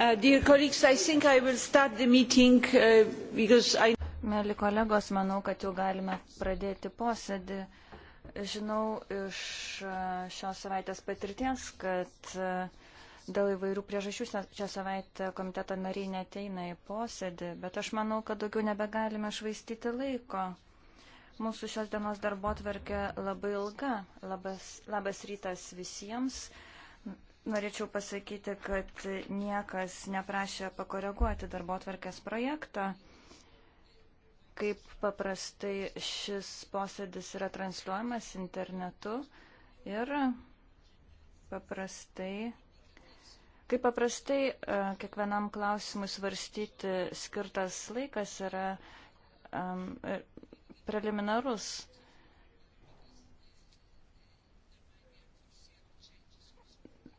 Uh, dear colleagues, I think I will start the meeting uh, because I. Mėly kolegos, manau, kad jau galime pradėti posėdį. Žinau iš uh, šios savaitės patirties, kad uh, dėl įvairių priežasčių šią savaitę komiteto nariai neteina į posėdį, bet aš manau, kad daugiau nebegalime švaistyti laiko. Mūsų šios dienos darbo tvarkė labai ilga. Labas, labas rytas visiems. Uh, Norėčiau pasakyti, kad niekas neprašė pakoreguoti darbo tvarkės projektą. Kaip paprastai šis posėdis yra transliuojamas internetu ir paprastai Kaip paprastai, e, kiekvienam klausimui svarstyti skirtas laikas yra um, preliminarus.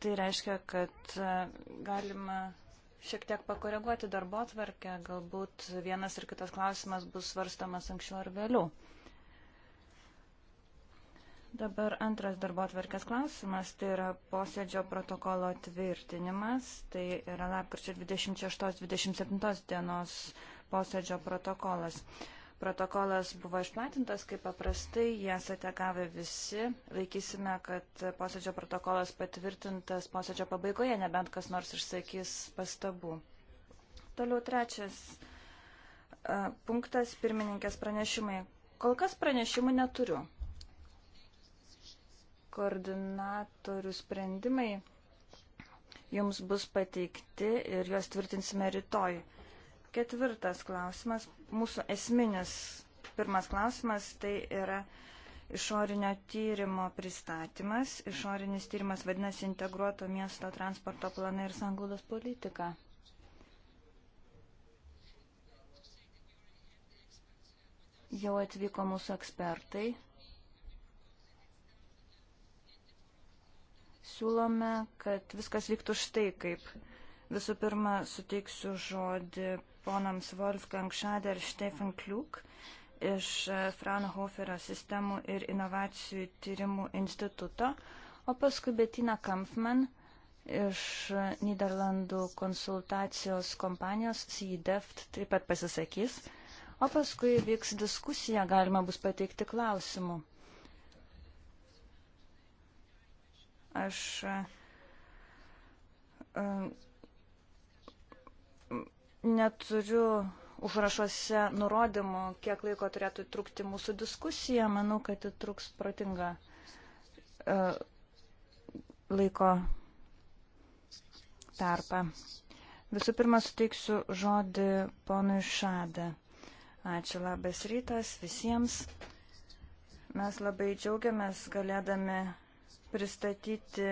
Tai reiškia, kad e, galima šiek tiek pakoreguoti darbo tvarkę, galbūt vienas ir kitas klausimas bus svarstamas anksčiau ar vėliau. Dabar antras darbo tvarkės klausimas, tai yra posėdžio protokolo tvirtinimas, tai yra lapkričio 26-27 dienos posėdžio protokolas. Uh, Protokolas buvo išplatintas, kaip paprastai, jas atekavę visi. Laikysime, kad posėdžio protokolas patvirtintas posėdžio pabaigoje, nebent kas nors išsakys pastabų. Toliau trečias e, punktas - pirmininkės pranešimai. Kol kas pranešimų neturiu. Koordinatorių sprendimai jums bus pateikti ir juos tvirtinsime rytoj. Ketvirtas klausimas, mūsų esminis pirmas klausimas, tai yra išorinio tyrimo pristatymas. Išorinis tyrimas vadinasi integruoto miesto transporto planai ir sanglaudos politika. Jau atvyko mūsų ekspertai. Siūlome, kad viskas vyktų štai kaip. Visų pirma, suteiksiu žodį ponams Wolfgang Schader ir Stefan Kliuk iš e, Fraunhoferio sistemų ir inovacijų tyrimų instituto, o paskui Betina Kampfman iš e, Niderlandų konsultacijos kompanijos CIDEFT taip pat pasisakys, o paskui vyks diskusija, galima bus pateikti klausimų. Aš uh, neturiu užrašuose nurodymų, kiek laiko turėtų trukti mūsų diskusija. Manau, kad ji truks protingą uh, e, laiko tarpą. Visų pirma, suteiksiu žodį ponui Šadą. Ačiū, labas rytas visiems. Mes labai džiaugiamės galėdami pristatyti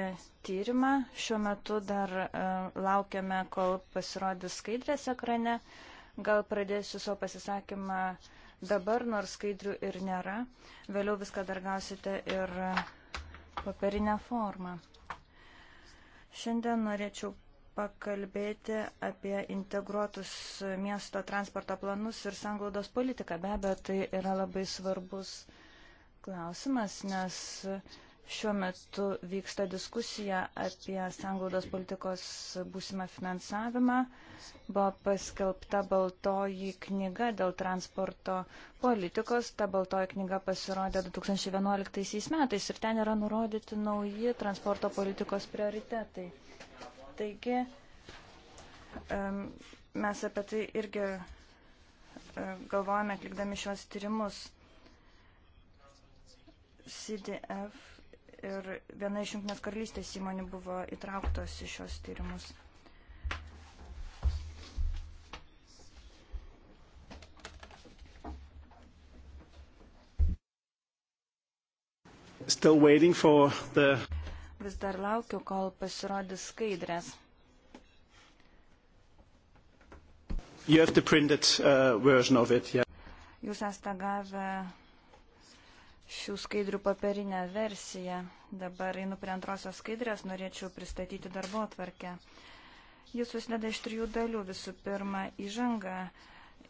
tyrimą. Šiuo metu dar e, laukiame, kol pasirodys skaidrės ekrane. Gal pradėsiu savo pasisakymą dabar, nors skaidrių ir nėra. Vėliau viską dar gausite ir popierinę formą. Šiandien norėčiau pakalbėti apie integruotus miesto transporto planus ir sanglaudos politiką. Be abejo, tai yra labai svarbus klausimas, nes Šiuo metu vyksta diskusija apie sanglaudos politikos būsimą finansavimą. Buvo paskelbta baltoji knyga dėl transporto politikos. Ta baltoji knyga pasirodė 2011 metais ir ten yra nurodyti nauji transporto politikos prioritetai. Taigi mes apie tai irgi e, galvojame atlikdami šios tyrimus. CDF ir viena iš Junktinės karalystės įmonių buvo įtrauktos į šios tyrimus. Still waiting for the... Vis dar laukiu, kol pasirodys skaidrės. You have the printed uh, version of it, yeah. Jūs esate gavę šių skaidrių paperinę versiją. Dabar einu prie antrosios skaidrės, norėčiau pristatyti darbo atvarkę. Jis susideda iš trijų dalių. Visų pirma, įžanga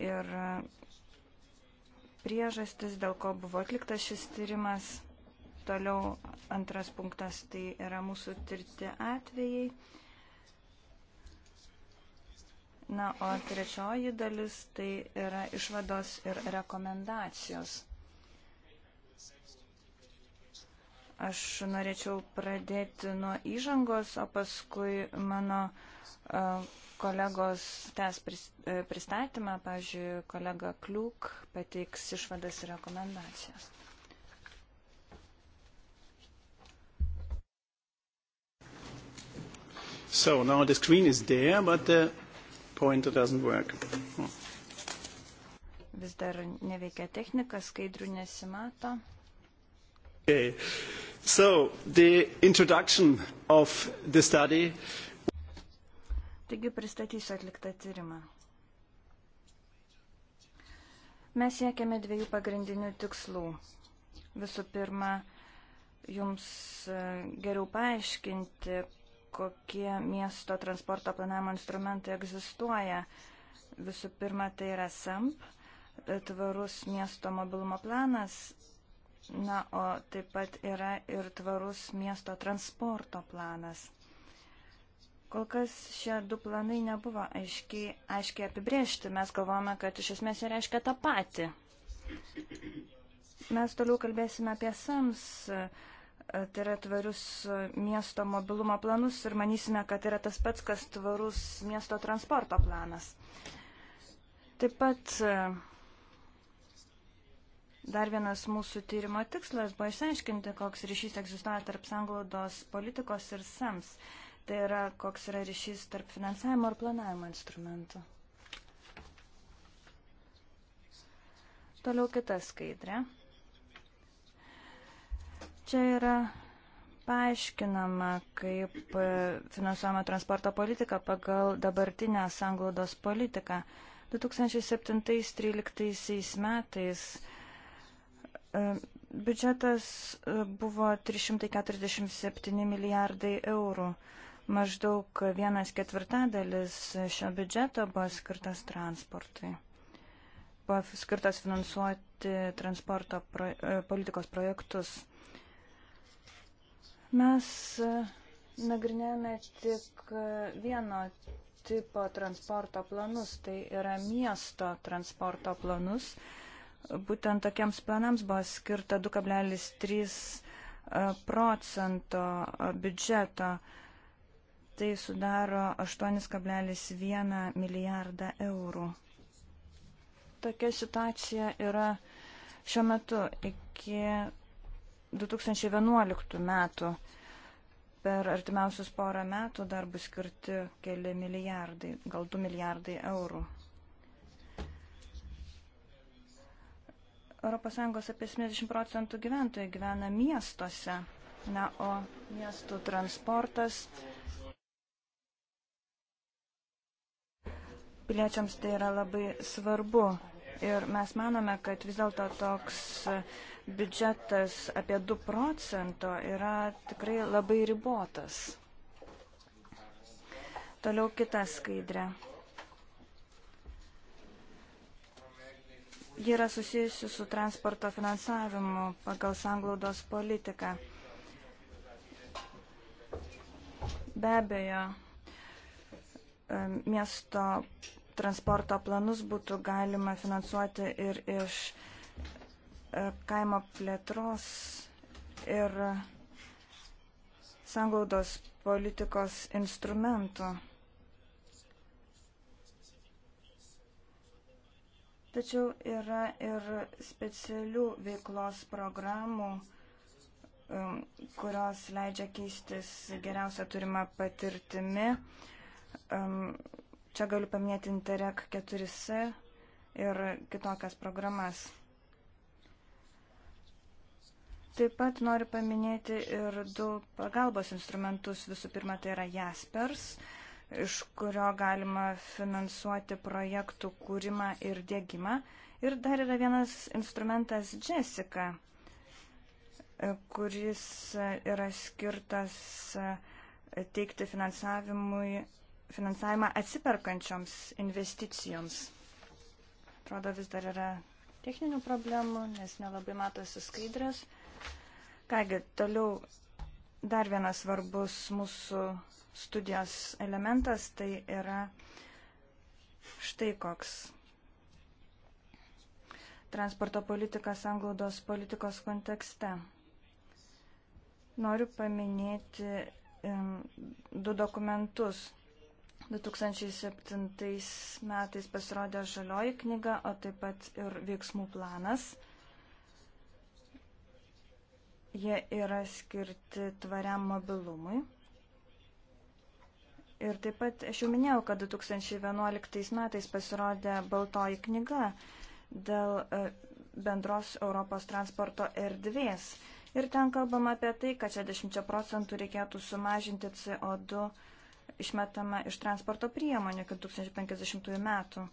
ir priežastis, dėl ko buvo atliktas šis tyrimas. Toliau antras punktas, tai yra mūsų tirti atvejai. Na, o trečioji dalis tai yra išvados ir rekomendacijos. Aš norėčiau pradėti nuo įžangos, o paskui mano kolegos tęs e, pristatymą, pavyzdžiui, kolega Kliūk pateiks išvadas ir rekomendacijas. So now the screen is there, but the pointer doesn't work. Hmm. Vis dar neveikia technika, skaidrų nesimato. Okay. So, the introduction of the study. Taigi pristatysiu atliktą tyrimą. Mes siekiame dviejų pagrindinių tikslų. Visų pirma, jums e, geriau paaiškinti, kokie miesto transporto planavimo instrumentai egzistuoja. Visų pirma, tai yra SAMP, tvarus miesto mobilumo planas Na, o taip pat yra ir tvarus miesto transporto planas. Kol kas šie du planai nebuvo aiškiai, aiškiai apibriežti. Mes galvojame, kad iš esmės jie reiškia tą patį. Mes toliau kalbėsime apie SAMS, tai yra tvarius miesto mobilumo planus ir manysime, kad yra tas pats, kas tvarus miesto transporto planas. Taip pat Dar vienas mūsų tyrimo tikslas buvo išsiaiškinti, koks ryšys egzistuoja tarp sanglaudos politikos ir SAMS. E tai yra, koks yra ryšys tarp finansavimo ir planavimo instrumentų. Toliau kita skaidrė. Čia yra paaiškinama, kaip finansuojama transporto politika pagal dabartinę sanglaudos politiką. 2007-2013 metais E, biudžetas e, buvo 347 milijardai eurų. Maždaug vienas ketvirtadalis šio biudžeto buvo skirtas transportui. Buvo skirtas finansuoti transporto pro, e, politikos projektus. Mes nagrinėjame tik vieno tipo transporto planus, tai yra miesto transporto planus. Būtent tokiems planams buvo skirta 2,3 e, procento biudžeto. Tai sudaro 8,1 milijardą eurų. Tokia situacija yra šiuo metu iki 2011 metų. Per artimiausius porą metų dar bus skirti keli milijardai, gal 2 milijardai eurų. ES apie 70 procentų gyventojų gyvena miestuose, na, o miestų transportas piliečiams tai yra labai svarbu. Ir mes manome, kad vis dėlto toks biudžetas apie 2 procento yra tikrai labai ribotas. Toliau kita skaidrė. Ji yra susijusi su transporto finansavimu pagal sanglaudos politiką. Be abejo, e, miesto transporto planus būtų galima finansuoti ir iš e, kaimo plėtros ir sanglaudos politikos instrumentų. Tačiau yra ir specialių veiklos programų, um, kurios leidžia keistis geriausia turima patirtimi. Um, čia galiu paminėti Interreg 4C ir kitokias programas. Taip pat noriu paminėti ir du pagalbos instrumentus. Visų pirma, tai yra Jaspers iš kurio galima finansuoti projektų kūrimą ir dėgymą. Ir dar yra vienas instrumentas Jessica, kuris yra skirtas e, teikti finansavimą atsiperkančioms investicijoms. Atrodo, vis dar yra techninių problemų, nes nelabai matosi skaidrės. Kągi, toliau dar vienas svarbus mūsų studijos elementas tai yra štai koks transporto politika sanglaudos politikos kontekste. Noriu paminėti du dokumentus. 2007 metais pasirodė žalioji knyga, o taip pat ir veiksmų planas. Jie yra skirti tvariam mobilumui. Ir taip pat aš jau minėjau, kad 2011 metais pasirodė baltoji knyga dėl e, bendros Europos transporto erdvės. Ir ten kalbama apie tai, kad 60 procentų reikėtų sumažinti CO2 išmetama iš transporto priemonių iki 2050 metų.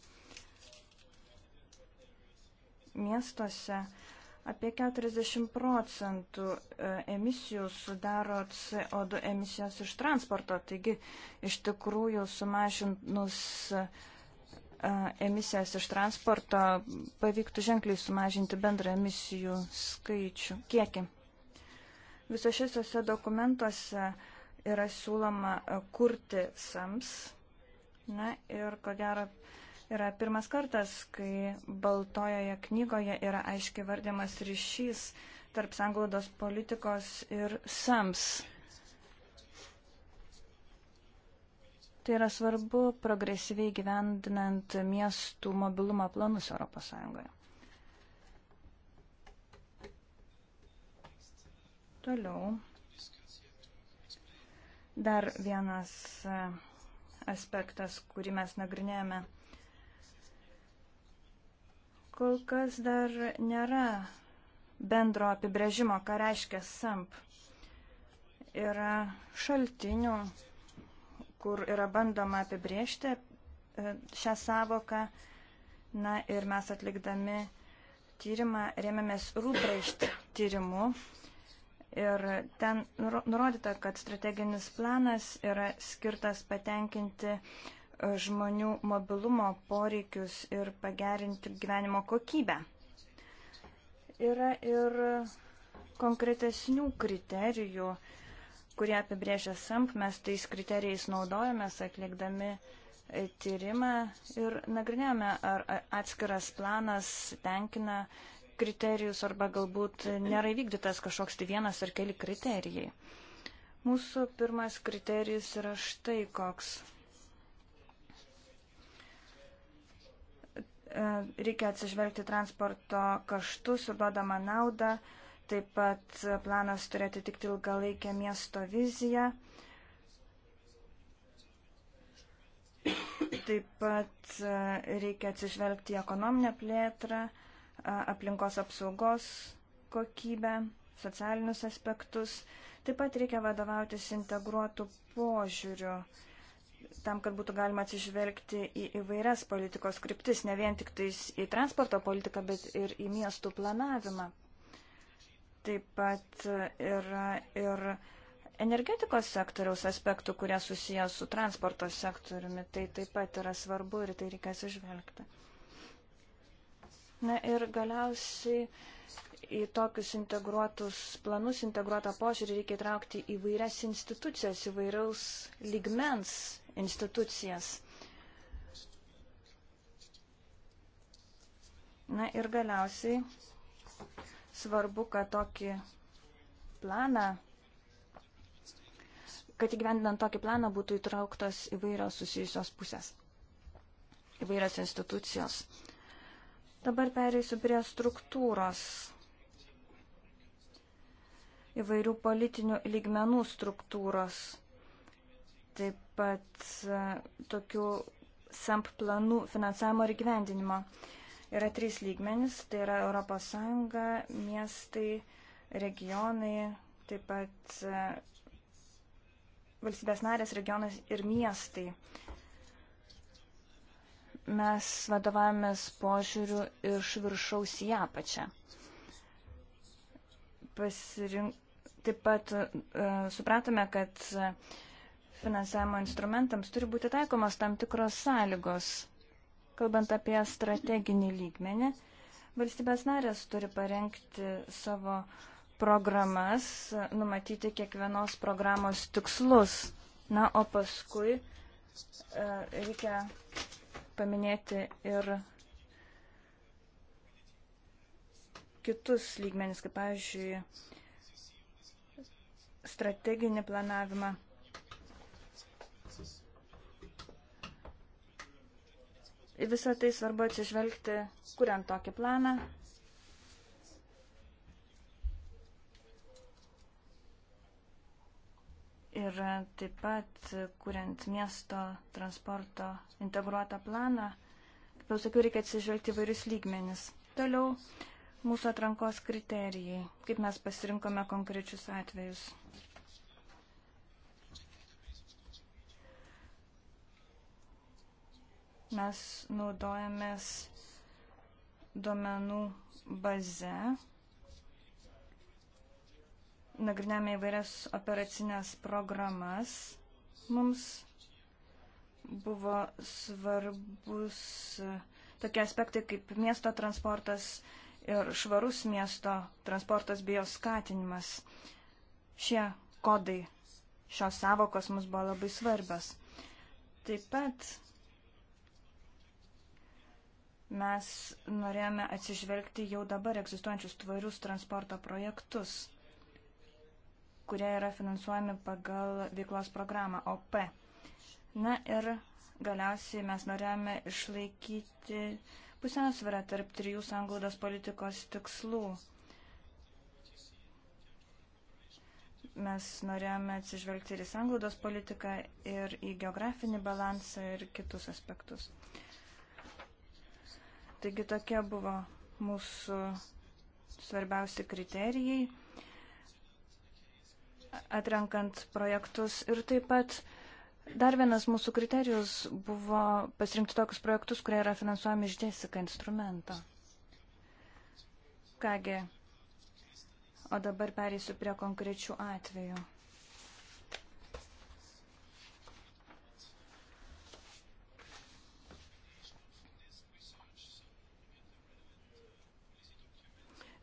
Miestuose Apie 40 procentų e, emisijų sudaro CO2 emisijos iš transporto, taigi iš tikrųjų sumažinus e, emisijas iš transporto pavyktų ženkliai sumažinti bendrą emisijų skaičių, kiekį. Visose šiuose dokumentuose yra siūloma e, kurti SAMS. Na ir ko gero Yra pirmas kartas, kai Baltojoje knygoje yra aiškiai vardimas ryšys tarp sanglaudos politikos ir SAMS. Tai yra svarbu progresyviai gyvendinant miestų mobilumo planus ES. Toliau. Dar vienas e, aspektas, kurį mes nagrinėjame Kol kas dar nėra bendro apibrėžimo, ką reiškia SAMP. Yra šaltinių, kur yra bandoma apibrėžti e, šią savoką. Na ir mes atlikdami tyrimą rėmėmės Rubraišt tyrimu. Ir ten nurodyta, kad strateginis planas yra skirtas patenkinti žmonių mobilumo poreikius ir pagerinti gyvenimo kokybę. Yra ir konkretesnių kriterijų, kurie apibrėžia SAMP, mes tais kriterijais naudojamės atlikdami e, tyrimą ir nagrinėjame, ar atskiras planas tenkina kriterijus arba galbūt nėra įvykdytas kažkoks tai vienas ar keli kriterijai. Mūsų pirmas kriterijus yra štai koks E, reikia atsižvelgti transporto kaštus, suduodamą naudą, taip pat planas turėtų tikti ilgalaikę miesto viziją. Taip pat e, reikia atsižvelgti į ekonominę plėtrą, e, aplinkos apsaugos kokybę, socialinius aspektus. Taip pat reikia vadovautis integruotų požiūrių tam, kad būtų galima atsižvelgti į įvairias politikos kryptis, ne vien tik tais į transporto politiką, bet ir į miestų planavimą. Taip pat yra ir energetikos sektoriaus aspektų, kurie susijęs su transporto sektoriumi. Tai taip pat yra svarbu ir tai reikia atsižvelgti. Na ir galiausiai į tokius integruotus planus, integruotą požiūrį reikia įtraukti įvairias institucijas, įvairiaus ligmens institucijas. Na ir galiausiai svarbu, kad tokį planą, kad įgyvendinant tokį planą būtų įtrauktos įvairios susijusios pusės, įvairios institucijos. Dabar pereisiu prie struktūros įvairių politinių lygmenų struktūros taip pat e, tokių SAMP planų finansavimo ir gyvendinimo. Yra trys lygmenys, tai yra ES, miestai, regionai, taip pat e, valstybės narės, regionas ir miestai. Mes vadovavomės požiūriu iš viršaus į apačią. Pasirink... Taip pat uh, supratome, kad uh, finansavimo instrumentams turi būti taikomos tam tikros sąlygos. Kalbant apie strateginį lygmenį, valstybės narės turi parengti savo programas, numatyti kiekvienos programos tikslus. Na, o paskui e, reikia paminėti ir kitus lygmenis, kaip pavyzdžiui, strateginį planavimą. Į visą tai svarbu atsižvelgti, kuriant tokį planą. Ir taip pat, kuriant miesto transporto integruotą planą, kaip jau sakiau, reikia atsižvelgti vairius lygmenis. Toliau mūsų atrankos kriterijai, kaip mes pasirinkome konkrečius atvejus. mes naudojamės duomenų baze, nagrinėjame įvairias operacinės programas. Mums buvo svarbus tokie aspektai kaip miesto transportas ir švarus miesto transportas bei jos skatinimas. Šie kodai, šios savokos mums buvo labai svarbios. Taip pat Mes norėjome atsižvelgti jau dabar egzistuojančius tvarius transporto projektus, kurie yra finansuojami pagal veiklos programą OP. Na ir galiausiai mes norėjome išlaikyti pusiausvyrą tarp trijų sanglaudos politikos tikslų. Mes norėjome atsižvelgti ir į sanglaudos politiką, ir į geografinį balansą, ir kitus aspektus. Taigi tokie buvo mūsų svarbiausi kriterijai, atrenkant projektus. Ir taip pat dar vienas mūsų kriterijus buvo pasirinkti tokius projektus, kurie yra finansuojami iš Jessica instrumento. Kągi, o dabar pereisiu prie konkrečių atvejų.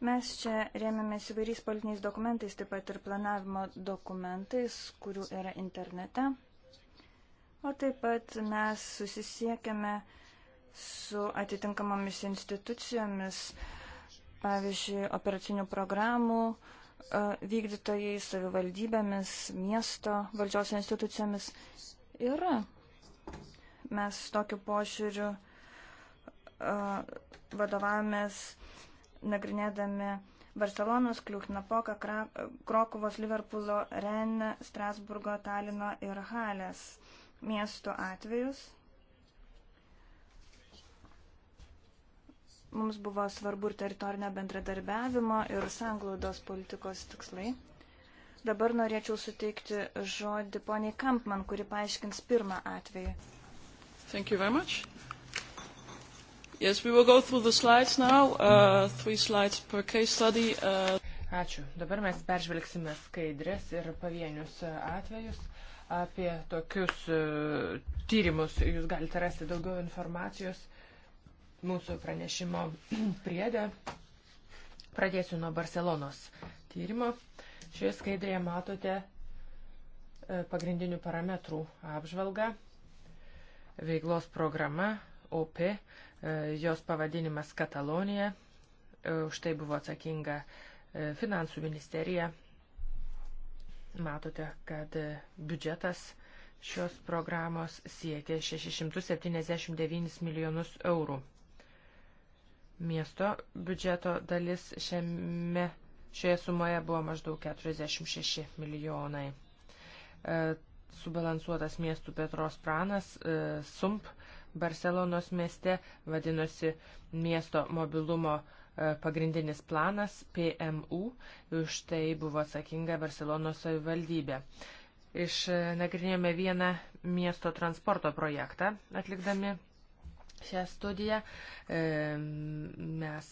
Mes čia rėmėmės įvairiais politiniais dokumentais, taip pat ir planavimo dokumentais, kurių yra internete. O taip pat mes susisiekėme su atitinkamomis institucijomis, pavyzdžiui, operacinių programų e, vykdytojais, savivaldybėmis, miesto valdžios institucijomis. Ir mes tokiu požiūriu e, vadovavomės nagrinėdami Barcelonos, Kliuchnapoką, Krokuvos, Liverpulo, Rennes, Strasburgo, Talino ir Halės miestų atvejus. Mums buvo svarbu ir teritorinio bendradarbiavimo ir sanglaudos politikos tikslai. Dabar norėčiau suteikti žodį poniai Kampman, kuri paaiškins pirmą atvejį. Thank you very much. Yes, we will go through the slides now. Uh, three slides per case study. Uh... Ačiū. Dabar mes peržvelgsime skaidrės ir pavienius uh, atvejus. Apie tokius uh, tyrimus jūs galite rasti daugiau informacijos mūsų pranešimo priedė. Pradėsiu nuo Barcelonos tyrimo. Šioje skaidrėje matote uh, pagrindinių parametrų apžvalgą, veiklos programa, OP, E, jos pavadinimas Katalonija, e, už tai buvo atsakinga e, finansų ministerija. Matote, kad biudžetas šios programos siekia 679 milijonus eurų. Miesto biudžeto dalis šiame, šioje sumoje buvo maždaug 46 milijonai. Subalansuotas miestų Petros pranas, SUMP Barcelonos mieste, vadinosi miesto mobilumo e, pagrindinis planas PMU, už tai buvo atsakinga Barcelonos savivaldybė. Išnagrinėjome e, vieną miesto transporto projektą atlikdami šią studiją. E, mes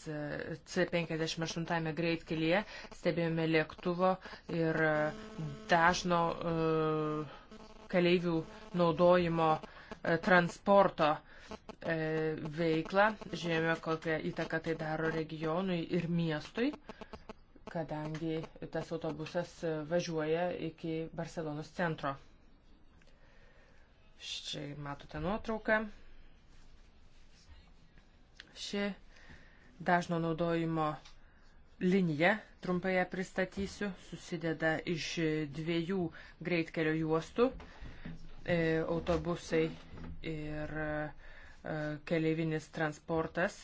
C58 greitkelyje stebėjome lėktuvo ir dažno keleivių naudojimo uh, E, transporto e, veiklą, žiūrėjome, kokią įtaką tai daro regionui ir miestui, kadangi tas autobusas važiuoja iki Barcelonos centro. Štai matote nuotrauką. Ši dažno naudojimo linija, trumpai ją pristatysiu, susideda iš dviejų greitkelio juostų. E, autobusai ir e, keleivinis transportas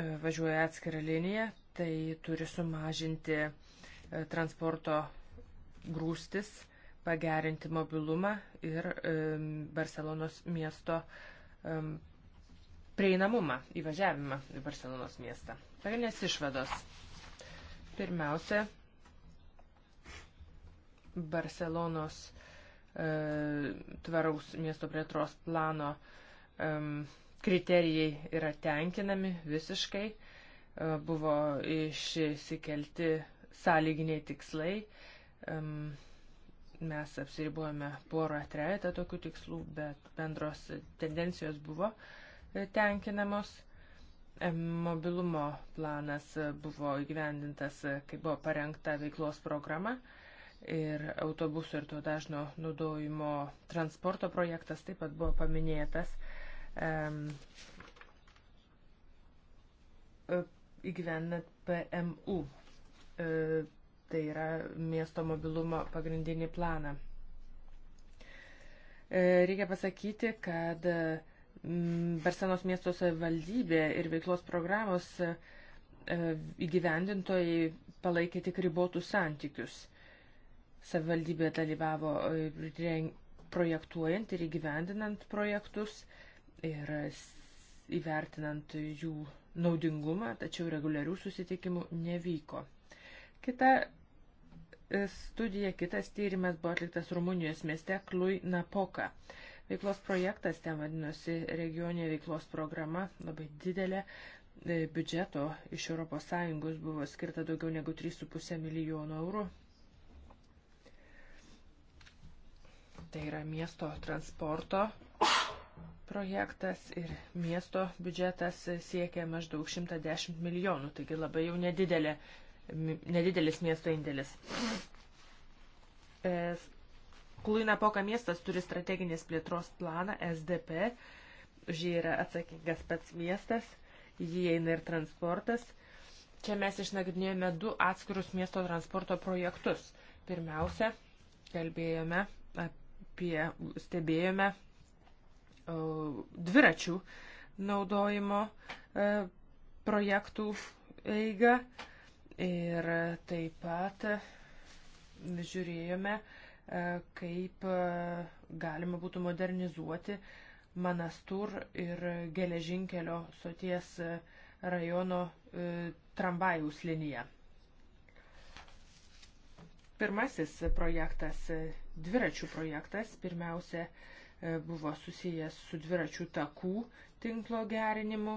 e, važiuoja atskirą liniją, tai turi sumažinti e, transporto grūstis, pagerinti mobilumą ir Barcelonos miesto prieinamumą, įvažiavimą į Barcelonos miestą. Pagrindinės išvados. Pirmiausia, Barcelonos E, tvaraus miesto plėtros plano kriterijai yra tenkinami visiškai, e, buvo išsikelti sąlyginiai tikslai. Mes apsiribuojame porą trejetą tokių tikslų, bet bendros tendencijos buvo e, tenkinamos. Mobilumo planas buvo įgyvendintas, kai buvo parengta veiklos programa ir autobusų ir to dažno naudojimo transporto projektas taip pat buvo paminėtas. E, įgyvendinant PMU, e, tai yra miesto mobilumo pagrindinį planą. E, reikia pasakyti, kad Barsenos miesto savivaldybė ir veiklos programos įgyvendintojai palaikė tik ribotus santykius Savivaldybė dalyvavo e, projektuojant ir įgyvendinant projektus ir įvertinant jų naudingumą, tačiau reguliarių susitikimų nevyko. Kita e, studija, kitas tyrimas buvo atliktas Rumunijos mieste Klui Napoka. Veiklos projektas ten vadinosi regioninė veiklos programa, labai didelė. E, biudžeto iš ES buvo skirta daugiau negu 3,5 milijono eurų Tai yra miesto transporto projektas ir miesto biudžetas siekia maždaug 110 milijonų, taigi labai jau nedidelė, nedidelis miesto indėlis. Kluina Poka miestas turi strateginės plėtros planą SDP, už jį yra atsakingas pats miestas, jį eina ir transportas. Čia mes išnagrinėjome du atskirus miesto transporto projektus. Pirmiausia, kalbėjome apie apie stebėjome e, dviračių naudojimo e, projektų eigą ir taip pat žiūrėjome, e, kaip galima būtų modernizuoti Manastur ir geležinkelio soties rajono tramvajaus liniją. Pirmasis projektas, dviračių projektas, pirmiausia e, buvo susijęs su dviračių takų tinklo gerinimu,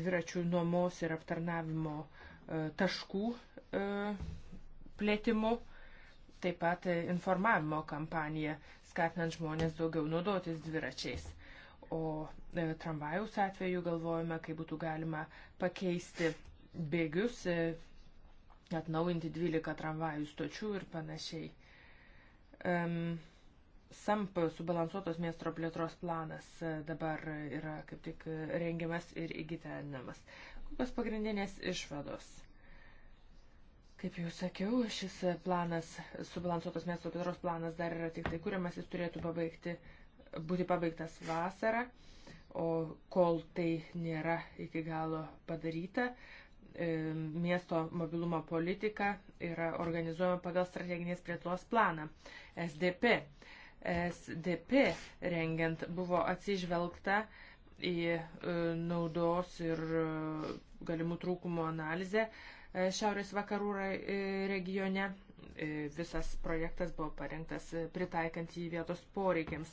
dviračių nuomos ir aptarnavimo e, taškų e, plėtimu, taip pat informavimo kampanija, skatinant žmonės daugiau naudotis dviračiais. O tramvajaus atveju galvojame, kaip būtų galima pakeisti bėgius atnaujinti 12 tramvajų stočių ir panašiai. Um, SAMP subalansuotos miesto plėtros planas e, dabar yra kaip tik rengiamas ir įgyteninamas. Kokios pagrindinės išvados? Kaip jau sakiau, šis planas, subalansuotos miesto plėtros planas dar yra tik tai kuriamas, jis turėtų pabaigti, būti pabaigtas vasarą, o kol tai nėra iki galo padaryta, E, miesto mobilumo politika yra organizuojama pagal strateginės plėtros planą SDP. SDP rengiant buvo atsižvelgta į e, naudos ir e, galimų trūkumų analizę Šiaurės vakarų regione. Visas projektas buvo parengtas pritaikant jį vietos poreikiams.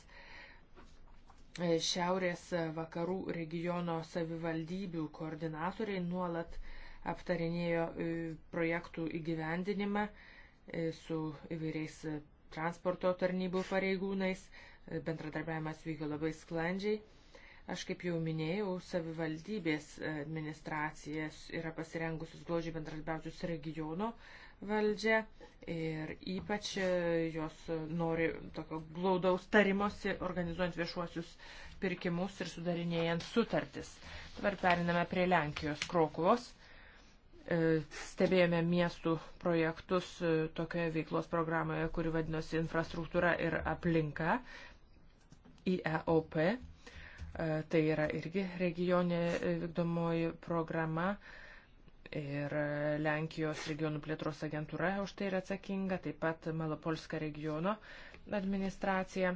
Šiaurės vakarų regiono savivaldybių koordinatoriai nuolat uh, aptarinėjo e, projektų įgyvendinimą e, su įvairiais e, transporto tarnybų pareigūnais. Bendradarbiavimas vyko labai sklandžiai. Aš kaip jau minėjau, savivaldybės administracijas yra pasirengusius glaudžiai bendradarbiauti su regiono valdžia ir ypač jos nori tokio glaudaus tarimosi organizuojant viešuosius pirkimus ir sudarinėjant sutartis. Dabar periname prie Lenkijos Krokuvos. E, stebėjome miestų projektus e, tokioje veiklos programoje, kuri vadinosi infrastruktūra ir aplinka, IEOP. E, tai yra irgi regionė vykdomoji programa ir Lenkijos regionų plėtros agentūra už tai yra atsakinga, taip pat Malopolska regiono administracija.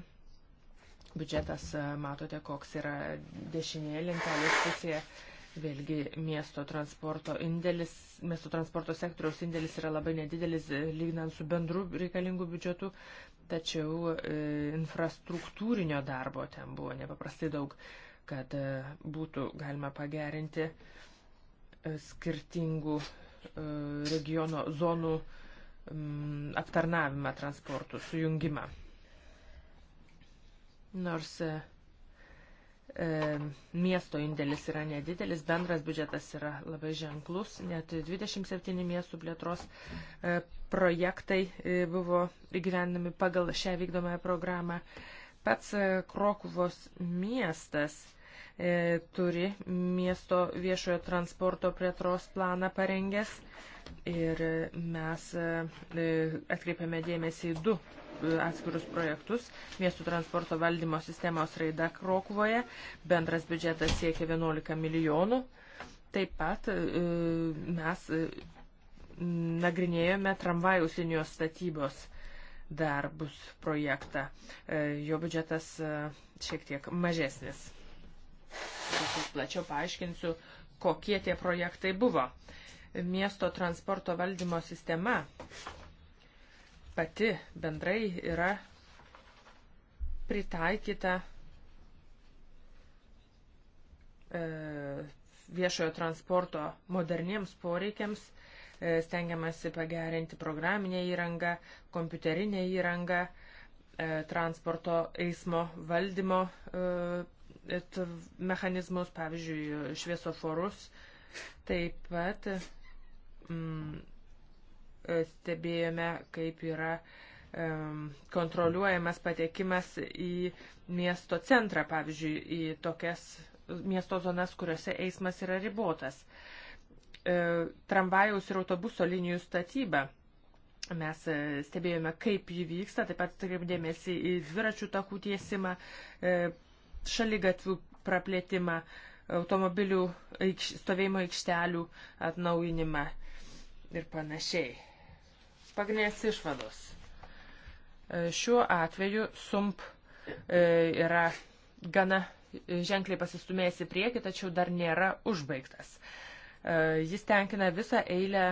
Biudžetas, matote, koks yra dešinėje lentelės pusėje. Vėlgi miesto transporto indėlis, miesto transporto sektoriaus indėlis yra labai nedidelis e, lyginant su bendru reikalingu biudžetu, tačiau e, infrastruktūrinio darbo ten buvo nepaprastai daug, kad e, būtų galima pagerinti e, skirtingų e, regiono zonų m, mm, aptarnavimą transportų, sujungimą. Nors e, e, miesto indėlis yra nedidelis, bendras biudžetas yra labai ženklus, net 27 miestų plėtros e, projektai e, buvo įgyvendami pagal šią vykdomąją programą. Pats e, Krokuvos miestas e, turi miesto viešojo transporto plėtros planą parengęs ir mes e, atkreipiame dėmesį į du atskirus projektus. Miestų transporto valdymo sistemos raida Krokuvoje, bendras biudžetas siekia 11 milijonų. Taip pat e, mes e, nagrinėjome tramvajaus linijos statybos darbus projektą. E, jo biudžetas šiek tiek mažesnis. Plačiau paaiškinsiu, kokie tie projektai buvo. Miesto transporto valdymo sistema pati bendrai yra pritaikyta e, viešojo transporto moderniems poreikiams, e, stengiamasi pagerinti programinę įrangą, kompiuterinę įrangą, e, transporto eismo valdymo mechanizmus, pavyzdžiui, šviesoforus. Taip pat mm, stebėjome, kaip yra kontroliuojamas patekimas į miesto centrą, pavyzdžiui, į tokias miesto zonas, kuriuose eismas yra ribotas. E, tramvajaus ir autobuso linijų statyba. Mes e, stebėjome, kaip jį vyksta, taip pat atkreipdėmėsi į dviračių takų tiesimą, e, šalygatvių praplėtimą, automobilių stovėjimo aikštelių atnaujinimą ir panašiai. Pagrindinės išvados. E, šiuo atveju sump e, yra gana ženkliai pasistumėjęs į priekį, tačiau dar nėra užbaigtas. E, jis tenkina visą eilę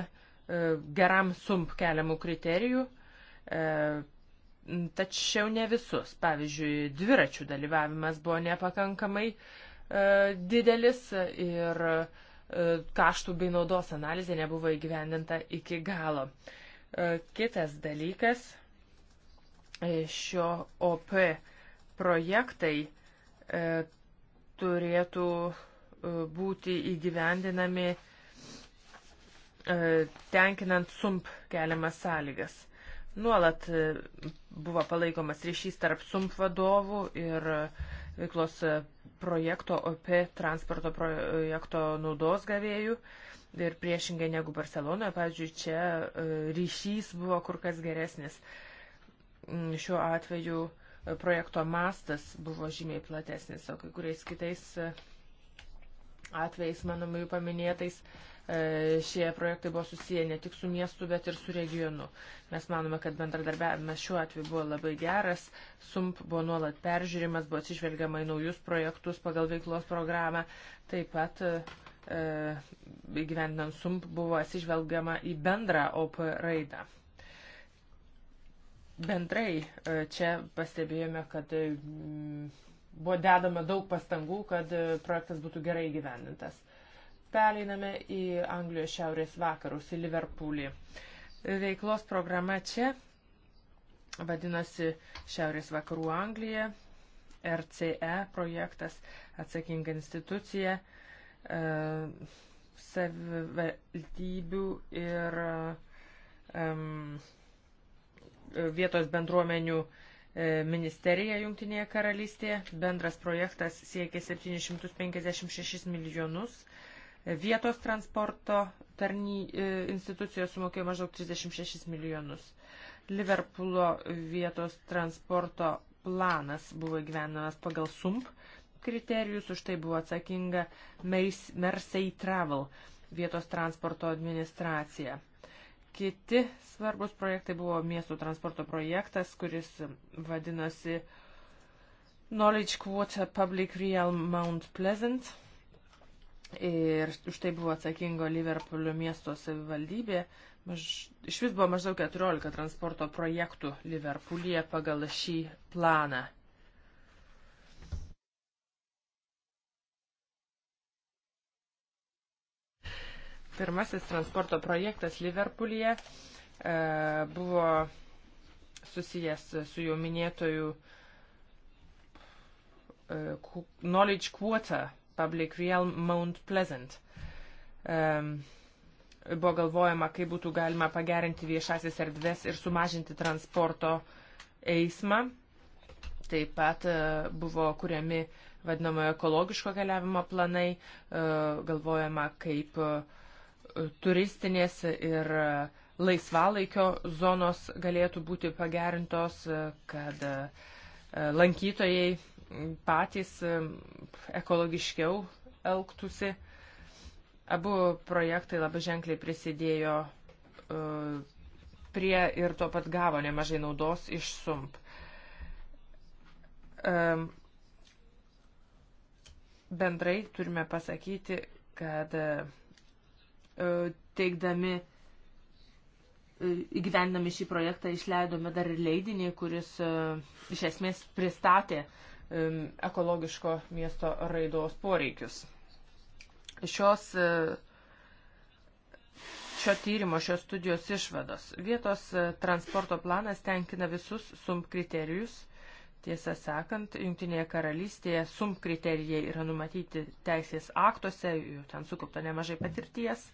geram sump keliamų kriterijų, tačiau ne visus. Pavyzdžiui, dviračių dalyvavimas buvo nepakankamai didelis ir kaštų bei naudos analizė nebuvo įgyvendinta iki galo. E, kitas dalykas, e, šio OP projektai e, turėtų būti įgyvendinami tenkinant sump keliamas sąlygas. Nuolat buvo palaikomas ryšys tarp sump vadovų ir veiklos projekto OP transporto projekto naudos gavėjų ir priešingai negu Barcelonoje, pavyzdžiui, čia e, ryšys buvo kur kas geresnis. Mm, šiuo atveju e, projekto mastas buvo žymiai platesnis, o kai kuriais kitais e, atvejais, mano jų paminėtais, šie projektai buvo susiję ne tik su miestu, bet ir su regionu. Mes manome, kad bendradarbiavimas šiuo atveju buvo labai geras, sump buvo nuolat peržiūrimas, buvo atsižvelgiama į naujus projektus pagal veiklos programą, taip pat uh, E, įgyvendinant sump buvo atsižvelgiama į bendrą OP raidą. Bendrai e, čia pastebėjome, kad e, buvo dedama daug pastangų, kad projektas būtų gerai įgyvendintas. Pereiname į Anglijos šiaurės vakarus, į Liverpoolį. Veiklos programa čia vadinasi Šiaurės vakarų Anglija, RCE projektas, atsakinga institucija. Uh, E, savivaldybių ir um, vietos bendruomenių e, ministerija Junktinėje karalystėje. Bendras projektas siekia 756 milijonus. Vietos transporto tarny, institucijos sumokėjo maždaug 36 milijonus. Liverpoolio vietos transporto planas buvo gyvenamas pagal SUMP kriterijus, už tai buvo atsakinga Mersey Travel vietos transporto administracija. Kiti svarbus projektai buvo miestų transporto projektas, kuris vadinosi Knowledge Quarter Public Real Mount Pleasant. Ir už tai buvo atsakingo Liverpoolio miesto savivaldybė. Maž, iš vis buvo maždaug 14 transporto projektų Liverpoolyje pagal šį planą. Pirmasis transporto projektas Liverpoolyje e, buvo susijęs su jau minėtojų e, Knowledge Quarter Public Real Mount Pleasant. E, buvo galvojama, kaip būtų galima pagerinti viešasis erdves ir sumažinti transporto eismą. Taip pat buvo kuriami vadinamojo ekologiško keliavimo planai, galvojama, kaip uh, turistinės ir laisvalaikio zonos galėtų būti pagerintos, kad e, lankytojai patys e, ekologiškiau elgtųsi. Abu projektai labai ženkliai prisidėjo e, prie ir tuo pat gavo nemažai naudos iš sump. Bendrai turime pasakyti, kad E, teikdami, e, įgyvendami šį projektą, išleidome dar ir leidinį, kuris e, iš esmės pristatė ekologiško miesto raidos poreikius. Šios, šio tyrimo, šios studijos išvados. Vietos transporto planas tenkina visus sum kriterijus Tiesą sakant, Junktinėje karalystėje sum kriterijai yra numatyti teisės aktuose, jų ten sukaupta nemažai patirties.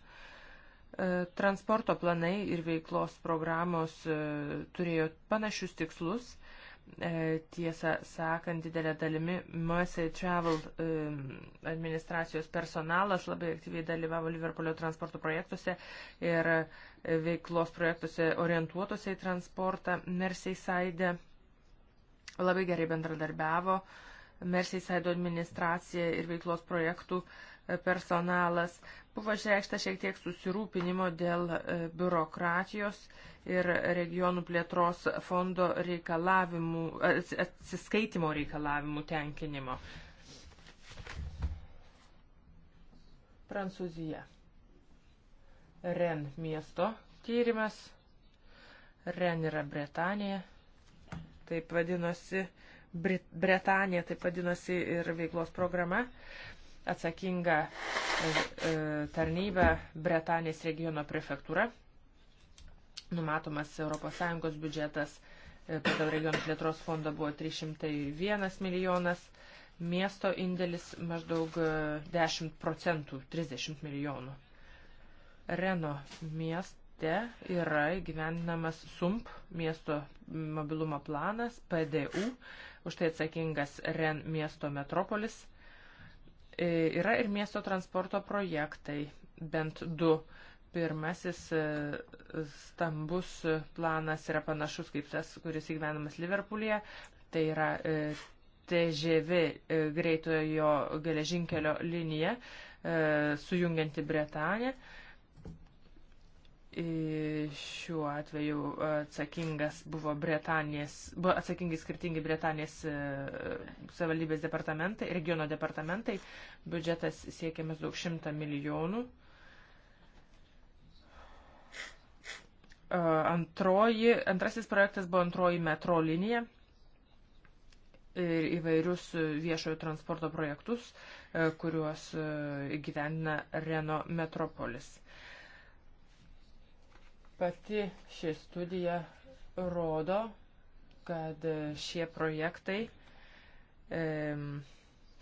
E, transporto planai ir veiklos programos e, turėjo panašius tikslus. E, tiesą sakant, didelė dalimi Mercy Travel administracijos personalas labai aktyviai dalyvavo Liverpoolio transporto projektuose ir veiklos projektuose orientuotose į transportą Merseyside. Labai gerai bendradarbiavo Merseyside administracija ir veiklos projektų uh, personalas. Buvo išreikšta šiek tiek susirūpinimo dėl e, biurokratijos ir regionų plėtros fondo reikalavimų, e, atsiskaitimo reikalavimų tenkinimo. Prancūzija. Ren miesto tyrimas. Ren yra Bretanija. Taip vadinosi, Brit Bretanija taip vadinosi ir veiklos programa atsakinga e, tarnyba Bretanės regiono prefektūra. Numatomas ES biudžetas e, pagal regionų plėtros fondą buvo 301 milijonas, miesto indėlis maždaug 10 e, procentų, 30 milijonų. Reno mieste yra gyvendinamas SUMP miesto mobilumo planas, PDU, už tai atsakingas REN miesto metropolis – E, yra ir miesto transporto projektai, bent du. Pirmasis e, stambus planas yra panašus kaip tas, kuris įgyvenamas Liverpoolyje. Tai yra e, TŽV greitojo geležinkelio linija sujungianti Bretanę. E, šiuo atveju atsakingas buvo Bretanės, buvo atsakingi skirtingi Bretanės e, savivaldybės departamentai, regiono departamentai. Biudžetas siekia maždaug 100 milijonų. E, antroji, antrasis projektas buvo antroji metro linija ir įvairius viešojo transporto projektus, kuriuos įgyvendina Reno metropolis. Pati ši studija rodo, kad šie projektai e,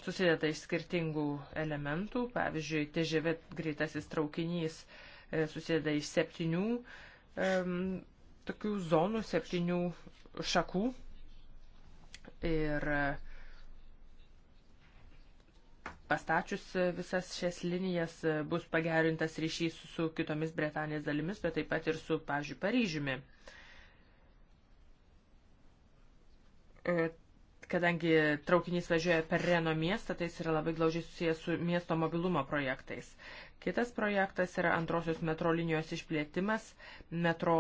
susideda iš skirtingų elementų. Pavyzdžiui, TŽV greitasis traukinys e, susideda iš septynių e, tokių zonų, septynių šakų. Ir e, pastačius visas šias linijas e, bus pagerintas ryšys su kitomis Bretanijos dalimis, bet taip pat ir su, pavyzdžiui, Paryžiumi. E, kadangi traukinys važiuoja per Reno miestą, tai jis yra labai glaužiai susijęs su miesto mobilumo projektais. Kitas projektas yra antrosios metro linijos išplėtimas, metro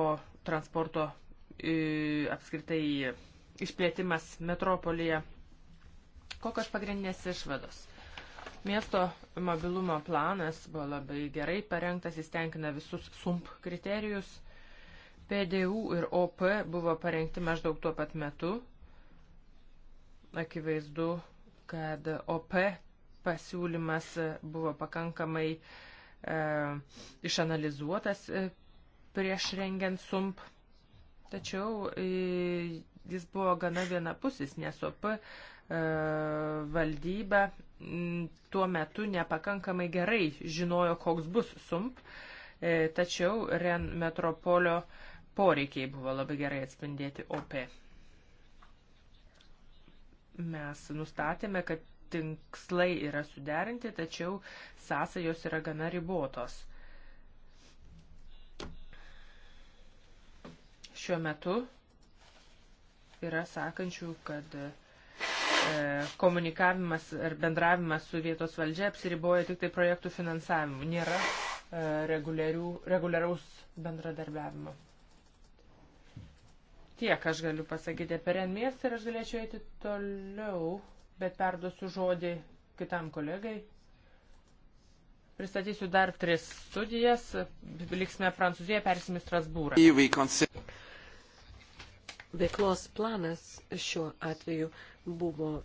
transporto e, apskritai išplėtimas metropolyje. Kokios pagrindinės išvados? Miesto mobilumo planas buvo labai gerai parengtas, jis tenkina visus sump kriterijus. PDU ir OP buvo parengti maždaug tuo pat metu. Akivaizdu, kad OP pasiūlymas buvo pakankamai e, išanalizuotas e, prieš rengiant sump. Tačiau e, jis buvo gana vienapusis, nes OP e, valdyba Mm, tuo metu nepakankamai gerai žinojo, koks bus sump, e, tačiau Ren metropolio poreikiai buvo labai gerai atspindėti OP. Mes nustatėme, kad tinkslai yra suderinti, tačiau sąsajos yra gana ribotos. Šiuo metu yra sakančių, kad E, komunikavimas ar bendravimas su vietos valdžia apsiriboja tik tai projektų finansavimu. Nėra e, reguliaraus bendradarbiavimo. Tiek aš galiu pasakyti apie Renmės ir aš galėčiau eiti toliau, bet perduosiu žodį kitam kolegai. Pristatysiu dar tris studijas, liksime Prancūziją, persime Strasbūrą. Veiklos planas šiuo atveju buvo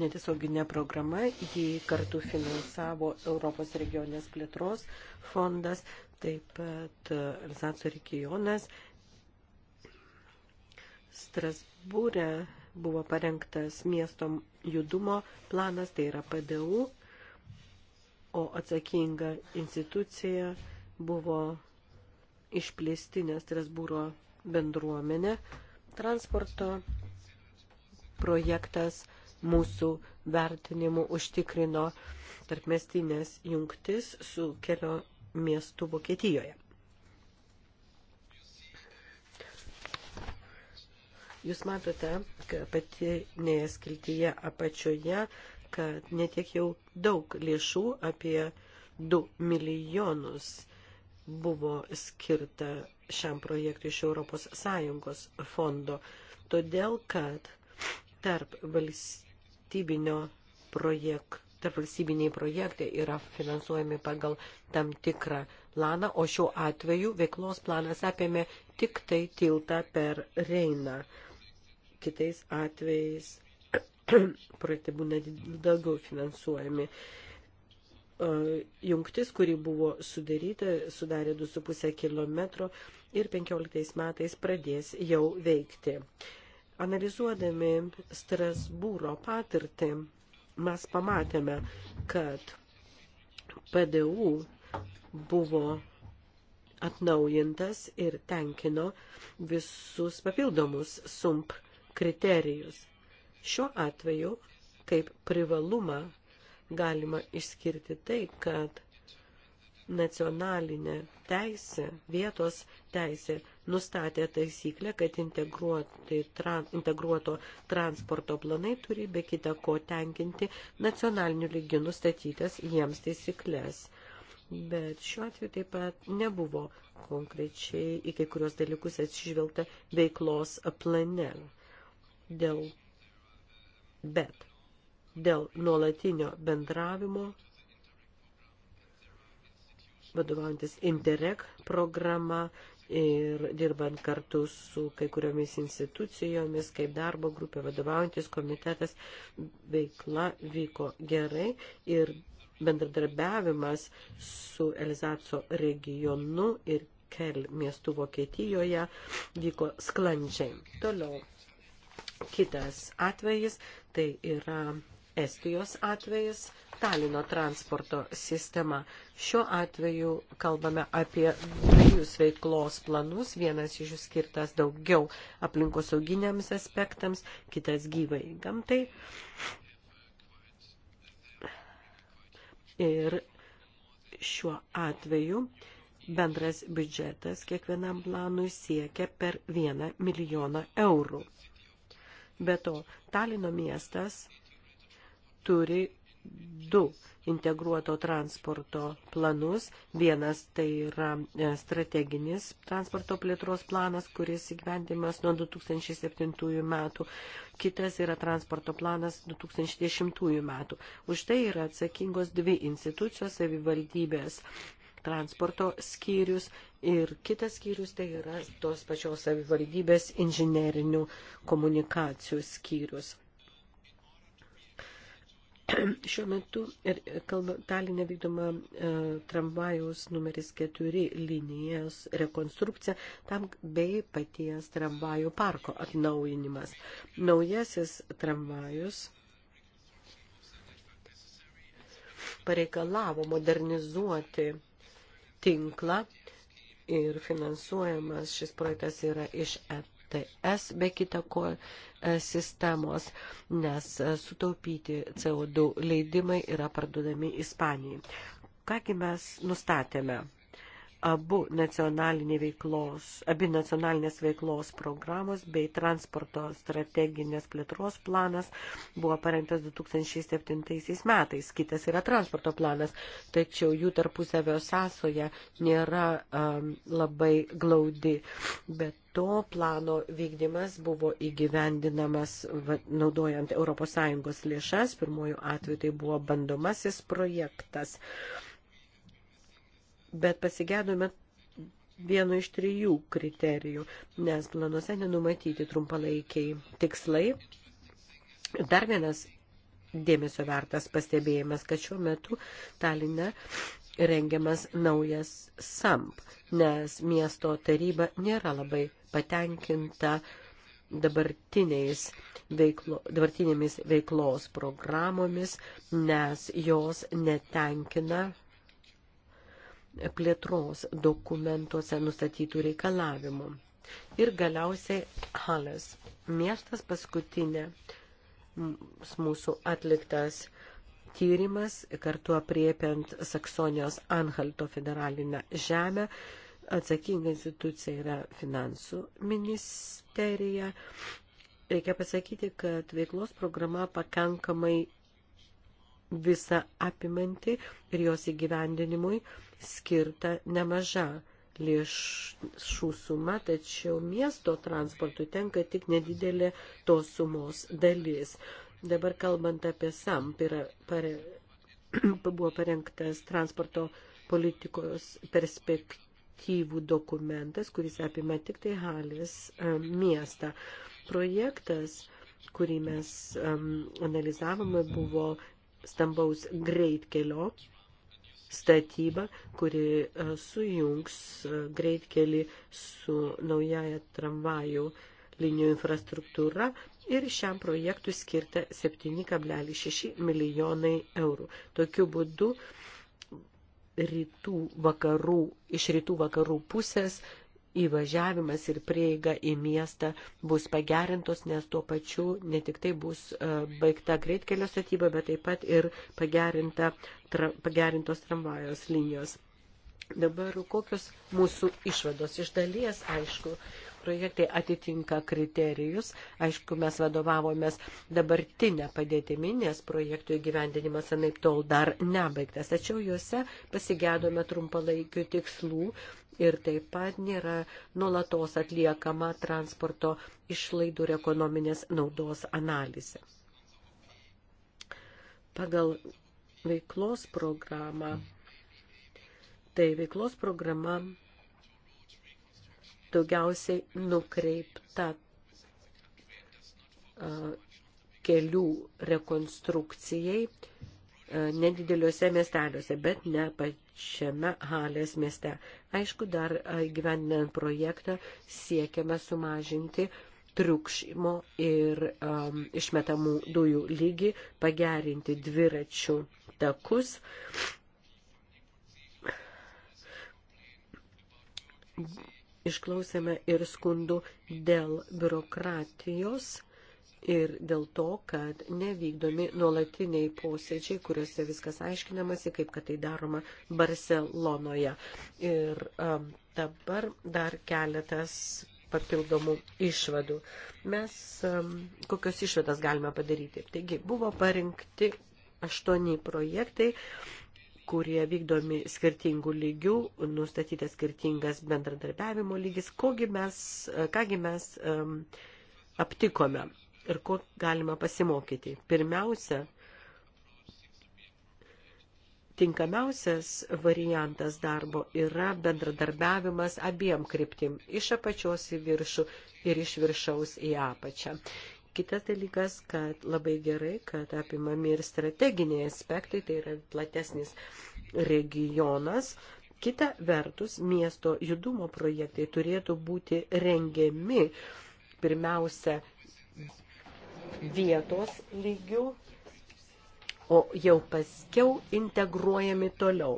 netiesioginė programa, jį kartu finansavo Europos regionės plėtros fondas, taip pat Alsaco regionas. Strasbūrė buvo parengtas miesto judumo planas, tai yra PDU, o atsakinga institucija buvo išplėstinė Strasbūro bendruomenė transporto projektas mūsų vertinimu užtikrino tarpmestinės jungtis su kelio miestu Vokietijoje. Jūs matote, kad patinėje skiltyje apačioje, kad netiek jau daug lėšų, apie 2 milijonus buvo skirta šiam projektui iš Europos Sąjungos fondo. Todėl, kad tarp valstybinio projektų tarp valstybiniai projektai yra finansuojami pagal tam tikrą planą, o šiuo atveju veiklos planas apėmė tik tai tiltą per Reiną. Kitais atvejais projektai būna daugiau finansuojami. Jungtis, kuri buvo sudaryta, sudarė 2,5 km ir 15 metais pradės jau veikti. Analizuodami Strasbūro patirtį, mes pamatėme, kad PDU buvo atnaujintas ir tenkino visus papildomus sump kriterijus. Šiuo atveju, kaip privalumą, galima išskirti tai, kad nacionalinė teisė, vietos teisė nustatė taisyklę, kad tran, integruoto transporto planai turi be kita ko tenkinti nacionaliniu lygiu nustatytas jiems taisyklės. Bet šiuo atveju taip pat nebuvo konkrečiai į kai kurios dalykus atsižvelgta veiklos plane. Dėl, bet dėl nuolatinio bendravimo vadovaujantis Interreg programa ir dirbant kartu su kai kuriomis institucijomis, kaip darbo grupė, vadovaujantis komitetas, veikla vyko gerai ir bendradarbiavimas su Elzaco regionu ir Kel miestų Vokietijoje vyko sklandžiai. Toliau kitas atvejis, tai yra Estijos atvejis, Talino transporto sistema. Šiuo atveju kalbame apie dviejus veiklos planus. Vienas iš jų skirtas daugiau aplinkosauginiams aspektams, kitas gyvai gamtai. Ir šiuo atveju bendras biudžetas kiekvienam planui siekia per vieną milijoną eurų. Be to, Talino miestas turi du integruoto transporto planus. Vienas tai yra e, strateginis transporto plėtros planas, kuris įgyvendimas nuo 2007 metų. Kitas yra transporto planas 2010 metų. Už tai yra atsakingos dvi institucijos - savivaldybės transporto skyrius ir kitas skyrius tai yra tos pačios savivaldybės inžinerinių komunikacijų skyrius. Šiuo metu Talinė vykdoma e, tramvajaus numeris 4 linijos rekonstrukcija tam bei paties tramvajų parko atnaujinimas. Naujasis tramvajus pareikalavo modernizuoti tinklą ir finansuojamas šis projektas yra iš EP ETS be kita ko e, sistemos, nes e, sutaupyti CO2 leidimai yra parduodami Ispanijai. Kągi mes nustatėme? abu nacionalinė veiklos, abi nacionalinės veiklos programos bei transporto strateginės plėtros planas buvo parengtas 2007 metais, kitas yra transporto planas, tačiau jų tarpusavio sąsoja nėra um, labai glaudi, bet to plano vykdymas buvo įgyvendinamas va, naudojant ES lėšas, pirmojų atveju tai buvo bandomasis projektas. Um, bet pasigėdome vieno iš trijų kriterijų, nes planuose nenumatyti trumpalaikiai tikslai. Dar vienas dėmesio vertas pastebėjimas, kad šiuo metu Taline rengiamas naujas SAMP, nes miesto taryba nėra labai patenkinta dabartiniais veiklo, dabartinėmis veiklos programomis, nes jos netenkina plėtros dokumentuose nustatytų reikalavimų. Ir galiausiai Halės miestas paskutinė mūsų atliktas tyrimas, kartu apriepiant Saksonijos Anhalto federalinę žemę. Atsakinga institucija yra finansų ministerija. Reikia pasakyti, kad veiklos programa pakankamai visa apimanti ir jos įgyvendinimui skirta nemaža lėšų suma, tačiau miesto transportui tenka tik nedidelė tos sumos dalis. Dabar kalbant apie SAM, tai yra pare, buvo parengtas transporto politikos perspektyvų dokumentas, kuris apima tik tai Halės miestą. Projektas, kurį mes um, analizavome, buvo stambaus greitkelio statybą, kuri e, sujungs e, greitkelį su naujaja tramvajų linijų infrastruktūra ir šiam projektui skirta 7,6 milijonai eurų. Tokiu būdu rytų vakarų, iš rytų vakarų pusės įvažiavimas ir prieiga į miestą bus pagerintos, nes tuo pačiu ne tik tai bus e, baigta greitkelio statyba, bet taip pat ir pagerinta, tra, pagerintos tramvajos linijos. Dabar kokios mūsų išvados iš dalies, aišku, projektai atitinka kriterijus. Aišku, mes vadovavomės dabartinę padėtimį, nes projektų įgyvendinimas anaip tol dar nebaigtas. Tačiau juose pasigėdome trumpalaikių tikslų, ir taip pat nėra nuolatos atliekama transporto išlaidų ir ekonominės naudos analizė. Pagal veiklos programą, tai veiklos programa daugiausiai nukreipta kelių rekonstrukcijai E, nedideliuose miesteliuose, bet ne pačiame Halės mieste. Aišku, dar gyvendinant projektą siekiame sumažinti triukšmo ir um, išmetamų dujų lygį, pagerinti dviračių takus. Išklausėme ir skundų dėl biurokratijos ir dėl to, kad nevykdomi nuolatiniai posėdžiai, kuriuose viskas aiškinamasi, kaip kad tai daroma Barcelonoje. Ir um, dabar dar keletas papildomų išvadų. Mes um, kokios išvadas galime padaryti? Taigi, buvo parinkti aštuoni projektai kurie vykdomi skirtingų lygių, nustatytas skirtingas bendradarbiavimo lygis, kogi mes, kągi mes um, aptikome ir ko galima pasimokyti. Pirmiausia, tinkamiausias variantas darbo yra bendradarbiavimas abiem kryptim - iš apačios į viršų ir iš viršaus į apačią. Kitas dalykas, kad labai gerai, kad apimami ir strateginiai aspektai, tai yra platesnis regionas. Kita vertus, miesto judumo projektai turėtų būti rengiami pirmiausia vietos lygių, o jau paskiau integruojami toliau.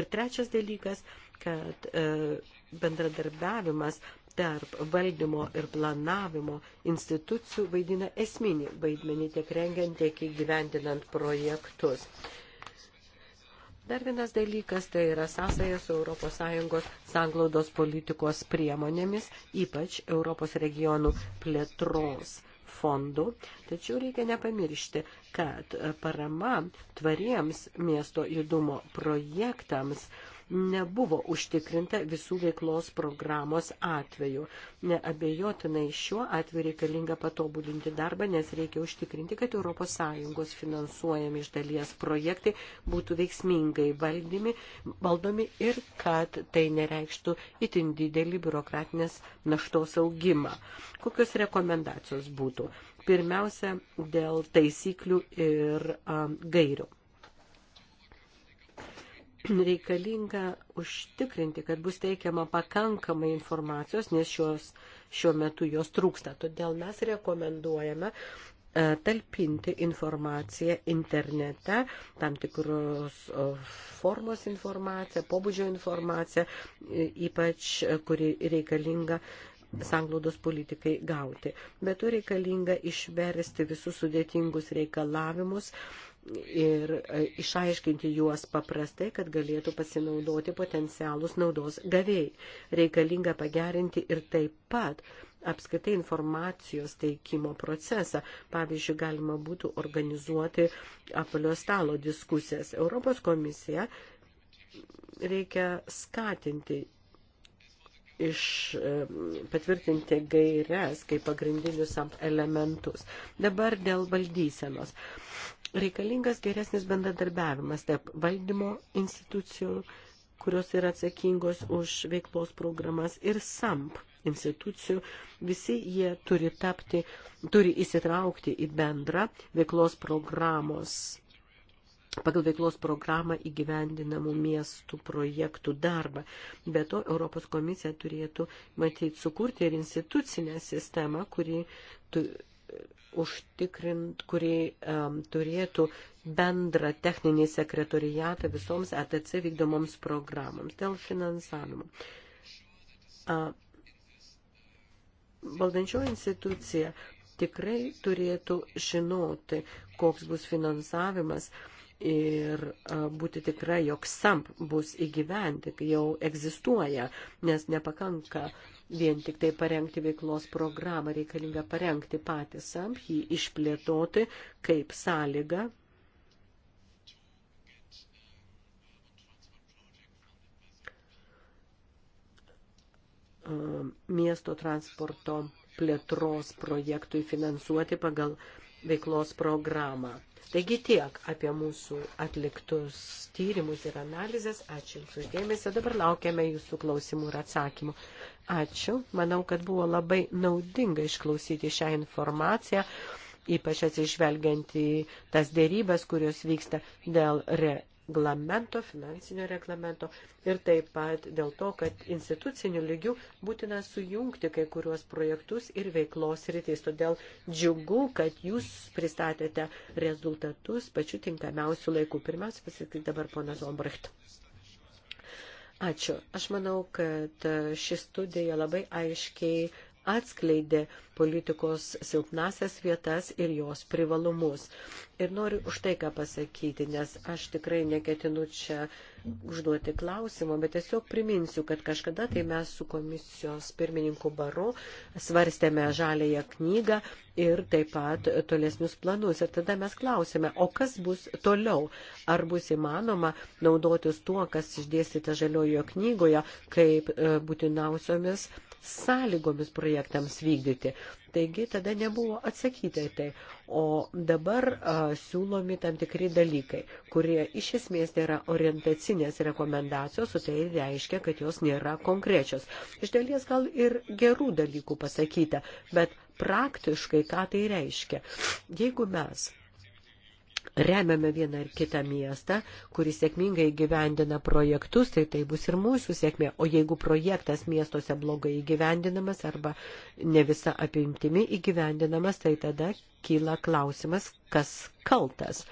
Ir trečias dalykas, kad e, bendradarbiavimas tarp valdymo ir planavimo institucijų vaidina esminį vaidmenį tiek rengiant, tiek įgyvendinant projektus. Dar vienas dalykas tai yra sąsaja su ES sanglaudos politikos priemonėmis, ypač Europos regionų plėtros fondų, tačiau reikia nepamiršti, kad parama tvariems miesto judumo projektams uh, nebuvo užtikrinta visų veiklos programos atveju. Neabejotinai šiuo atveju reikalinga patobulinti darbą, nes reikia užtikrinti, kad ES finansuojami iš dalies projektai būtų veiksmingai valdymi, valdomi ir kad tai nereikštų itin didelį biurokratinės naštos augimą. Kokios rekomendacijos būtų? Pirmiausia, dėl taisyklių ir um, gairių. reikalinga užtikrinti, kad bus teikiama pakankamai informacijos, nes šios, šiuo metu jos trūksta. Todėl mes rekomenduojame e, talpinti informaciją internete, tam tikros formos informaciją, pobūdžio informaciją, ypač e, kuri reikalinga sanglaudos politikai gauti. Bet to reikalinga išversti visus sudėtingus reikalavimus ir e, išaiškinti juos paprastai, kad galėtų pasinaudoti potencialus naudos gavėjai. Reikalinga pagerinti ir taip pat apskaitai informacijos teikimo procesą. Pavyzdžiui, galima būtų organizuoti apalio stalo diskusijas. Europos komisija reikia skatinti iš e, patvirtinti gairias kaip pagrindinius elementus. Dabar dėl valdysenos reikalingas geresnis bendradarbiavimas tarp valdymo institucijų, kurios yra atsakingos už veiklos programas ir SAMP institucijų. Visi jie turi tapti, turi įsitraukti į bendrą veiklos programos pagal veiklos programą įgyvendinamų miestų projektų darbą. Be to, Europos komisija turėtų matyti sukurti ir institucinę sistemą, kuri tu, užtikrint, kuri um, turėtų bendrą techninį sekretorijatą visoms ETC vykdomoms programoms dėl finansavimo. Uh, valdančioji institucija tikrai turėtų žinoti, koks bus finansavimas uh, ir būti tikra, jog SAMP bus įgyventi, jau egzistuoja, nes nepakanka vien tik tai parengti veiklos programą, reikalinga parengti patį SAMP, jį išplėtoti kaip sąlygą. miesto transporto plėtros projektui finansuoti pagal uh, veiklos programą. Taigi tiek apie mūsų atliktus tyrimus ir analizės. Ačiū Jums uždėmesio. Dabar laukiame Jūsų klausimų ir atsakymų. Ačiū. Manau, kad buvo labai naudinga išklausyti šią informaciją, ypač atsižvelgiant į tas dėrybas, kurios vyksta dėl re reglamento, finansinio reglamento ir taip pat dėl to, kad institucinių lygių būtina sujungti kai kuriuos projektus ir veiklos rytis. Todėl džiugu, kad jūs pristatėte rezultatus pačiu tinkamiausiu laiku. Pirmiausia, pasakyti dabar ponas Ombrecht. Ačiū. Aš manau, kad ši studija labai aiškiai atskleidė politikos silpnasias vietas ir jos privalumus. Ir noriu už tai ką pasakyti, nes aš tikrai neketinu čia užduoti klausimą, bet tiesiog priminsiu, kad kažkada tai mes su komisijos pirmininku Baru svarstėme žalėją knygą ir taip pat tolesnius planus. Ir tada mes klausėme, o kas bus toliau? Ar bus įmanoma naudotis tuo, kas išdėstyta žaliojo knygoje, kaip e, būtinausiomis sąlygomis projektams vykdyti. Taigi tada nebuvo atsakyta į tai. O dabar a, siūlomi tam tikri dalykai, kurie iš esmės nėra orientacinės rekomendacijos, o tai reiškia, kad jos nėra konkrečios. Iš dalies gal ir gerų dalykų pasakyta, bet praktiškai ką tai reiškia. Jeigu mes remiame vieną ar kitą miestą, kuris sėkmingai gyvendina projektus, tai tai bus ir mūsų sėkmė. O jeigu projektas miestuose blogai įgyvendinamas arba ne visa apimtimi įgyvendinamas, tai tada kyla klausimas, kas kaltas.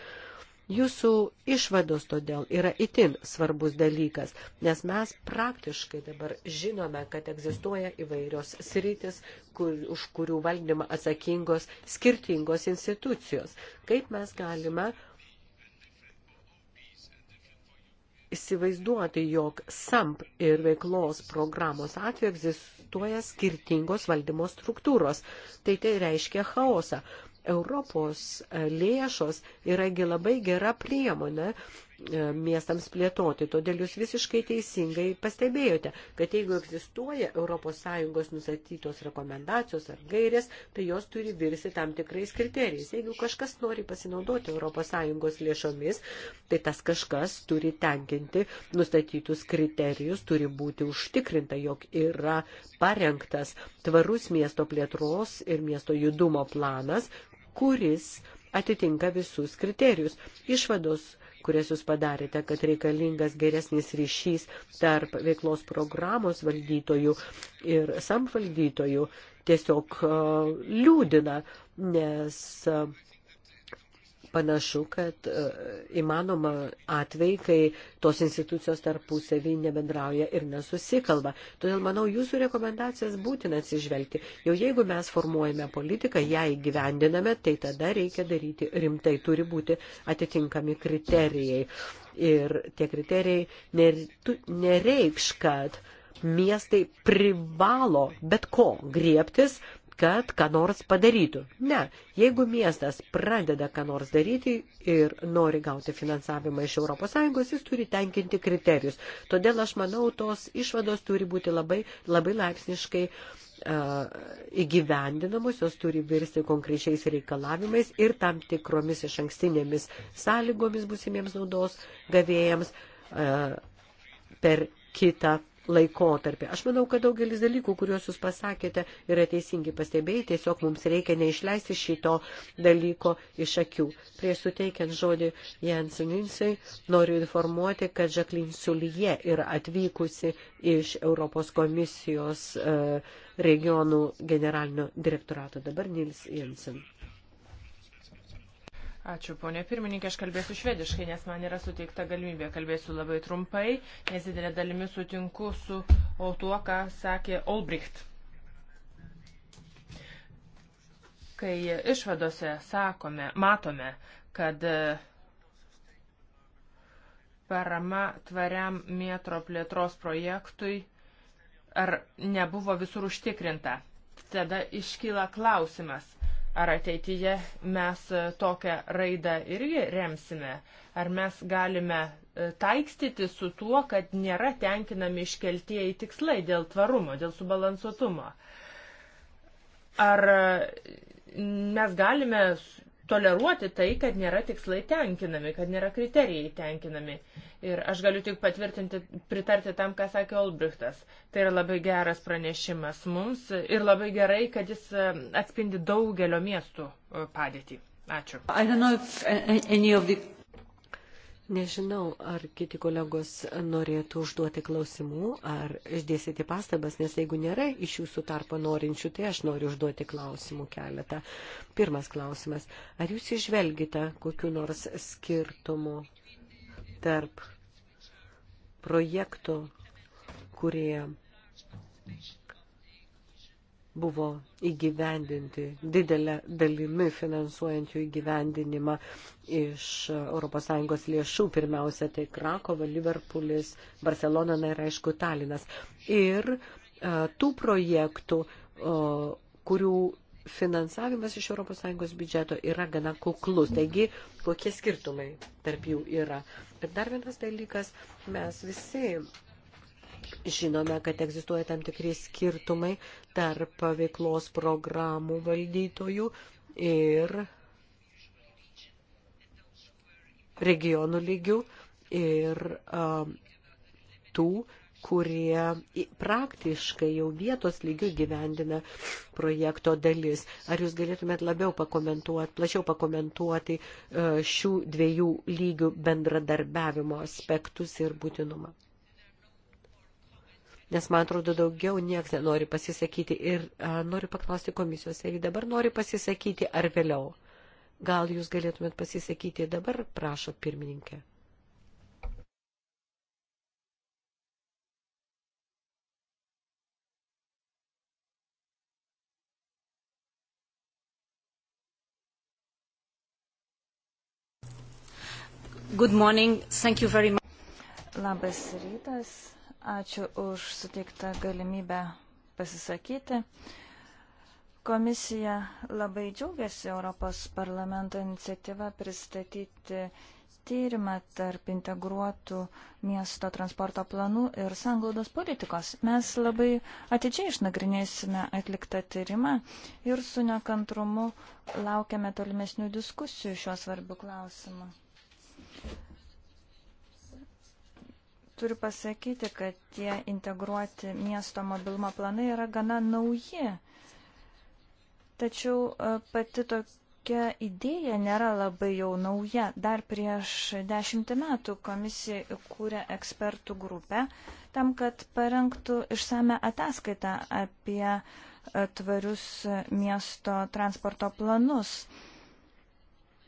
Jūsų išvados todėl yra itin svarbus dalykas, nes mes praktiškai dabar žinome, kad egzistuoja įvairios sritis, kur, už kurių valdymą atsakingos skirtingos institucijos. Kaip mes galime įsivaizduoti, jog SAMP ir veiklos programos atveju egzistuoja skirtingos valdymo struktūros. Tai tai reiškia chaosą. Europos lėšos yragi labai gera priemonė e, miestams plėtoti. Todėl jūs visiškai teisingai pastebėjote, kad jeigu egzistuoja ES nusatytos rekomendacijos ar gairės, tai jos turi virsi tam tikrais kriterijais. Jeigu kažkas nori pasinaudoti ES lėšomis, tai tas kažkas turi tenkinti nustatytus kriterijus, turi būti užtikrinta, jog yra parengtas tvarus miesto plėtros ir miesto judumo planas, kuris atitinka visus kriterijus. Išvados, kurias jūs padarėte, kad reikalingas geresnis ryšys tarp veiklos programos valdytojų ir samvaldytojų, tiesiog liūdina, nes panašu, kad e, įmanoma atvejai, kai tos institucijos tarpusavį nebendrauja ir nesusikalba. Todėl, manau, jūsų rekomendacijas būtina atsižvelgti. Jau jeigu mes formuojame politiką, ją įgyvendiname, tai tada reikia daryti rimtai, turi būti atitinkami kriterijai. Ir tie kriterijai nereikš, kad miestai privalo bet ko griebtis, kad ką nors padarytų. Ne, jeigu miestas pradeda ką nors daryti ir nori gauti finansavimą iš ES, jis turi tenkinti kriterijus. Todėl aš manau, tos išvados turi būti labai, labai laipsniškai įgyvendinamos, jos turi virsti konkrečiais reikalavimais ir tam tikromis iš ankstinėmis sąlygomis busimiems naudos gavėjams per kitą laikotarpį. Aš manau, kad daugelis dalykų, kuriuos jūs pasakėte, yra teisingi pastebėjai, tiesiog mums reikia neišleisti šito dalyko iš akių. Prieš suteikiant žodį Janseninsai, noriu informuoti, kad Žaklin Sulyje yra atvykusi iš Europos komisijos e, regionų generalinio direktorato. Dabar Nils Jensen. Ačiū, ponė pirmininkė, aš kalbėsiu švediškai, nes man yra suteikta galimybė. Kalbėsiu labai trumpai, nes didelė dalimi sutinku su tuo, ką sakė Olbricht. Kai išvadose sakome, matome, kad e, parama tvariam metro plėtros projektui ar nebuvo visur užtikrinta. Tada iškyla klausimas – Ar ateityje mes e, tokią raidą irgi remsime? Ar mes galime e, taikstyti su tuo, kad nėra tenkinami iškeltieji tikslai dėl tvarumo, dėl subalansuotumo? Ar e, mes galime toleruoti tai, kad nėra tikslai tenkinami, kad nėra kriterijai tenkinami. Ir aš galiu tik patvirtinti, pritarti tam, ką sakė Olbrichtas. Tai yra labai geras pranešimas mums ir labai gerai, kad jis e, atspindi daugelio miestų e, padėtį. Ačiū. I don't know if any of the Nežinau, ar kiti kolegos norėtų užduoti klausimų ar išdėsyti pastabas, nes jeigu nėra iš jūsų tarpo norinčių, tai aš noriu užduoti klausimų keletą. Pirmas klausimas. Ar jūs išvelgite kokiu nors skirtumu tarp projektų, kurie buvo įgyvendinti didelę dalimi finansuojančių įgyvendinimą iš ES lėšų, pirmiausia tai Krakova, Liverpoolis, Barcelona na, ir aišku Talinas. Ir a, e, tų projektų, a, kurių finansavimas iš ES biudžeto yra gana kuklus. Taigi, kokie skirtumai tarp jų yra. Ir dar vienas dalykas, mes visi žinome, kad egzistuoja tam tikri skirtumai tarp veiklos programų valdytojų ir regionų lygių ir um, tų, kurie praktiškai jau vietos lygių gyvendina projekto dalis. Ar jūs galėtumėt labiau pakomentuoti, plačiau pakomentuoti uh, šių dviejų lygių bendradarbiavimo aspektus ir būtinumą? nes man atrodo daugiau niekas nenori pasisakyti ir a, noriu paklausti komisijos, ar jį dabar nori pasisakyti ar vėliau. Gal jūs galėtumėt pasisakyti dabar, prašo pirmininkė. Good morning. Thank you very much. Labas rytas. Ačiū už suteiktą galimybę pasisakyti. Komisija labai džiaugiasi Europos parlamento iniciatyvą pristatyti tyrimą tarp integruotų miesto transporto planų ir sanglaudos politikos. Mes labai atidžiai išnagrinėsime atliktą tyrimą ir su nekantrumu laukiame tolimesnių diskusijų šiuo svarbiu klausimu. turiu pasakyti, kad tie integruoti miesto mobilumo planai yra gana nauji. Tačiau e, pati tokia idėja nėra labai jau nauja. Dar prieš dešimtį metų komisija įkūrė ekspertų grupę tam, kad parengtų išsame ataskaitą apie e, tvarius miesto transporto planus.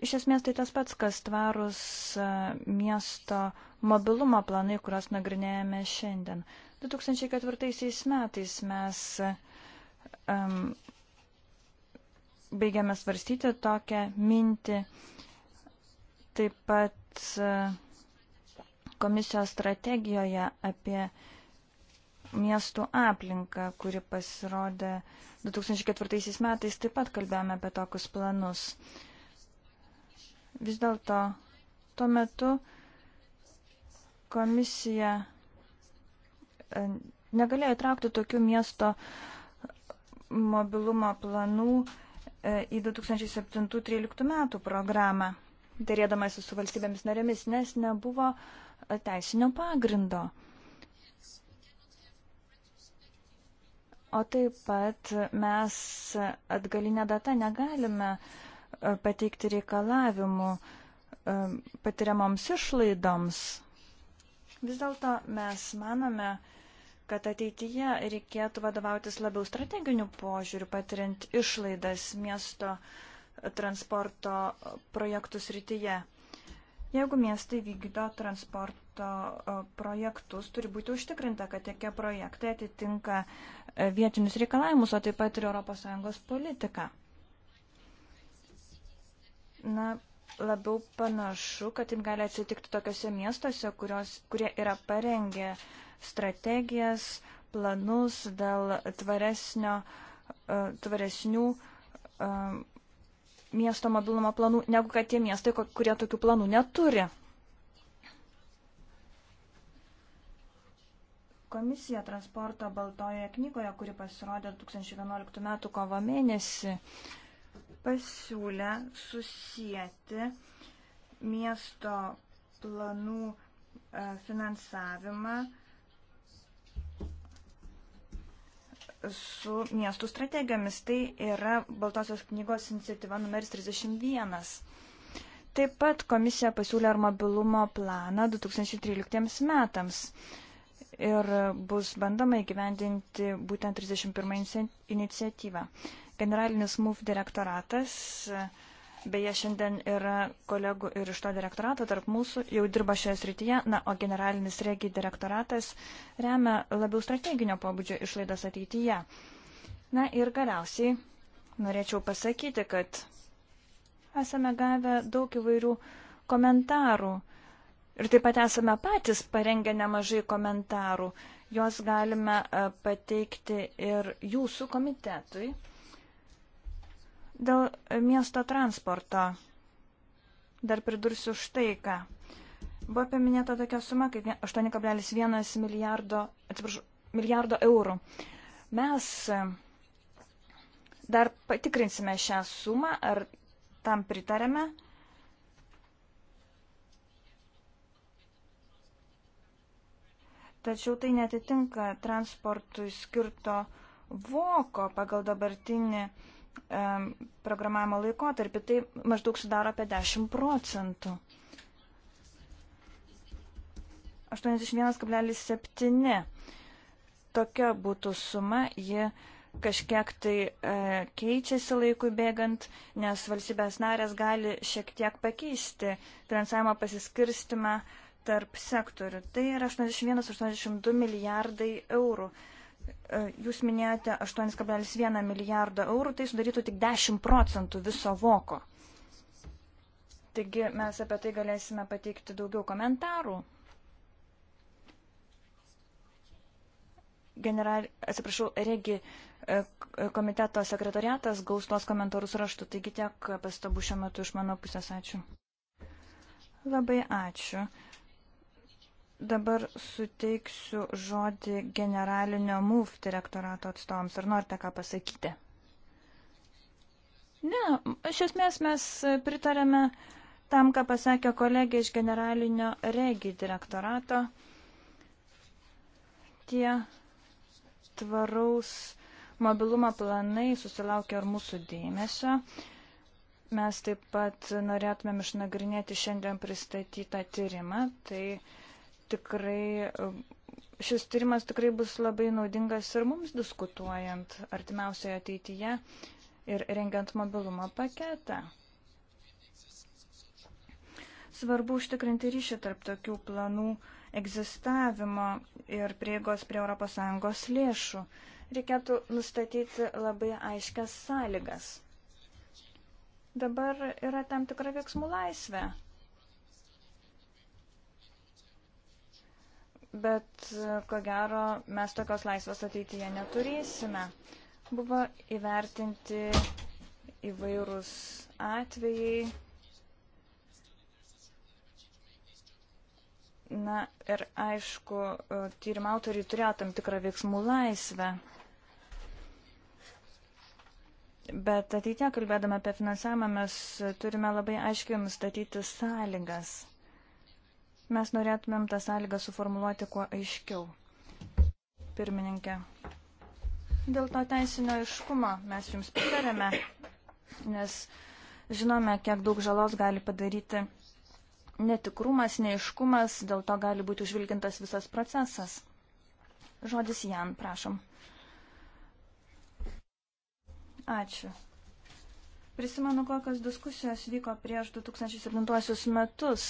Iš esmės tai tas pats, kas tvarus e, miesto mobilumo planai, kuriuos nagrinėjame šiandien. 2004 metais mes um, baigiame svarstyti tokią mintį. Taip pat e, komisijos strategijoje apie miestų aplinką, kuri pasirodė 2004 metais, taip pat kalbėjome apie tokius planus. Vis dėlto tuo metu uh, komisija e, negalėjo įtraukti tokių miesto mobilumo planų e, į 2007-2013 metų programą, dėrėdamasi su valstybėmis narėmis, nes nebuvo teisinio pagrindo. O taip pat mes atgalinę datą negalime e, pateikti reikalavimų patiriamoms išlaidoms Vis dėlto mes manome, kad ateityje reikėtų vadovautis labiau strateginiu požiūriu, patiriant išlaidas miesto transporto projektų srityje. Jeigu miestai vykdo transporto e, projektus, turi būti užtikrinta, kad tokie projektai atitinka e, vietinius reikalavimus, o taip pat ir ES politiką. Na, labiau panašu, kad taip gali atsitikti tokiuose miestuose, kurios, kurie yra parengę strategijas, planus dėl tvaresnio, e, tvaresnių e, miesto mobilumo planų, negu kad tie miestai, kurie tokių planų neturi. Komisija transporto baltoje knygoje, kuri pasirodė 2011 m. kovo mėnesį, uh, pasiūlė susijęti miesto planų e, finansavimą su miestų strategijomis. Tai yra Baltosios knygos iniciatyva numeris 31. Taip pat komisija pasiūlė ar mobilumo planą 2013 metams ir bus bandoma įgyvendinti būtent 31 iniciatyvą. Generalinis MUF direktoratas, beje, šiandien yra kolegų ir iš to direktorato tarp mūsų, jau dirba šioje srityje, na, o generalinis regi direktoratas remia labiau strateginio pobūdžio išlaidas ateityje. Na ir galiausiai norėčiau pasakyti, kad esame gavę daug įvairių komentarų. Ir taip pat esame patys parengę nemažai komentarų. Juos galime e, pateikti ir jūsų komitetui. Dėl miesto transporto dar pridursiu štai ką. Buvo paminėta tokia suma kaip 8,1 milijardo, atsiprašau, milijardo eurų. Mes e, dar patikrinsime šią sumą, ar tam pritarėme. Tačiau tai netitinka transportui skirto voko pagal dabartinį uh, programavimo laikotarpį, tai maždaug sudaro apie 10 procentų. 81,7 tokia būtų suma, ji kažkiek tai e, keičiasi laikui bėgant, nes valstybės narės gali šiek tiek pakeisti finansavimo pasiskirstimą tarp sektorių. Tai yra 81-82 milijardai eurų. E, jūs minėjote 8,1 milijardo eurų, tai sudarytų tik 10 procentų viso voko. Taigi mes apie tai galėsime pateikti daugiau komentarų. General, atsiprašau, regi e, komiteto sekretariatas gaus tuos komentarus raštu, taigi tiek pastabų šiuo metu iš mano pusės ačiū. Labai ačiū. Dabar suteiksiu žodį generalinio MUF direktorato atstovams. Ar norite ką pasakyti? Ne, iš esmės mes pritarėme tam, ką pasakė kolegė iš generalinio regi direktorato. Tie tvaraus mobilumo planai susilaukia ir mūsų dėmesio. Mes taip pat norėtumėm išnagrinėti šiandien pristatytą tyrimą. Tai tikrai, e, šis tyrimas tikrai bus labai naudingas ir mums diskutuojant artimiausioje ateityje ir rengiant mobilumo paketą. Svarbu užtikrinti ryšį tarp tokių planų egzistavimo ir prieigos prie ES lėšų. Reikėtų nustatyti labai aiškias sąlygas. Dabar yra tam tikra veiksmų laisvė. bet ko gero mes tokios laisvės ateityje neturėsime. Buvo įvertinti įvairūs atvejai. Na ir aišku, tyrimo autoriai turėjo tam tikrą veiksmų laisvę. Bet ateitie, kalbėdama apie finansavimą, mes turime labai aiškiai nustatyti sąlygas. Mes norėtumėm tą sąlygą suformuoluoti kuo aiškiau. Pirmininkė. Dėl to teisinio aiškumo mes jums pritarėme, nes žinome, kiek daug žalos gali padaryti netikrumas, neiškumas, dėl to gali būti užvilgintas visas procesas. Žodis Jan, prašom. Ačiū. Prisimenu, kokios diskusijos vyko prieš 2007 metus.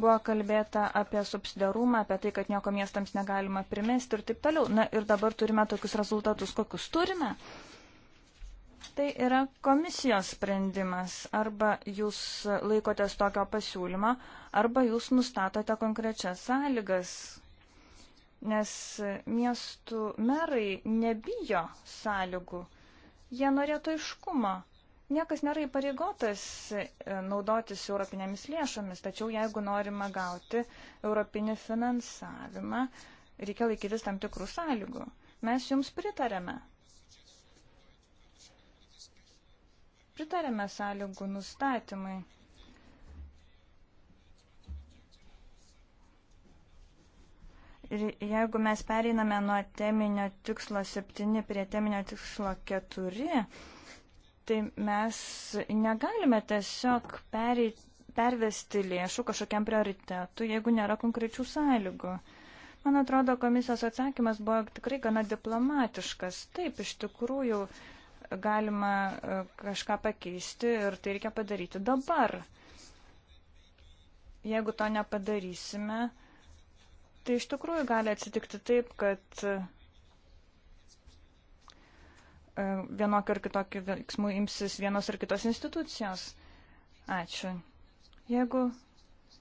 Buvo kalbėta apie subsidiarumą, apie tai, kad nieko miestams negalima primesti ir taip toliau. Na ir dabar turime tokius rezultatus, kokius turime. Tai yra komisijos sprendimas. Arba jūs laikotės tokio pasiūlymo, arba jūs nustatote konkrečias sąlygas, nes miestų merai nebijo sąlygų, jie norėtų iškumo. Niekas nėra įpareigotas e, naudotis europinėmis lėšomis, tačiau jeigu norima gauti europinį finansavimą, reikia laikytis tam tikrų sąlygų. Mes jums pritarėme. Pritarėme sąlygų nustatymai. Ir jeigu mes pereiname nuo teminio tikslo 7 prie teminio tikslo 4, tai mes negalime tiesiog pereit, pervesti lėšų kažkokiam prioritetui, jeigu nėra konkrečių sąlygų. Man atrodo, komisijos atsakymas buvo tikrai gana diplomatiškas. Taip, iš tikrųjų galima e, kažką pakeisti ir tai reikia padaryti dabar. Jeigu to nepadarysime, tai iš tikrųjų gali atsitikti taip, kad E, vienokio ar kitokio veiksmų imsis vienos ar kitos institucijos. Ačiū. Jeigu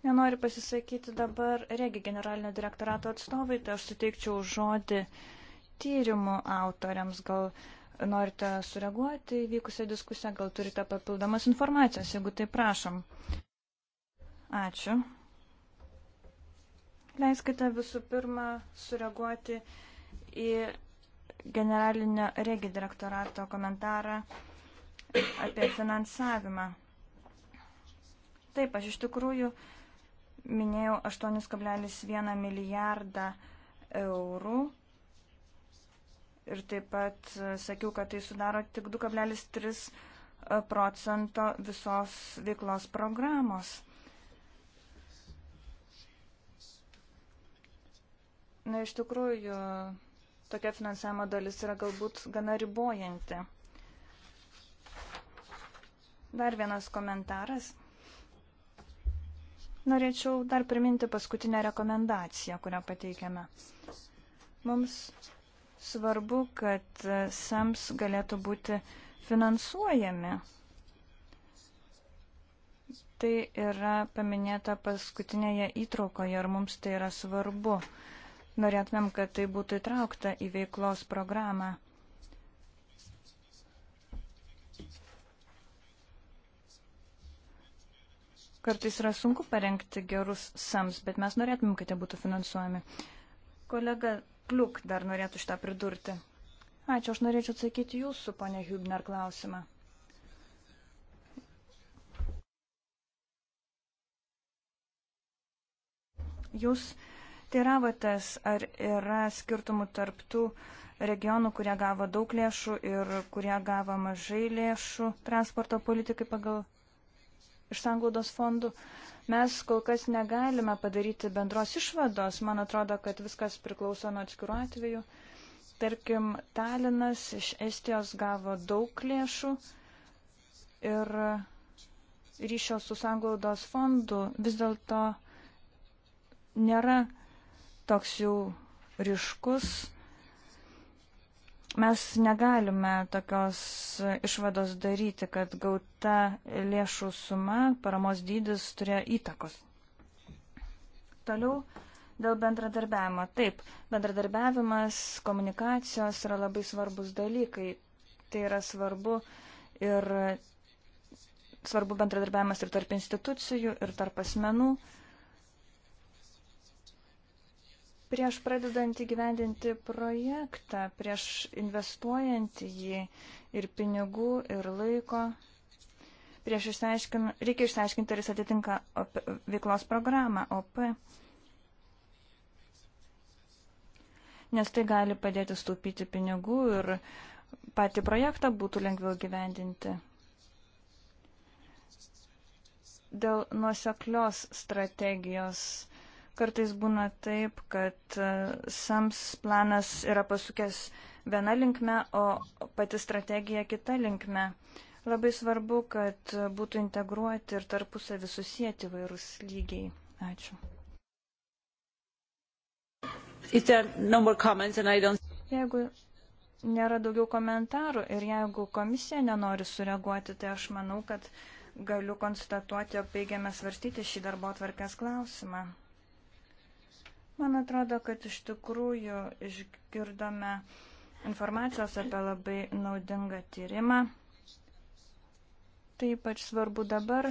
nenori pasisakyti dabar regi generalinio direktorato atstovai, tai aš suteikčiau žodį tyrimų autoriams. Gal norite sureaguoti į vykusią diskusiją, gal turite papildomas informacijos, jeigu tai prašom. Ačiū. Leiskite visų pirma sureaguoti į generalinio regi direktorato komentarą apie finansavimą. Taip, aš iš tikrųjų minėjau 8,1 milijardą eurų ir taip pat e, sakiau, kad tai sudaro tik 2,3 e, procento visos veiklos programos. Na, iš tikrųjų, tokia finansavimo dalis yra galbūt gana ribojanti. Dar vienas komentaras. Norėčiau dar priminti paskutinę rekomendaciją, kurią pateikėme. Mums svarbu, kad SAMS galėtų būti finansuojami. Tai yra paminėta paskutinėje įtraukoje ir mums tai yra svarbu. Uh, Norėtumėm, kad tai būtų įtraukta į veiklos programą. Kartais yra sunku parengti gerus SAMS, bet mes norėtumėm, kad jie būtų finansuojami. Kolega Kliuk dar norėtų šitą pridurti. Ačiū, aš norėčiau atsakyti jūsų, ponė Hübner, klausimą. Jūs teiravotės, ar yra skirtumų tarptų regionų, kurie gavo daug lėšų ir kurie gavo mažai lėšų transporto politikai pagal išsanglaudos fondų. Mes kol kas negalime padaryti bendros išvados. Man atrodo, kad viskas priklauso nuo atskirų atvejų. Tarkim, Talinas iš Estijos gavo daug lėšų ir ryšio su sanglaudos fondu vis dėlto nėra toks jau ryškus. Mes negalime tokios išvados daryti, kad gauta lėšų suma, paramos dydis turėjo įtakos. Toliau dėl bendradarbiavimo. Taip, bendradarbiavimas, komunikacijos yra labai svarbus dalykai. Tai yra svarbu ir svarbu bendradarbiavimas ir tarp institucijų, ir tarp asmenų. Uh, Prieš pradedant įgyvendinti projektą, prieš investuojant jį ir pinigų, ir laiko, prieš išsiaiškin, reikia išsiaiškinti, ar jis atitinka op, veiklos programą OP. Nes tai gali padėti stūpyti pinigų ir patį projektą būtų lengviau gyvendinti. Dėl nuoseklios strategijos Kartais būna taip, kad e, SAMS planas yra pasukęs viena linkme, o pati strategija kita linkme. Labai svarbu, kad būtų integruoti ir tarpusavį susijęti vairūs lygiai. Ačiū. No Jeigu nėra daugiau komentarų ir jeigu komisija nenori sureaguoti, tai aš manau, kad galiu konstatuoti, jog baigiame svarstyti šį darbo tvarkės klausimą. Man atrodo, kad iš tikrųjų išgirdome informacijos apie labai naudingą tyrimą. Tai ypač svarbu dabar,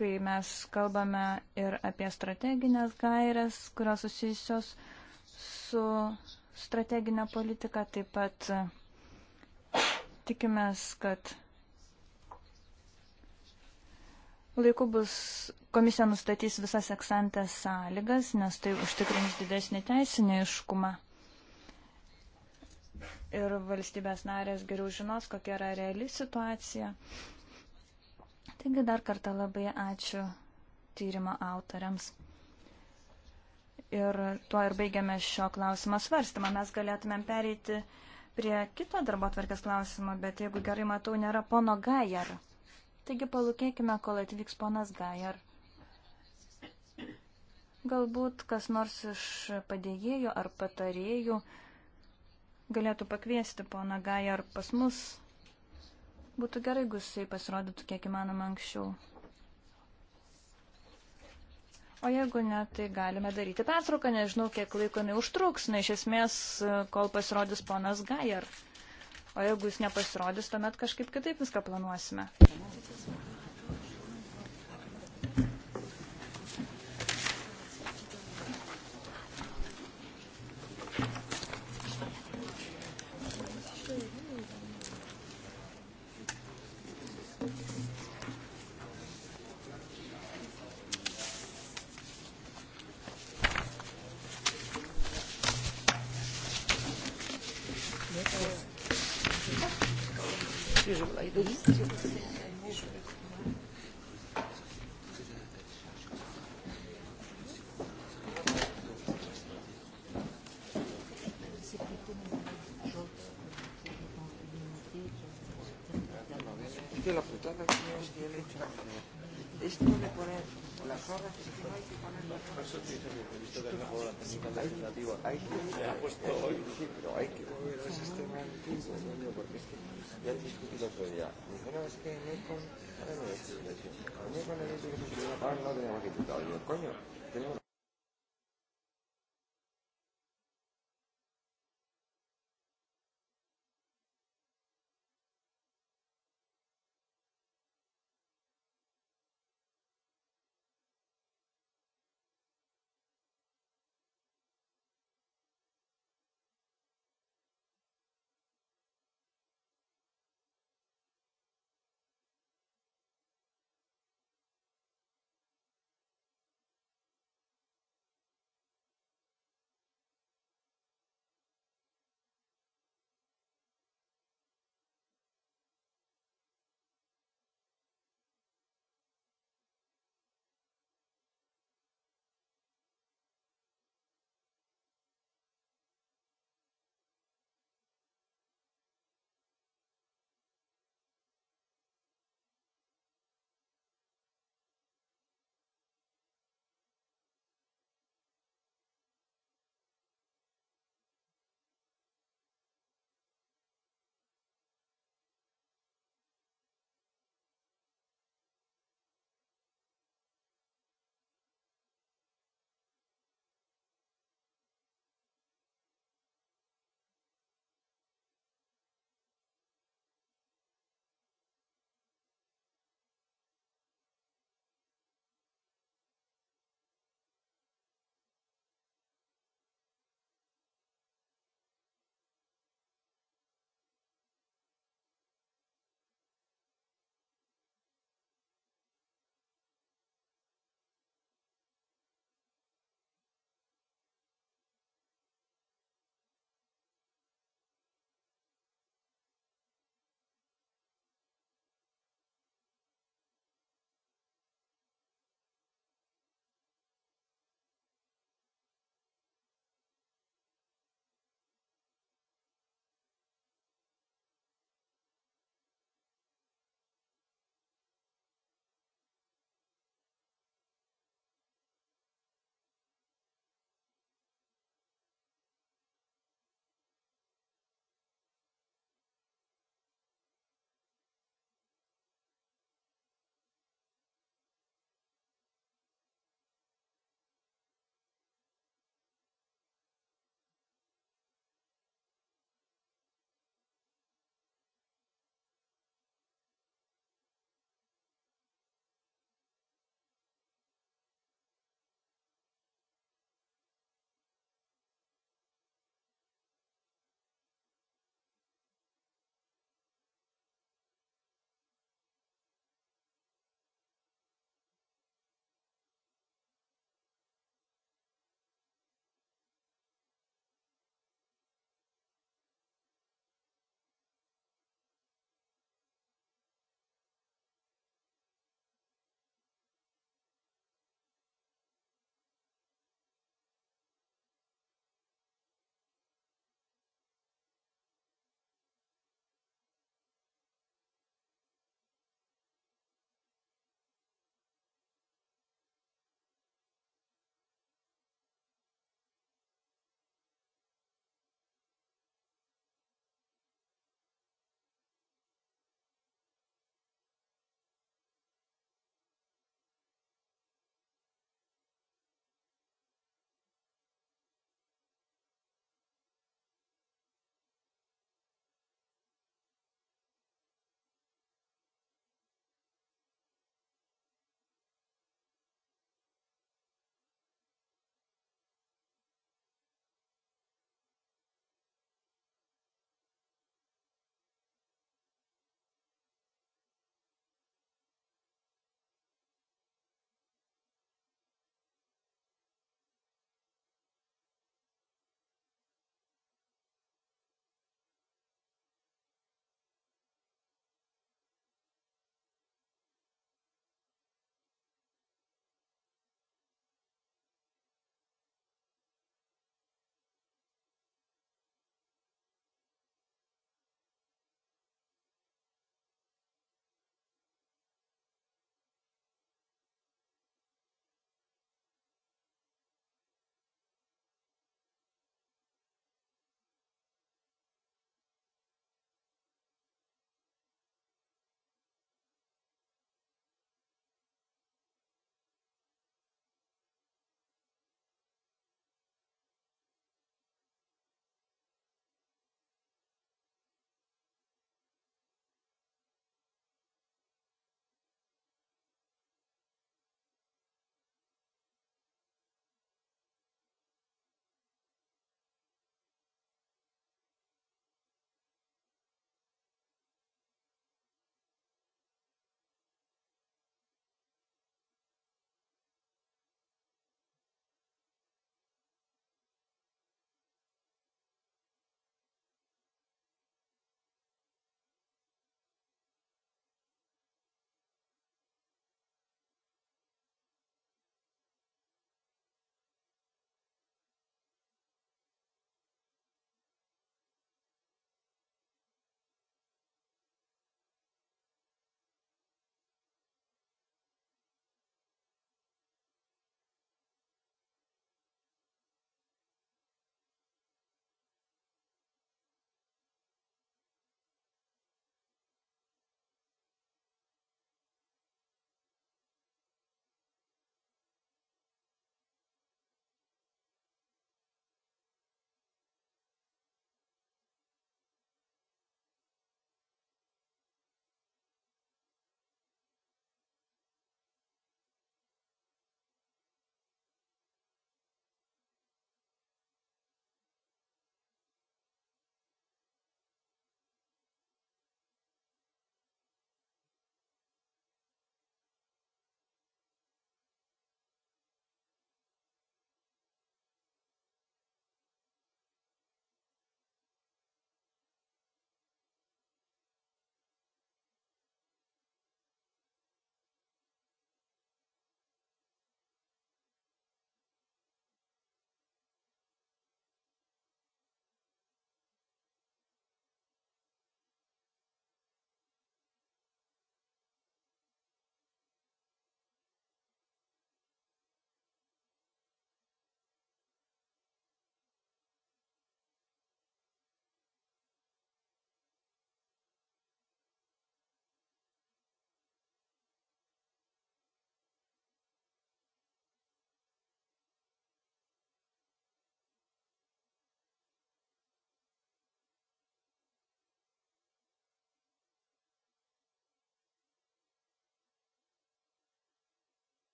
kai mes kalbame ir apie strateginės gairias, kurios susijusios su strateginė politika, taip pat tikimės, kad Laiku bus komisija nustatys visas eksantės sąlygas, nes tai užtikrins didesnį teisinį iškumą. Ir valstybės narės geriau žinos, kokia yra reali situacija. Taigi dar kartą labai ačiū tyrimo autoriams. Ir tuo ir baigiame šio klausimo svarstymą. Mes galėtumėm pereiti prie kito darbo tvarkės klausimo, bet jeigu gerai matau, nėra pono Gajar. Taigi palūkėkime, kol atvyks ponas Gajar. Galbūt kas nors iš padėjėjų ar patarėjų galėtų pakviesti poną Gają ar pas mus. Būtų gerai, jeigu jisai pasirodytų kiek įmanoma anksčiau. O jeigu ne, tai galime daryti pertrauką, nežinau, kiek laiko neužtruks, na iš esmės, kol pasirodys ponas Gajar o jeigu jis nepasirodys, tuomet kažkaip kitaip viską planuosime. usual. I don't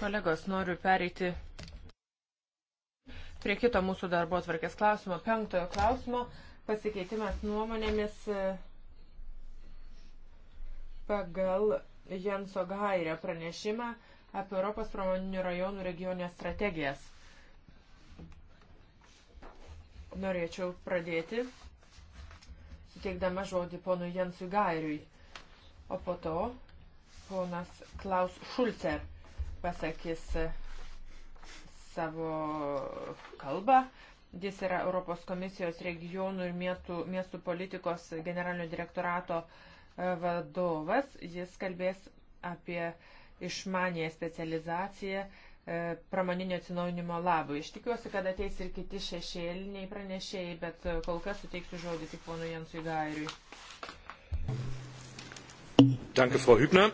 Kolegos, noriu pereiti prie kito mūsų darbo atvarkės klausimo, penktojo klausimo, pasikeitimas nuomonėmis e, pagal Jenso Gairę pranešimą apie Europos pramoninių rajonų regionės strategijas. Norėčiau pradėti suteikdama žodį ponui Jensui Gairiui o po to ponas Klaus Šulcer pasakys e, savo kalbą. Jis yra Europos komisijos regionų ir mietų, miestų politikos generalinio direktorato e, vadovas. Jis kalbės apie išmanėją specializaciją e, pramoninio atsinaujinimo labui. Iš tikiuosi, kad ateis ir kiti šešėliniai pranešėjai, bet kol kas suteiksiu žodį tik ponui Jansui Gairiui. Danke, Frau Hübner.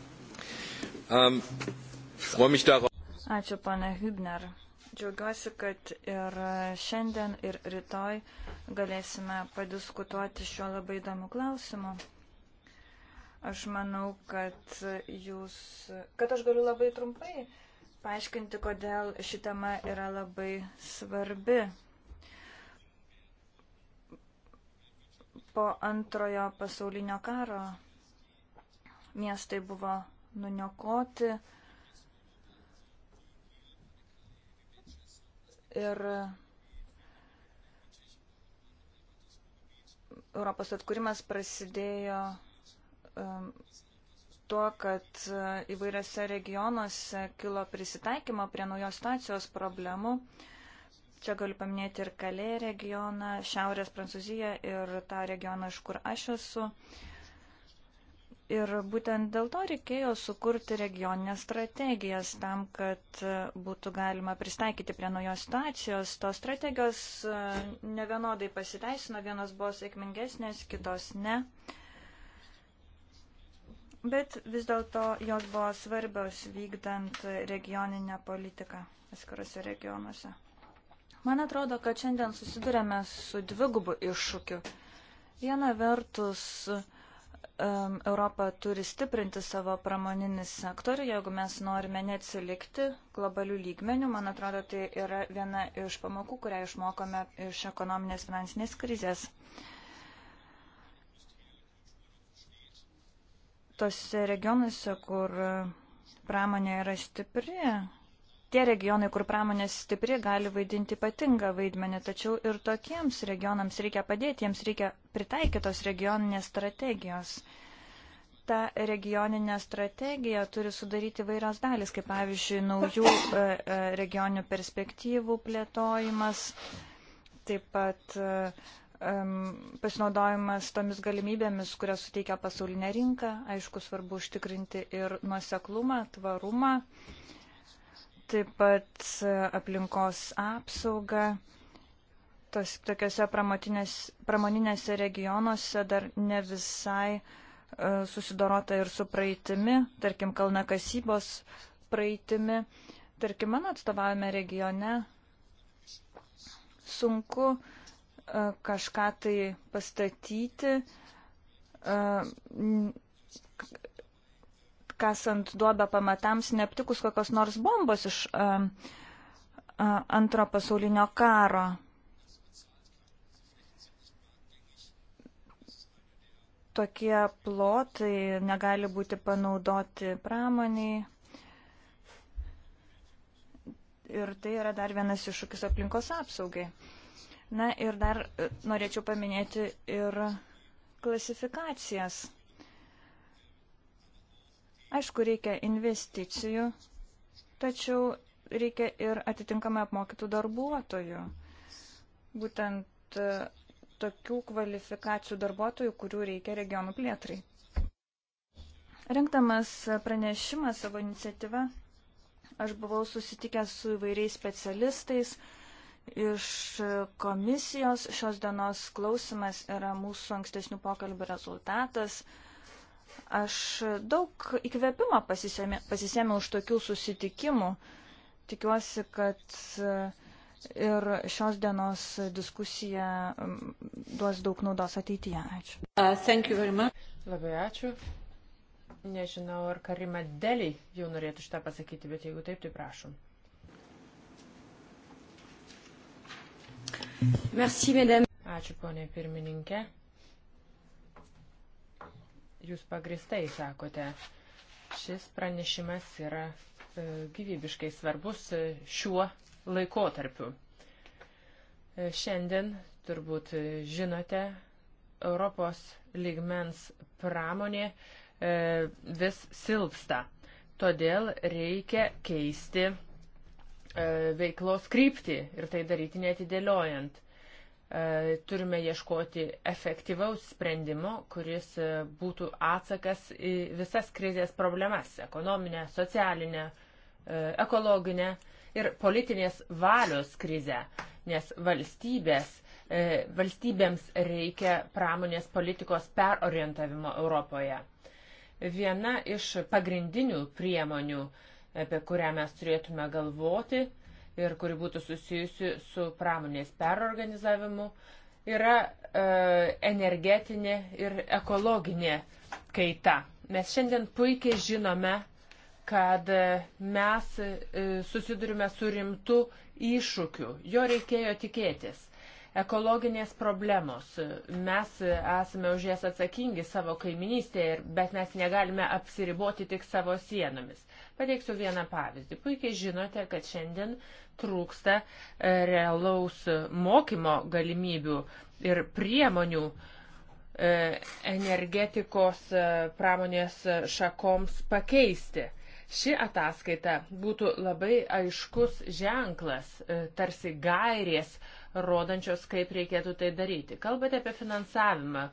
ähm, freue mich darauf. Ačiū, pane Hübner. Džiaugiuosi, kad ir šiandien, ir rytoj galėsime padiskutuoti šiuo labai įdomu klausimu. Aš manau, kad jūs, kad aš galiu labai trumpai paaiškinti, kodėl ši tema yra labai svarbi. Po antrojo pasaulinio karo miestai buvo nuniokoti. Ir Europos atkūrimas prasidėjo um, tuo, kad uh, įvairiose regionuose kilo prisitaikymo prie naujos stacijos problemų. Čia galiu paminėti ir Kalė regioną, Šiaurės Prancūziją ir tą regioną, iš kur aš esu. Uh, Ir būtent dėl to reikėjo sukurti regioninės strategijas tam, kad e, būtų galima pristaikyti prie naujos situacijos. Tos strategijos e, nevienodai pasiteisino, vienos buvo sėkmingesnės, kitos ne bet vis dėlto jos buvo svarbios vykdant regioninę politiką atskiruose regionuose. Man atrodo, kad šiandien susidurėme su dvigubu iššūkiu. Viena vertus, uh, um, Europa turi stiprinti savo pramoninį sektorių, jeigu mes norime neatsilikti globalių lygmenių. Man atrodo, tai yra viena iš pamokų, kurią išmokome iš ekonominės finansinės krizės. Tose regionuose, kur pramonė yra stipri, Tie regionai, kur pramonė stipri, gali vaidinti ypatingą vaidmenį, tačiau ir tokiems regionams reikia padėti, jiems reikia pritaikytos regioninės strategijos. Ta regioninė strategija turi sudaryti vairios dalis, kaip pavyzdžiui, naujų e, e, regioninių perspektyvų plėtojimas, taip pat um, pasinaudojimas tomis galimybėmis, kurias suteikia pasaulinė rinka. Aišku, svarbu užtikrinti ir nuoseklumą, tvarumą. Uh, taip pat aplinkos apsaugą. Tos, tokiuose pramoninėse regionuose dar ne visai e, susidorota ir su praeitimi, tarkim, kalnakasybos praeitimi. Tarkim, mano atstovavime regione sunku e, kažką tai pastatyti, e, kasant duobę pamatams, neaptikus kokios nors bombos iš uh, uh, antro pasaulinio karo. Tokie plotai negali būti panaudoti pramoniai. Ir tai yra dar vienas iššūkis aplinkos apsaugai. Na ir dar e, norėčiau paminėti ir klasifikacijas. Aišku, reikia investicijų, tačiau reikia ir atitinkamai apmokytų darbuotojų. Būtent e, tokių kvalifikacijų darbuotojų, kurių reikia regionų plėtrai. Rinkdamas pranešimą savo iniciatyvą, aš buvau susitikęs su įvairiais specialistais iš komisijos. Šios dienos klausimas yra mūsų ankstesnių pokalbių rezultatas. Uh, Aš daug įkvėpimo pasisėmiau už tokių susitikimų. Tikiuosi, kad e, ir šios dienos diskusija duos daug naudos ateityje. Ačiū. Uh, Labai ačiū. Nežinau, ar Karima Deliai jau norėtų šitą pasakyti, bet jeigu taip, tai prašom. Merci, Ačiū, ponė pirmininkė. Jūs pagristai sakote, šis pranešimas yra e, gyvybiškai svarbus e, šiuo laikotarpiu. E, šiandien, turbūt žinote, Europos lygmens pramonė vis silpsta. Todėl reikia keisti veiklos kryptį ir tai daryti netidėliojant. E, turime ieškoti efektyvaus sprendimo, kuris e, būtų atsakas į visas krizės problemas - ekonominę, socialinę, e, ekologinę ir politinės valios krizę, nes valstybės, valstybėms reikia pramonės politikos perorientavimo Europoje. Viena iš pagrindinių priemonių, apie kurią mes turėtume galvoti, ir kuri būtų susijusi su pramonės perorganizavimu, yra e, energetinė ir ekologinė kaita. Mes šiandien puikiai žinome, kad e, mes e, susidurime su rimtu iššūkiu. Jo reikėjo tikėtis. Ekologinės problemos. Mes esame už jas atsakingi savo kaiminystėje, bet mes negalime apsiriboti tik savo sienomis. Pateiksiu vieną pavyzdį. Puikiai žinote, kad šiandien trūksta e, realaus mokymo galimybių ir priemonių e, energetikos e, pramonės šakoms pakeisti. Ši ataskaita būtų labai aiškus ženklas, tarsi gairės, rodančios, kaip reikėtų tai daryti. Kalbate apie finansavimą.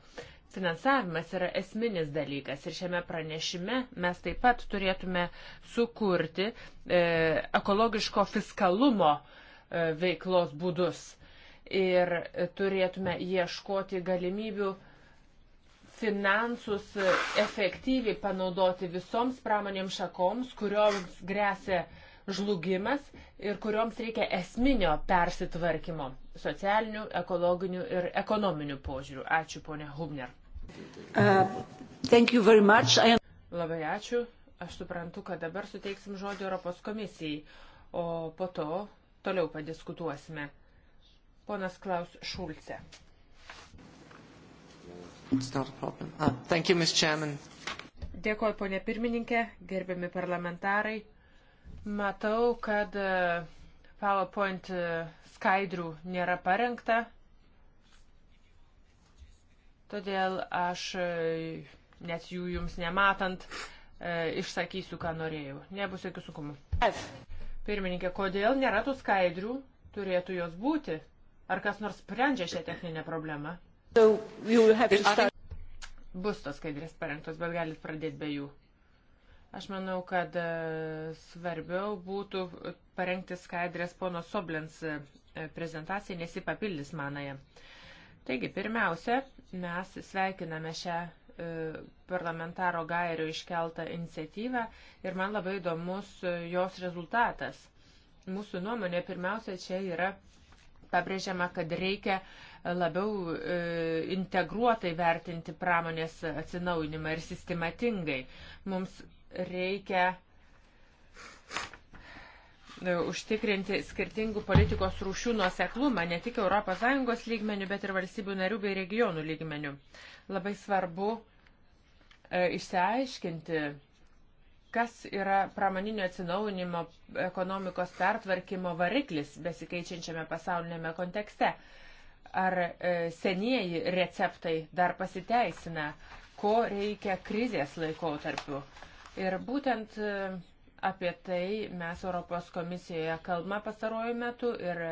Finansavimas yra esminis dalykas ir šiame pranešime mes taip pat turėtume sukurti e, ekologiško fiskalumo e, veiklos būdus ir turėtume ieškoti galimybių finansus efektyviai panaudoti visoms pramonėms šakoms, kurioms grėsia žlugimas ir kurioms reikia esminio persitvarkymo socialinių, ekologinių ir ekonominių požiūrių. Ačiū, ponė Hubner. Uh, am... Labai ačiū. Aš suprantu, kad dabar suteiksim žodį Europos komisijai, o po to toliau padiskutuosime. Ponas Klaus Šulce. Ah, you, Dėkuoju, ponė pirmininkė, gerbiami parlamentarai. Matau, kad uh, PowerPoint uh, skaidrių nėra parengta. Todėl aš e, net jų jums nematant e, išsakysiu, ką norėjau. Nebus jokių sunkumų. Pirmininkė, kodėl nėra tų skaidrių? Turėtų jos būti. Ar kas nors sprendžia šią techninę problemą? So Bus tos skaidrės parengtos, bet galit pradėti be jų. Aš manau, kad e, svarbiau būtų parengti skaidrės pono Soblens e, prezentaciją, nes jį papildys manąją. Taigi, pirmiausia, mes sveikiname šią e, parlamentaro gairio iškeltą iniciatyvą ir man labai įdomus e, jos rezultatas. Mūsų nuomonė pirmiausia čia yra pabrėžiama, kad reikia labiau e, integruotai vertinti pramonės atsinaujinimą ir sistematingai. Mums reikia e, E, užtikrinti skirtingų politikos rūšių nuoseklumą ne tik ES lygmenių, bet ir valstybių narių bei regionų lygmenių. Labai svarbu e, išsiaiškinti, kas yra pramoninio atsinaujinimo ekonomikos pertvarkymo variklis besikeičiančiame pasaulinėme kontekste. Ar e, senieji receptai dar pasiteisina, ko reikia krizės laikotarpiu. Ir būtent e, Apie tai mes Europos komisijoje kalbame pastaruoju metu ir e,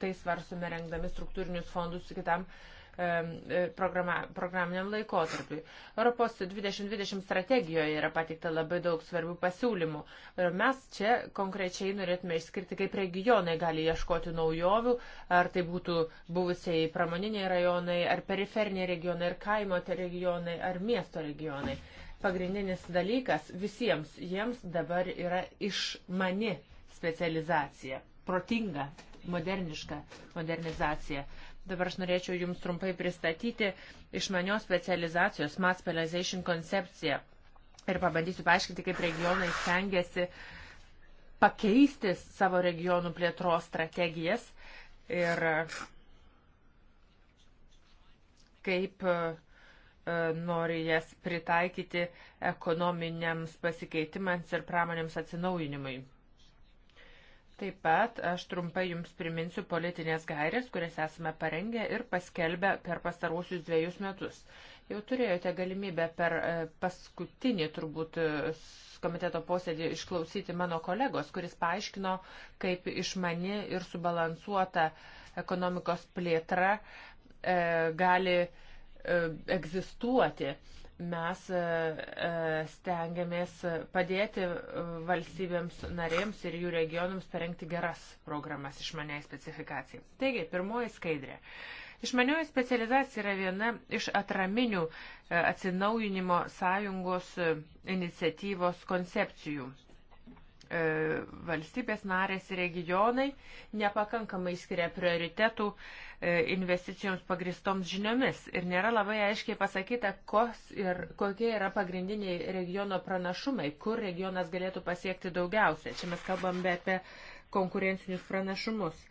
tai svarstume rengdami struktūrinius fondus kitam e, e programa, programiniam laikotarpiui. Europos 2020 strategijoje yra pateikta labai daug svarbių pasiūlymų. Ir mes čia konkrečiai norėtume išskirti, kaip regionai gali ieškoti naujovių, ar tai būtų buvusiai pramoniniai rajonai, ar periferiniai regionai, ar kaimo regionai, ar miesto regionai pagrindinis dalykas visiems jiems dabar yra išmani specializacija, protinga, moderniška modernizacija. Dabar aš norėčiau Jums trumpai pristatyti išmanios specializacijos, mass specialization koncepciją ir pabandysiu paaiškinti, kaip regionai stengiasi pakeisti savo regionų plėtros strategijas ir kaip E, nori jas pritaikyti ekonominiams pasikeitimams ir pramonėms atsinaujinimui. Taip pat aš trumpai Jums priminsiu politinės gairės, kurias esame parengę ir paskelbę per pastaruosius dviejus metus. Jau turėjote galimybę per e, paskutinį turbūt e, komiteto posėdį išklausyti mano kolegos, kuris paaiškino, kaip išmani ir subalansuota ekonomikos plėtra e, gali e, E, egzistuoti. Mes e, e, stengiamės padėti valstybėms narėms ir jų regionams parengti geras programas išmaniai specifikacijai. Taigi, pirmoji skaidrė. Išmanioji specializacija yra viena iš atraminių atsinaujinimo sąjungos iniciatyvos koncepcijų. E, valstybės narės regionai nepakankamai skiria prioritetų e, investicijoms pagristoms žiniomis ir nėra labai aiškiai pasakyta, ir, kokie yra pagrindiniai regiono pranašumai, kur regionas galėtų pasiekti daugiausia. Čia mes kalbame apie konkurencinius pranašumus.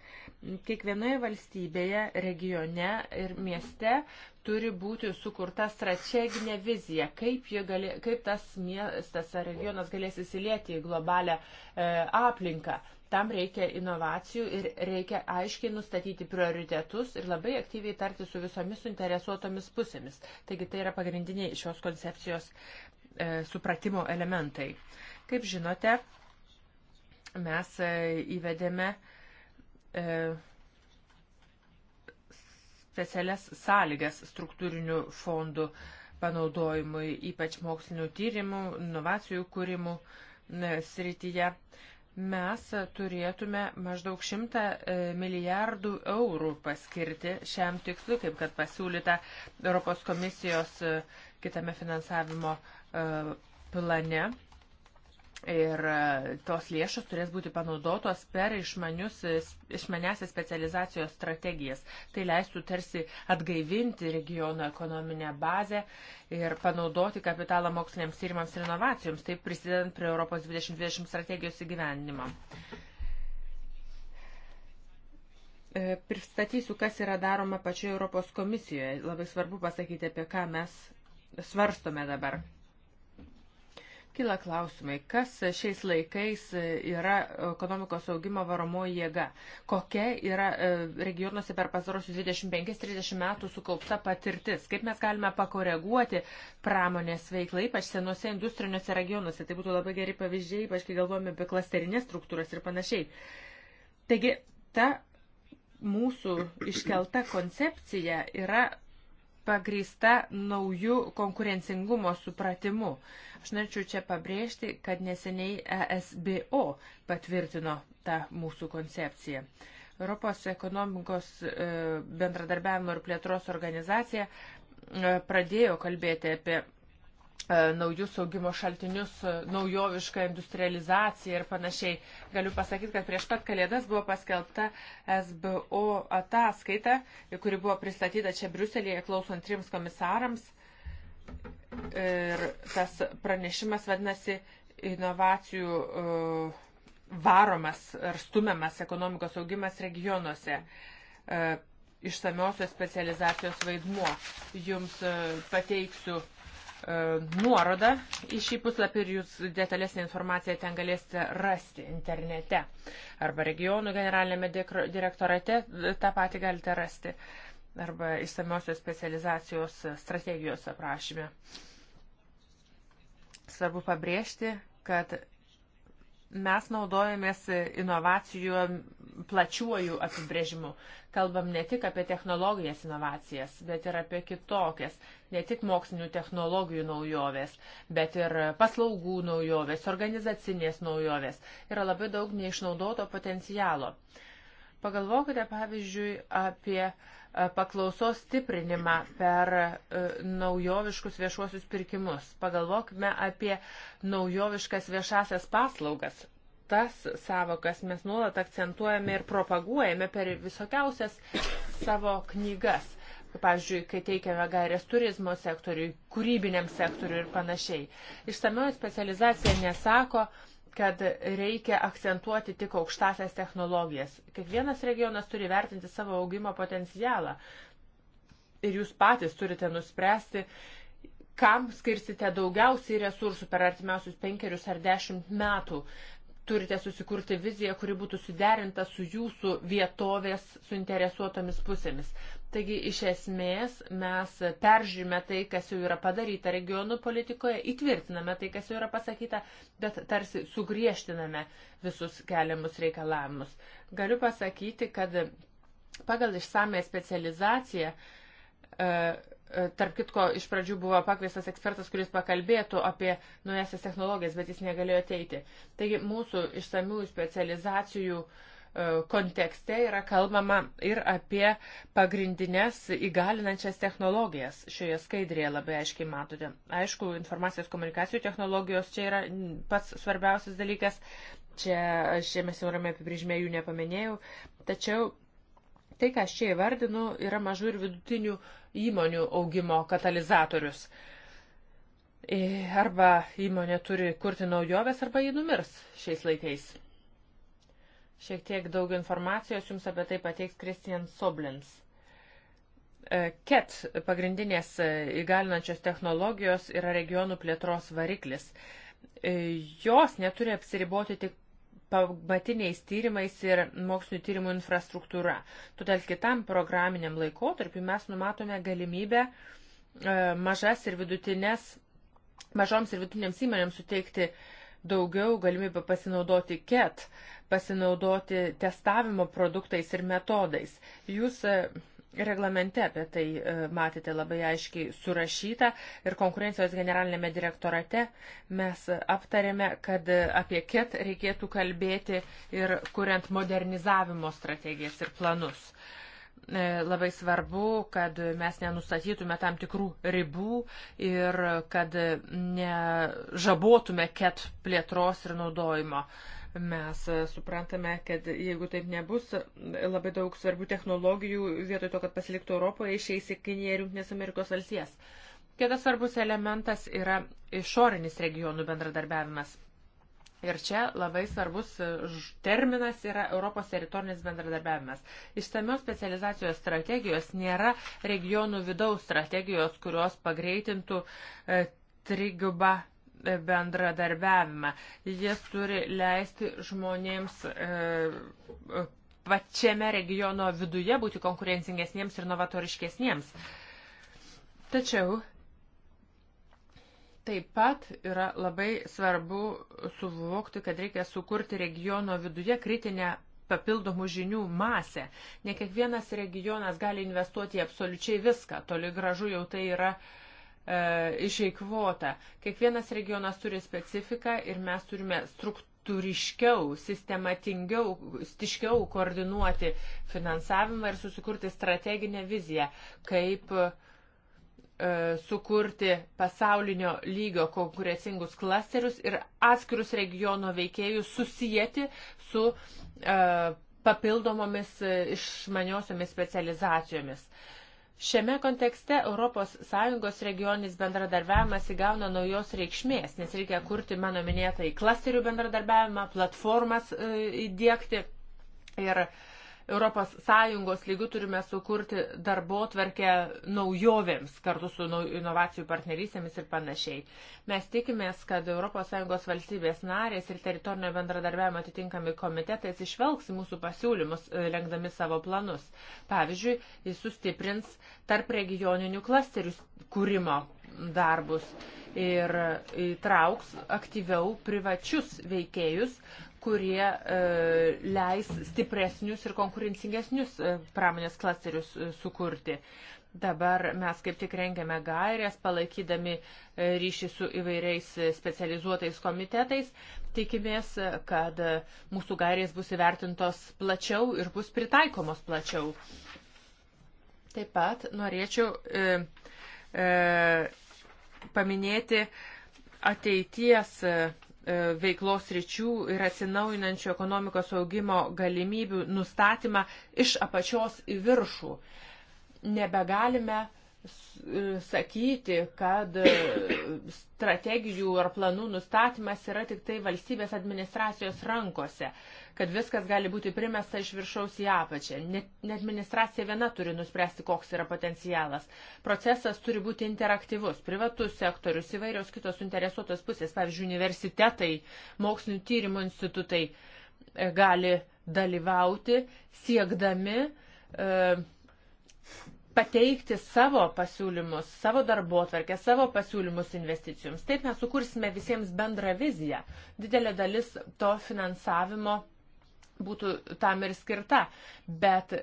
Kiekvienoje valstybėje, regione ir mieste turi būti sukurta strateginė vizija, kaip, gali, kaip tas miestas ar regionas galės įsilieti į globalę e, aplinką. Tam reikia inovacijų ir reikia aiškiai nustatyti prioritetus ir labai aktyviai tarti su visomis suinteresuotomis pusėmis. Taigi tai yra pagrindiniai šios koncepcijos e, supratimo elementai. Kaip žinote, mes e, įvedėme e, E, specialias sąlygas struktūrinių fondų panaudojimui, ypač mokslinių tyrimų, inovacijų kūrimų e, srityje. Mes turėtume maždaug 100 e, milijardų eurų paskirti šiam tikslui, kaip kad pasiūlyta Europos komisijos kitame finansavimo plane. Ir e, tos lėšos turės būti panaudotos per išmanius, išmanesias specializacijos strategijas. Tai leistų tarsi atgaivinti regiono ekonominę bazę ir panaudoti kapitalą moksliniams tyrimams ir inovacijoms, taip prisidedant prie Europos 2020 strategijos įgyvendinimo. E, pristatysiu, kas yra daroma pačioje Europos komisijoje. Labai svarbu pasakyti, apie ką mes svarstome dabar. Mhm Kila klausimai, kas šiais laikais yra ekonomikos augimo varomoji jėga? Kokia yra e, regionuose per pasarosius 25-30 metų sukaupta patirtis? Kaip mes galime pakoreguoti pramonės veiklą, ypač senuose industriniuose regionuose? Tai būtų labai geri pavyzdžiai, ypač kai galvojame apie klasterinės struktūras ir panašiai. Taigi, ta mūsų iškelta koncepcija yra pagrįsta naujų konkurencingumo supratimu. Aš norėčiau čia pabrėžti, kad neseniai ESBO patvirtino tą mūsų koncepciją. Europos ekonomikos e, bendradarbiavimo ir plėtros organizacija e, pradėjo kalbėti apie E, naujus augimo šaltinius, e, naujovišką industrializaciją ir panašiai. Galiu pasakyti, kad prieš pat kalėdas buvo paskelbta SBO ataskaita, kuri buvo pristatyta čia Briuselėje klausant trims komisarams. Ir tas pranešimas vadinasi inovacijų e, varomas ar stumiamas ekonomikos augimas regionuose išsamiosios specializacijos vaidmuo. Jums pateiksiu E, nuorodą į šį puslapį ir jūs detalesnį informaciją ten galėsite rasti internete. Arba regionų generalinėme direktorate e, tą patį galite rasti. Arba išsamiosios specializacijos strategijos aprašyme. Svarbu pabrėžti, kad mes naudojamės inovacijų plačiuoju apibrėžimu. Kalbam ne tik apie technologijas inovacijas, bet ir apie kitokias, ne tik mokslinių technologijų naujovės, bet ir paslaugų naujovės, organizacinės naujovės. Yra labai daug neišnaudoto potencialo. Pagalvokite, pavyzdžiui, apie paklausos stiprinimą per e, naujoviškus viešuosius pirkimus. Pagalvokime apie naujoviškas viešasias paslaugas. Tas savokas mes nuolat akcentuojame ir propaguojame per visokiausias savo knygas. Pavyzdžiui, kai teikiame gairės turizmo sektoriui, kūrybiniam sektoriui ir panašiai. Išsamioji specializacija nesako, kad reikia akcentuoti tik aukštasias technologijas. Kiekvienas regionas turi vertinti savo augimo potencialą. Ir jūs patys turite nuspręsti, kam skirsite daugiausiai resursų per artimiausius penkerius ar dešimt metų. Turite susikurti viziją, kuri būtų suderinta su jūsų vietovės suinteresuotomis pusėmis. Taigi iš esmės mes peržiūrime tai, kas jau yra padaryta regionų politikoje, įtvirtiname tai, kas jau yra pasakyta, bet tarsi sugriežtiname visus keliamus reikalavimus. Galiu pasakyti, kad pagal išsamę specializaciją, e, e, tarp kitko iš pradžių buvo pakviestas ekspertas, kuris pakalbėtų apie naujasias technologijas, bet jis negalėjo ateiti. Taigi mūsų išsamių specializacijų uh, E, kontekste yra kalbama ir apie pagrindinės įgalinančias technologijas. Šioje skaidrėje labai aiškiai matote. Aišku, informacijos komunikacijų technologijos čia yra pats svarbiausias dalykas. Čia aš šiame siaurame apibrėžime jų nepaminėjau. Tačiau tai, ką aš čia įvardinu, yra mažų ir vidutinių įmonių augimo katalizatorius. E, arba įmonė turi kurti naujoves, arba jį numirs šiais laikais. Šiek tiek daug informacijos jums apie tai pateiks Kristian Soblins. E, KET pagrindinės e, įgalinančios technologijos yra regionų plėtros variklis. E, jos neturi apsiriboti tik pamatiniais tyrimais ir mokslinio tyrimų infrastruktūra. Todėl kitam programiniam laikotarpiu mes numatome galimybę mažas ir vidutinės, mažoms ir vidutinėms įmonėms suteikti uh, daugiau galimybę pasinaudoti KET, pasinaudoti testavimo produktais ir metodais. Jūs e, reglamente apie tai e, matėte labai aiškiai surašyta ir konkurencijos generalinėme direktorate mes aptarėme, kad e, apie KET reikėtų kalbėti ir kuriant modernizavimo strategijas ir planus. Uh, E, labai svarbu, kad mes nenustatytume tam tikrų ribų ir kad nežabotume ket plėtros ir naudojimo. Mes suprantame, kad jeigu taip nebus, labai daug svarbių technologijų vietoj to, kad pasiliktų Europoje, išeis į Kiniją ir Junktinės Amerikos valstijas. Kitas svarbus elementas yra išorinis regionų bendradarbiavimas. Ir čia labai svarbus e, terminas yra Europos teritorinis bendradarbiavimas. Išsamios specializacijos strategijos nėra regionų vidaus strategijos, kurios pagreitintų e, trigubą e, bendradarbiavimą. Jis turi leisti žmonėms e, e, pačiame regiono viduje būti konkurencingesniems ir novatoriškesniems. Tačiau Taip pat yra labai svarbu suvokti, kad reikia sukurti regiono viduje kritinę papildomų žinių masę. Ne kiekvienas regionas gali investuoti į absoliučiai viską, toli gražu jau tai yra e, išeikvota. Kiekvienas regionas turi specifiką ir mes turime struktūriškiau, sistematingiau, stiškiau koordinuoti finansavimą ir susikurti strateginę viziją, kaip e, E, sukurti pasaulinio lygio konkurencingus klasterius ir atskirus regiono veikėjus susijęti su e, papildomomis e, išmaniosiomis specializacijomis. Šiame kontekste ES regioninis bendradarbiavimas įgauna naujos reikšmės, nes reikia kurti mano minėtą į klasterių bendradarbiavimą, platformas įdėkti ir uh, ES lygių turime sukurti darbo tvarkę naujovėms kartu su inovacijų partnerysėmis ir panašiai. Mes tikimės, kad ES valstybės narės ir teritorinio bendradarbiavimo atitinkami komitetais išvelgs mūsų pasiūlymus, lengdami e, savo planus. Pavyzdžiui, jis sustiprins tarp regioninių klasterių kūrimo darbus ir įtrauks aktyviau privačius veikėjus, kurie e, leis stipresnius ir konkurencingesnius e, pramonės klasterius e, sukurti. Dabar mes kaip tik rengiame gairės, palaikydami e, ryšį su įvairiais specializuotais komitetais. Tikimės, kad e, mūsų gairės bus įvertintos plačiau ir bus pritaikomos plačiau. Taip pat norėčiau e, e, paminėti ateities. E, E, veiklos ryčių ir atsinaujinančių ekonomikos augimo galimybių nustatymą iš apačios į viršų. Nebegalime sakyti, kad strategijų ar planų nustatymas yra tik tai valstybės administracijos rankose, kad viskas gali būti primesta iš viršaus į apačią. Net, net administracija viena turi nuspręsti, koks yra potencialas. Procesas turi būti interaktyvus. Privatus sektorius, įvairios kitos suinteresuotos pusės, pavyzdžiui, universitetai, mokslinių tyrimų institutai e, gali dalyvauti siekdami e, pateikti savo pasiūlymus, savo darbo atvarkę, savo pasiūlymus investicijoms. Taip mes sukursime visiems bendrą viziją. Didelė dalis to finansavimo būtų tam ir skirta, bet e,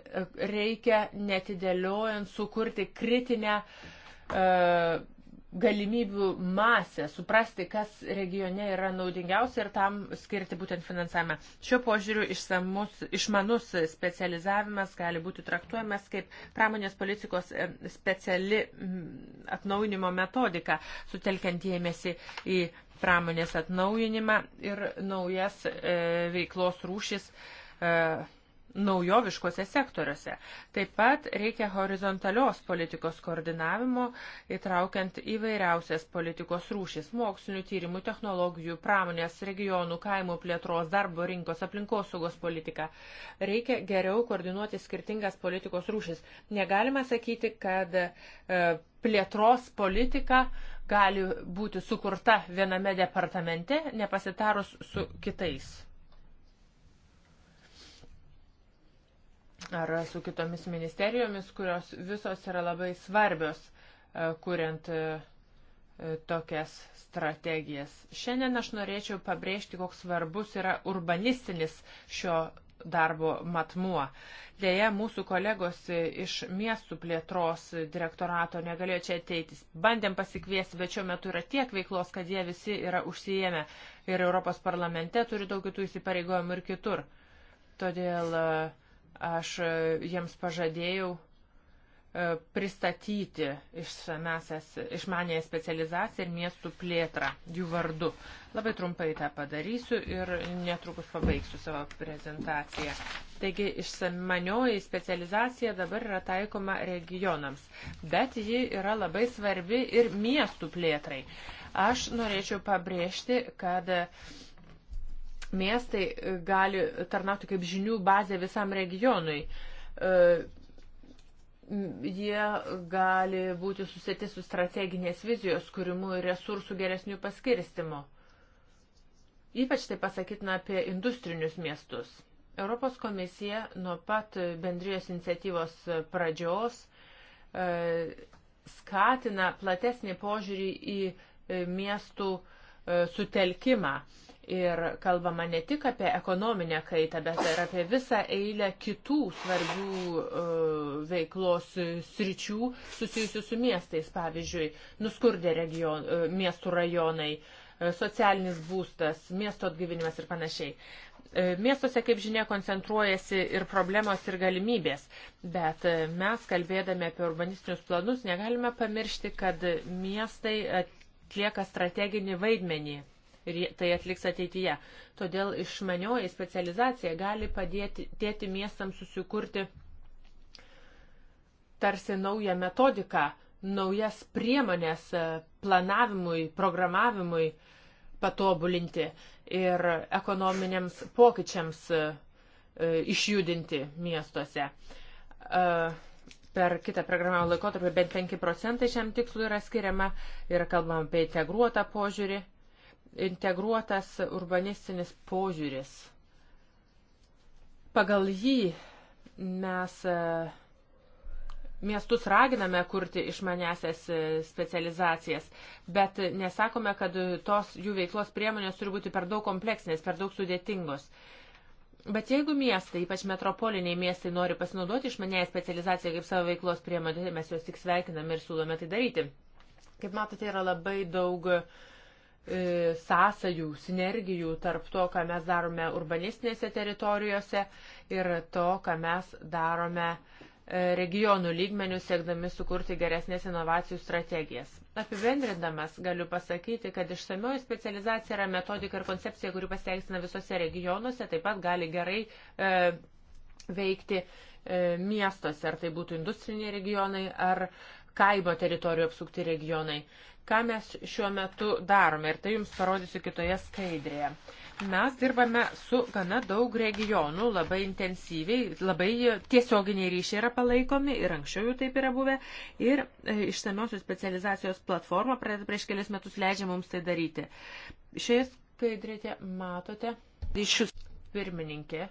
reikia netidėliojant sukurti kritinę uh, galimybių masę, suprasti, kas regione yra naudingiausia ir tam skirti būtent finansavimą. Šiuo požiūriu išsamus, išmanus specializavimas gali būti traktuojamas kaip pramonės politikos speciali atnaujinimo metodika, sutelkiant dėmesį į pramonės atnaujinimą ir naujas e, veiklos rūšis. E, naujoviškose sektoriuose. Taip pat reikia horizontalios politikos koordinavimo, įtraukiant įvairiausias politikos rūšis - mokslinių tyrimų, technologijų, pramonės, regionų, kaimų plėtros, darbo rinkos, aplinkosaugos politiką. Reikia geriau koordinuoti skirtingas politikos rūšis. Negalima sakyti, kad e, plėtros politika gali būti sukurta viename departamente, nepasitarus su kitais ar su kitomis ministerijomis, kurios visos yra labai svarbios, e, kuriant e, e, tokias strategijas. Šiandien aš norėčiau pabrėžti, koks svarbus yra urbanistinis šio darbo matmuo. Dėja, mūsų kolegos iš miestų plėtros direktorato negalėjo čia ateitis. Bandėm pasikviesti, bet šiuo metu yra tiek veiklos, kad jie visi yra užsijėmę ir Europos parlamente turi daug kitų įsipareigojimų ir kitur. Todėl uh, Aš e, jiems pažadėjau e, pristatyti išmanėją specializaciją ir miestų plėtrą jų vardu. Labai trumpai tą padarysiu ir netrukus pabaigsiu savo prezentaciją. Taigi išmanioji specializacija dabar yra taikoma regionams, bet ji yra labai svarbi ir miestų plėtrai. Aš norėčiau pabrėžti, kad uh, miestai e, gali tarnauti kaip žinių bazė visam regionui. E, jie gali būti susėti su strateginės vizijos kūrimu ir resursų geresnių paskirstimu. Ypač tai pasakytina apie industrinius miestus. Europos komisija nuo pat bendrijos iniciatyvos pradžios e, skatina platesnį požiūrį į miestų sutelkimą. Ir kalbama ne tik apie ekonominę kaitą, bet ir apie visą eilę kitų svarbių e, veiklos sričių susijusių su miestais, pavyzdžiui, nuskurdė region, e, miestų rajonai, e, socialinis būstas, miesto atgyvinimas ir panašiai. Miestuose, kaip žinia, koncentruojasi ir problemos, ir galimybės, bet mes, kalbėdami apie urbanistinius planus, negalime pamiršti, kad miestai atlieka strateginį vaidmenį ir tai atliks ateityje. Todėl išmanioji specializacija gali padėti tėti miestams susikurti tarsi naują metodiką, naujas priemonės e, planavimui, programavimui patobulinti ir ekonominiams pokyčiams e, e, išjudinti miestuose. Per kitą programavimo laikotarpį bent 5 procentai šiam tikslui yra skiriama ir kalbam apie integruotą požiūrį integruotas urbanistinis požiūris. Pagal jį mes e, miestus raginame kurti išmanesias e, specializacijas, bet nesakome, kad tos jų veiklos priemonės turi būti per daug kompleksinės, per daug sudėtingos. Bet jeigu miestai, ypač metropoliniai miestai, nori pasinaudoti išmanėją specializaciją kaip savo veiklos priemonę, tai mes juos tik sveikiname ir siūlome tai daryti. Kaip matote, yra labai daug uh, E, sąsajų, sinergijų tarp to, ką mes darome urbanistinėse teritorijose ir to, ką mes darome e, regionų lygmenių siekdami sukurti geresnės inovacijų strategijas. Apibendrindamas galiu pasakyti, kad išsamioji specializacija yra metodika ir koncepcija, kuri pasiteisina visose regionuose, taip pat gali gerai e, veikti e, miestuose, ar tai būtų industriniai regionai, ar e, kaimo teritorijų apsukti regionai. Ką mes šiuo metu darome ir tai jums parodysiu kitoje skaidrėje. Mes dirbame su gana daug regionų, labai intensyviai, labai tiesioginiai ryšiai yra palaikomi ir anksčiau jų taip yra buvę. Ir e, išsamiosios specializacijos platforma prieš kelias metus leidžia mums tai daryti. Šioje skaidrėje matote. Ryšius pirmininkė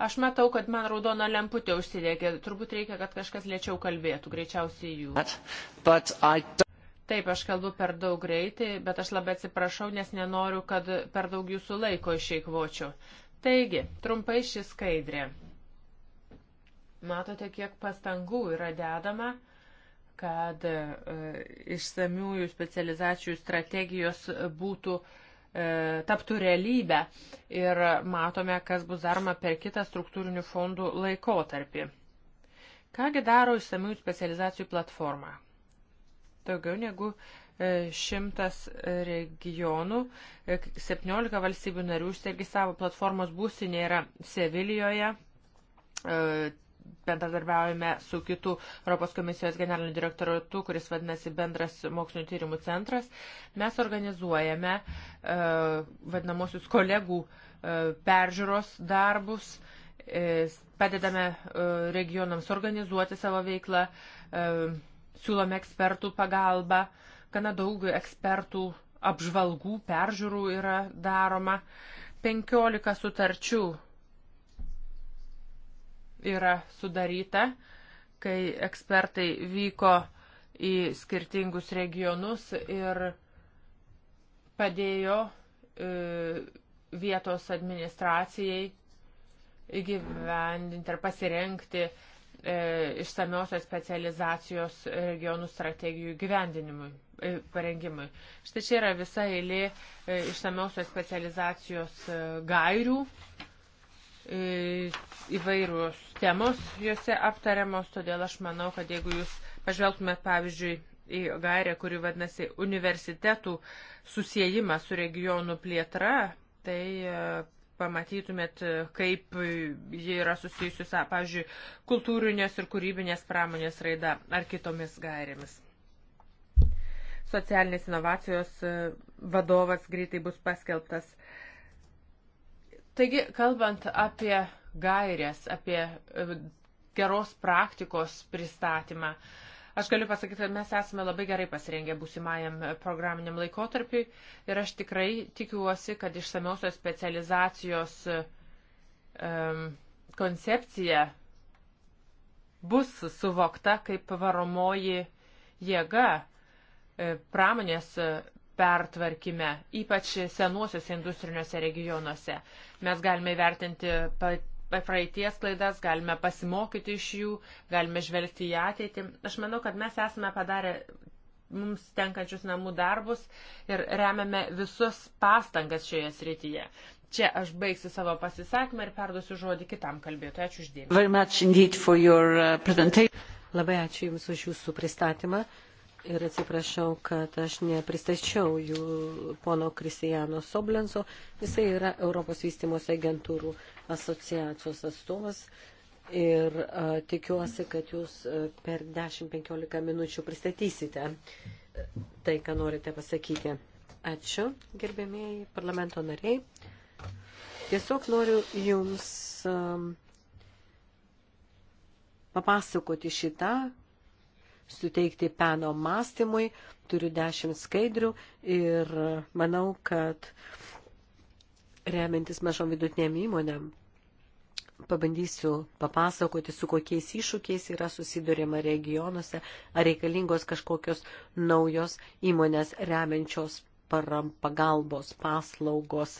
Aš matau, kad man raudona lemputė užsidegė. Turbūt reikia, kad kažkas lėčiau kalbėtų, greičiausiai jų. But, but Taip, aš kalbu per daug greitai, bet aš labai atsiprašau, nes nenoriu, kad per daug jūsų laiko išeikvočiau. Taigi, trumpai ši skaidrė. Matote, kiek pastangų yra dedama, kad e, išsamiųjų specializacijų strategijos būtų e, E, taptų realybę ir matome, kas bus daroma per kitą struktūrinių fondų laikotarpį. Kągi daro išsamių specializacijų platforma? Daugiau negu e, šimtas regionų, 17 e, valstybių narių užsiegi savo platformos būsinė yra Sevilijoje, bendradarbiaujame su kitu Europos komisijos generaliniu direktoratu, kuris vadinasi Bendras mokslinio tyrimų centras. Mes organizuojame e, vadinamosius kolegų e, peržiūros darbus, e, padedame e, regionams organizuoti savo veiklą, e, siūlome ekspertų pagalbą, gana daug ekspertų apžvalgų, peržiūrų yra daroma. 15 sutarčių yra sudaryta, kai ekspertai vyko į skirtingus regionus ir padėjo e, vietos administracijai įgyvendinti ar pasirenkti e, išsamiosios specializacijos regionų strategijų gyvendinimui, e, parengimui. Štai čia yra visa eilė išsamiosios specializacijos gairių, E, įvairūs temos juose aptariamos, todėl aš manau, kad jeigu jūs pažvelgtumėt, pavyzdžiui, į gairę, kuri vadinasi universitetų susijimas su regionų plėtra, tai e, pamatytumėt, e, kaip jie yra susijusius, pavyzdžiui, kultūrinės ir kūrybinės pramonės raida ar kitomis gairėmis. Socialinės inovacijos vadovas greitai bus paskelbtas. Taigi, kalbant apie gairės, apie e, geros praktikos pristatymą, Aš galiu pasakyti, kad mes esame labai gerai pasirengę būsimajam programiniam laikotarpiui ir aš tikrai tikiuosi, kad išsamiausios specializacijos um, koncepcija bus suvokta kaip varomoji jėga e, pramonės pertvarkime, ypač senuosiuose industriniuose regionuose. Mes galime įvertinti praeities klaidas, galime pasimokyti iš jų, galime žvelgti į ateitį. Aš manau, kad mes esame padarę mums tenkančius namų darbus ir remiame visus pastangas šioje srityje. Čia aš baigsiu savo pasisakymą ir perduosiu žodį kitam kalbėtojui. Ačiū uždėmesi. Your, uh, Labai ačiū Jums už Jūsų pristatymą ir atsiprašau, kad aš nepristačiau jų pono Kristijano Soblenso. Jisai yra Europos vystimos agentūrų asociacijos atstovas. Ir a, tikiuosi, kad jūs per 10-15 minučių pristatysite tai, ką norite pasakyti. Ačiū, gerbėmėjai parlamento nariai. Tiesiog noriu jums a, papasakoti šitą suteikti peno mąstymui. Turiu dešimt skaidrių ir manau, kad remintis mažom vidutinėm įmonėm pabandysiu papasakoti, su kokiais iššūkiais yra susidurima regionuose, ar reikalingos kažkokios naujos įmonės remiančios param, pagalbos paslaugos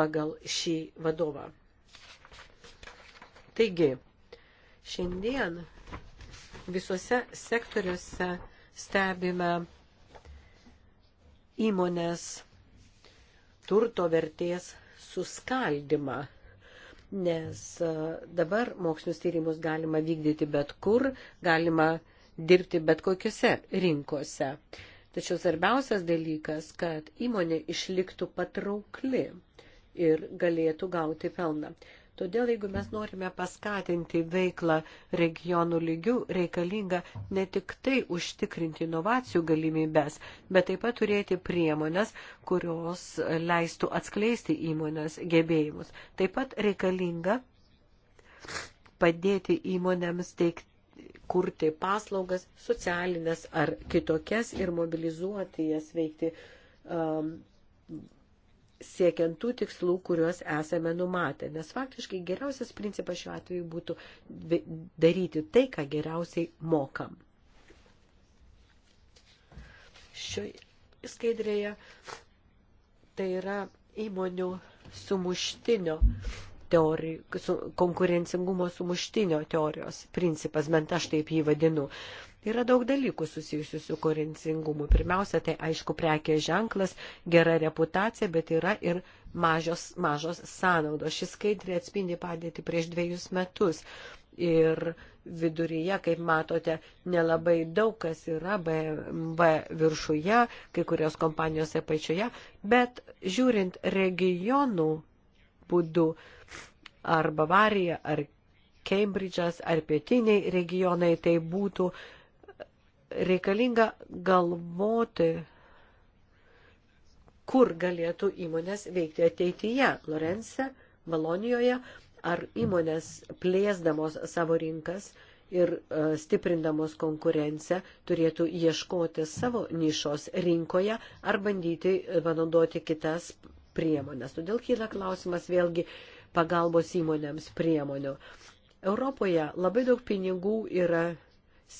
pagal šį vadovą. Taigi, šiandien visuose sektoriuose stebime įmonės turto vertės suskaldimą, nes e, dabar mokslinius tyrimus galima vykdyti bet kur, galima dirbti bet kokiuose rinkose. Tačiau svarbiausias dalykas, kad įmonė išliktų patraukli ir galėtų gauti pelną. Todėl, jeigu mes norime paskatinti veiklą regionų lygių, reikalinga ne tik tai užtikrinti inovacijų galimybės, bet taip pat turėti priemonės, kurios leistų atskleisti įmonės gebėjimus. Taip pat reikalinga padėti įmonėms teikti kurti paslaugas, socialinės ar kitokias ir mobilizuoti jas veikti um, siekiant tų tikslų, kuriuos esame numatę. Nes faktiškai geriausias principas šiuo atveju būtų daryti tai, ką geriausiai mokam. Šioje skaidrėje tai yra įmonių sumuštinio teorijų, konkurencingumo sumuštinio teorijos principas, bent aš taip jį vadinu. Yra daug dalykų susijusių su korencingumu. Pirmiausia, tai aišku prekės ženklas, gera reputacija, bet yra ir mažos, mažos sąnaudos. Šis skaidrė atspindi padėti prieš dviejus metus. Ir viduryje, kaip matote, nelabai daug kas yra BMW viršuje, kai kurios kompanijos apačioje, bet žiūrint regionų būdu ar Bavarija, ar Cambridge'as, ar pietiniai regionai, tai būtų uh, reikalinga galvoti, kur galėtų įmonės veikti ateityje - Lorence, Valonijoje, ar įmonės plėsdamos savo rinkas ir e, stiprindamos konkurenciją turėtų ieškoti savo nišos rinkoje ar bandyti e, panaudoti kitas priemonės. Todėl kyla klausimas vėlgi pagalbos įmonėms priemonių. Europoje labai daug pinigų yra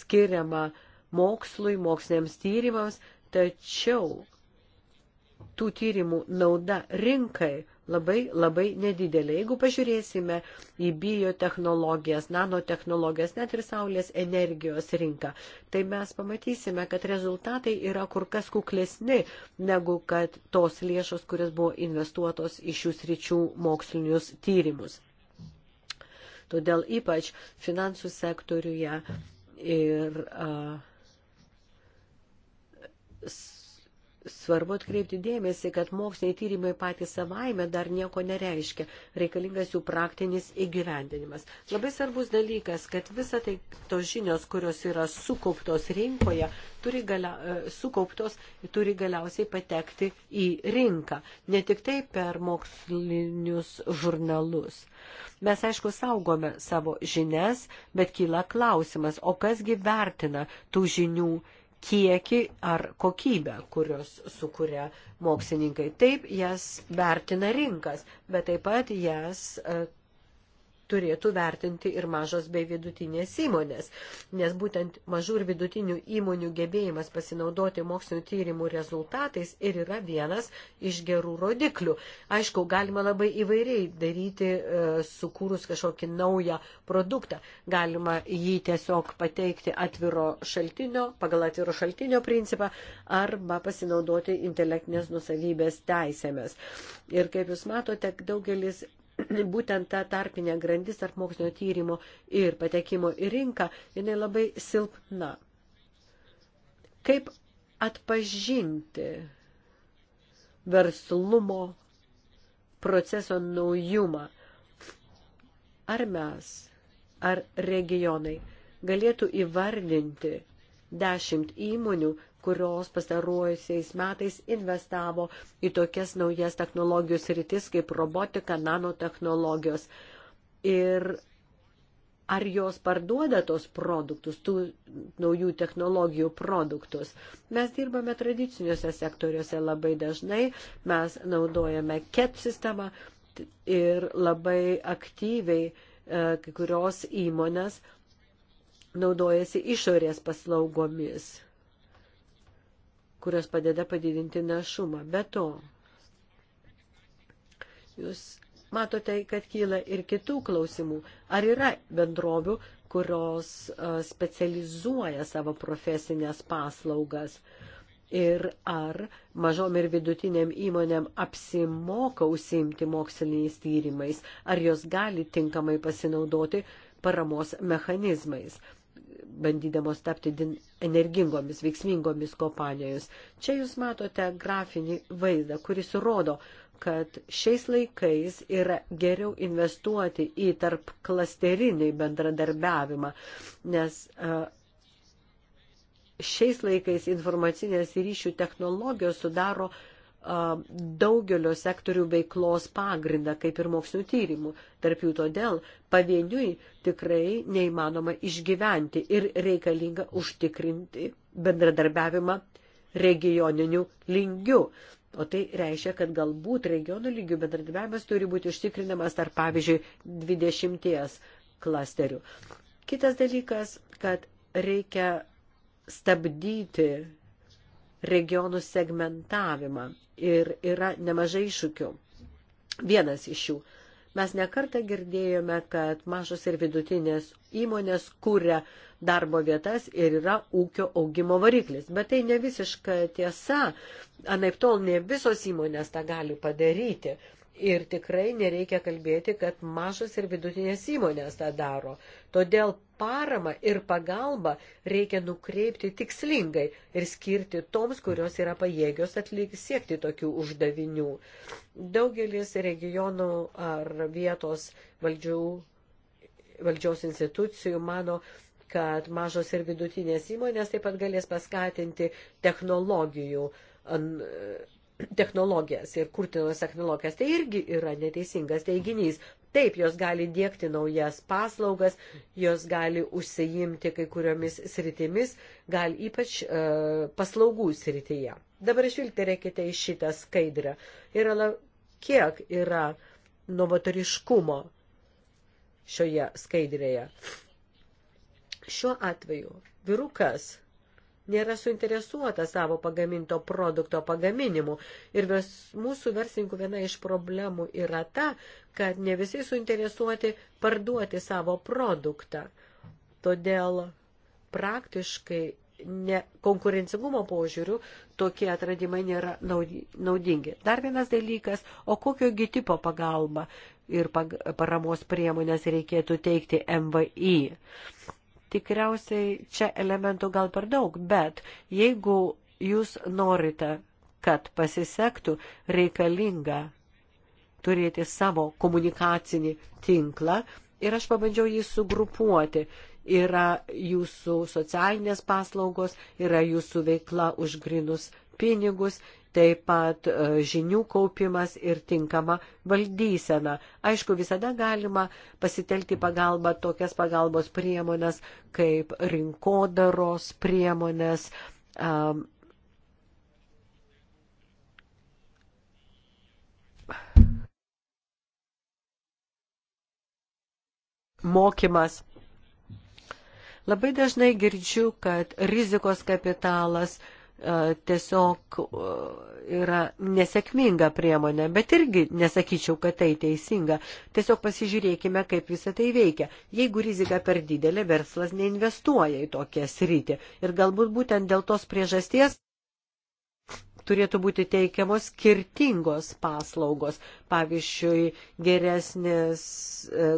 skiriama uh, mokslui, moksliniams tyrimams, tačiau tų tyrimų nauda rinkai labai labai nedidelė. Jeigu pažiūrėsime į biotehnologijas, nanotehnologijas, net ir saulės energijos rinką, tai mes pamatysime, kad rezultatai yra kur kas kuklesni, negu kad tos lėšos, kurios buvo investuotos iš šių sričių mokslinius tyrimus. Todėl ypač finansų sektoriuje ir uh, svarbu atkreipti dėmesį, kad moksliniai tyrimai patys savaime dar nieko nereiškia, reikalingas jų praktinis įgyvendinimas. Labai svarbus dalykas, kad visa tai tos žinios, kurios yra sukauptos rinkoje, turi galia, e, sukauptos turi galiausiai patekti į rinką, ne tik tai per mokslinius žurnalus. Mes aišku saugome savo žinias, bet kyla klausimas, o kasgi vertina tų žinių kiekį ar kokybę, kurios sukuria mokslininkai. Taip jas vertina rinkas, bet taip pat jas e, turėtų vertinti ir mažos bei vidutinės įmonės, nes būtent mažų ir vidutinių įmonių gebėjimas pasinaudoti mokslinio tyrimų rezultatais ir yra vienas iš gerų rodiklių. Aišku, galima labai įvairiai daryti, e, sukūrus kažkokį naują produktą. Galima jį tiesiog pateikti atviro šaltinio, pagal atviro šaltinio principą, arba pasinaudoti intelektinės nusavybės teisėmis. Ir kaip jūs matote, daugelis būtent ta tarpinė grandis tarp mokslinio tyrimo ir patekimo į rinką, jinai labai silpna. Kaip atpažinti verslumo proceso naujumą? Ar mes, ar regionai galėtų įvardinti dešimt įmonių, kurios pastaruojusiais metais investavo į tokias naujas technologijos rytis kaip robotika, nanotehnologijos. Ir ar jos parduoda tos produktus, tų naujų technologijų produktus. Mes dirbame tradiciniuose sektoriuose labai dažnai, mes naudojame CAT e sistemą ir labai aktyviai e, kai kurios įmonės naudojasi išorės paslaugomis kurios padeda padidinti našumą. Be to, jūs matote, kad kyla ir kitų klausimų. Ar yra bendrovių, kurios specializuoja savo profesinės paslaugas? Ir ar mažom ir vidutiniam įmonėm apsimoka užsiimti moksliniais tyrimais, ar jos gali tinkamai pasinaudoti paramos mechanizmais bandydamos tapti energingomis, veiksmingomis kompanijomis. Čia jūs matote grafinį vaizdą, kuris rodo, kad šiais laikais yra geriau investuoti į tarp klasterinį bendradarbiavimą, nes šiais laikais informacinės ryšių technologijos sudaro daugelio sektorių veiklos pagrindą, kaip ir mokslinių tyrimų. Tarp jų todėl pavieniui tikrai neįmanoma išgyventi ir reikalinga užtikrinti bendradarbiavimą regioniniu lygiu. O tai reiškia, kad galbūt regionų lygių bendradarbiavimas turi būti užtikrinamas tarp, pavyzdžiui, 20 klasterių. Kitas dalykas, kad reikia stabdyti regionų segmentavimą ir yra nemažai iššūkių. Vienas iš jų. Mes nekartą girdėjome, kad mažos ir vidutinės įmonės kūrė darbo vietas ir yra ūkio augimo variklis. Bet tai ne visiška tiesa. Anaip tol ne visos įmonės tą gali padaryti. Ir tikrai nereikia kalbėti, kad mažos ir vidutinės įmonės tą daro. Todėl paramą ir pagalbą reikia nukreipti tikslingai ir skirti toms, kurios yra pajėgios atlikti siekti tokių uždavinių. Daugelis regionų ar vietos valdžių, valdžios institucijų mano, kad mažos ir vidutinės įmonės taip pat galės paskatinti technologijų technologijas ir kurti naujas technologijas, tai irgi yra neteisingas teiginys. Taip, jos gali dėkti naujas paslaugas, jos gali užsiimti kai kuriomis sritimis, gal ypač e, paslaugų srityje. Dabar išvilgterėkite į šitą skaidrę. Yra, kiek yra novatoriškumo šioje skaidrėje. Šiuo atveju virukas nėra suinteresuota savo pagaminto produkto pagaminimu. Ir vis, mūsų versininkų viena iš problemų yra ta, kad ne visi suinteresuoti parduoti savo produktą. Todėl praktiškai ne, konkurencingumo požiūrių tokie atradimai nėra naudingi. Dar vienas dalykas, o kokiogi tipo pagalba ir pag, paramos priemonės reikėtų teikti MVI. Tikriausiai čia elementų gal per daug, bet jeigu jūs norite, kad pasisektų, reikalinga turėti savo komunikacinį tinklą ir aš pabandžiau jį sugrupuoti. Yra jūsų socialinės paslaugos, yra jūsų veikla už grinus pinigus, taip pat e, žinių kaupimas ir tinkama valdysena. Aišku, visada galima pasitelkti pagalbą tokias pagalbos priemonės kaip rinkodaros priemonės. Um, mokymas. Labai dažnai girdžiu, kad rizikos kapitalas uh, E, tiesiog e, yra nesėkminga priemonė, bet irgi nesakyčiau, kad tai teisinga. Tiesiog pasižiūrėkime, kaip visą tai veikia. Jeigu rizika per didelė, verslas neinvestuoja į tokią sritį. Ir galbūt būtent dėl tos priežasties turėtų būti teikiamos skirtingos paslaugos, pavyzdžiui, geresnės, e,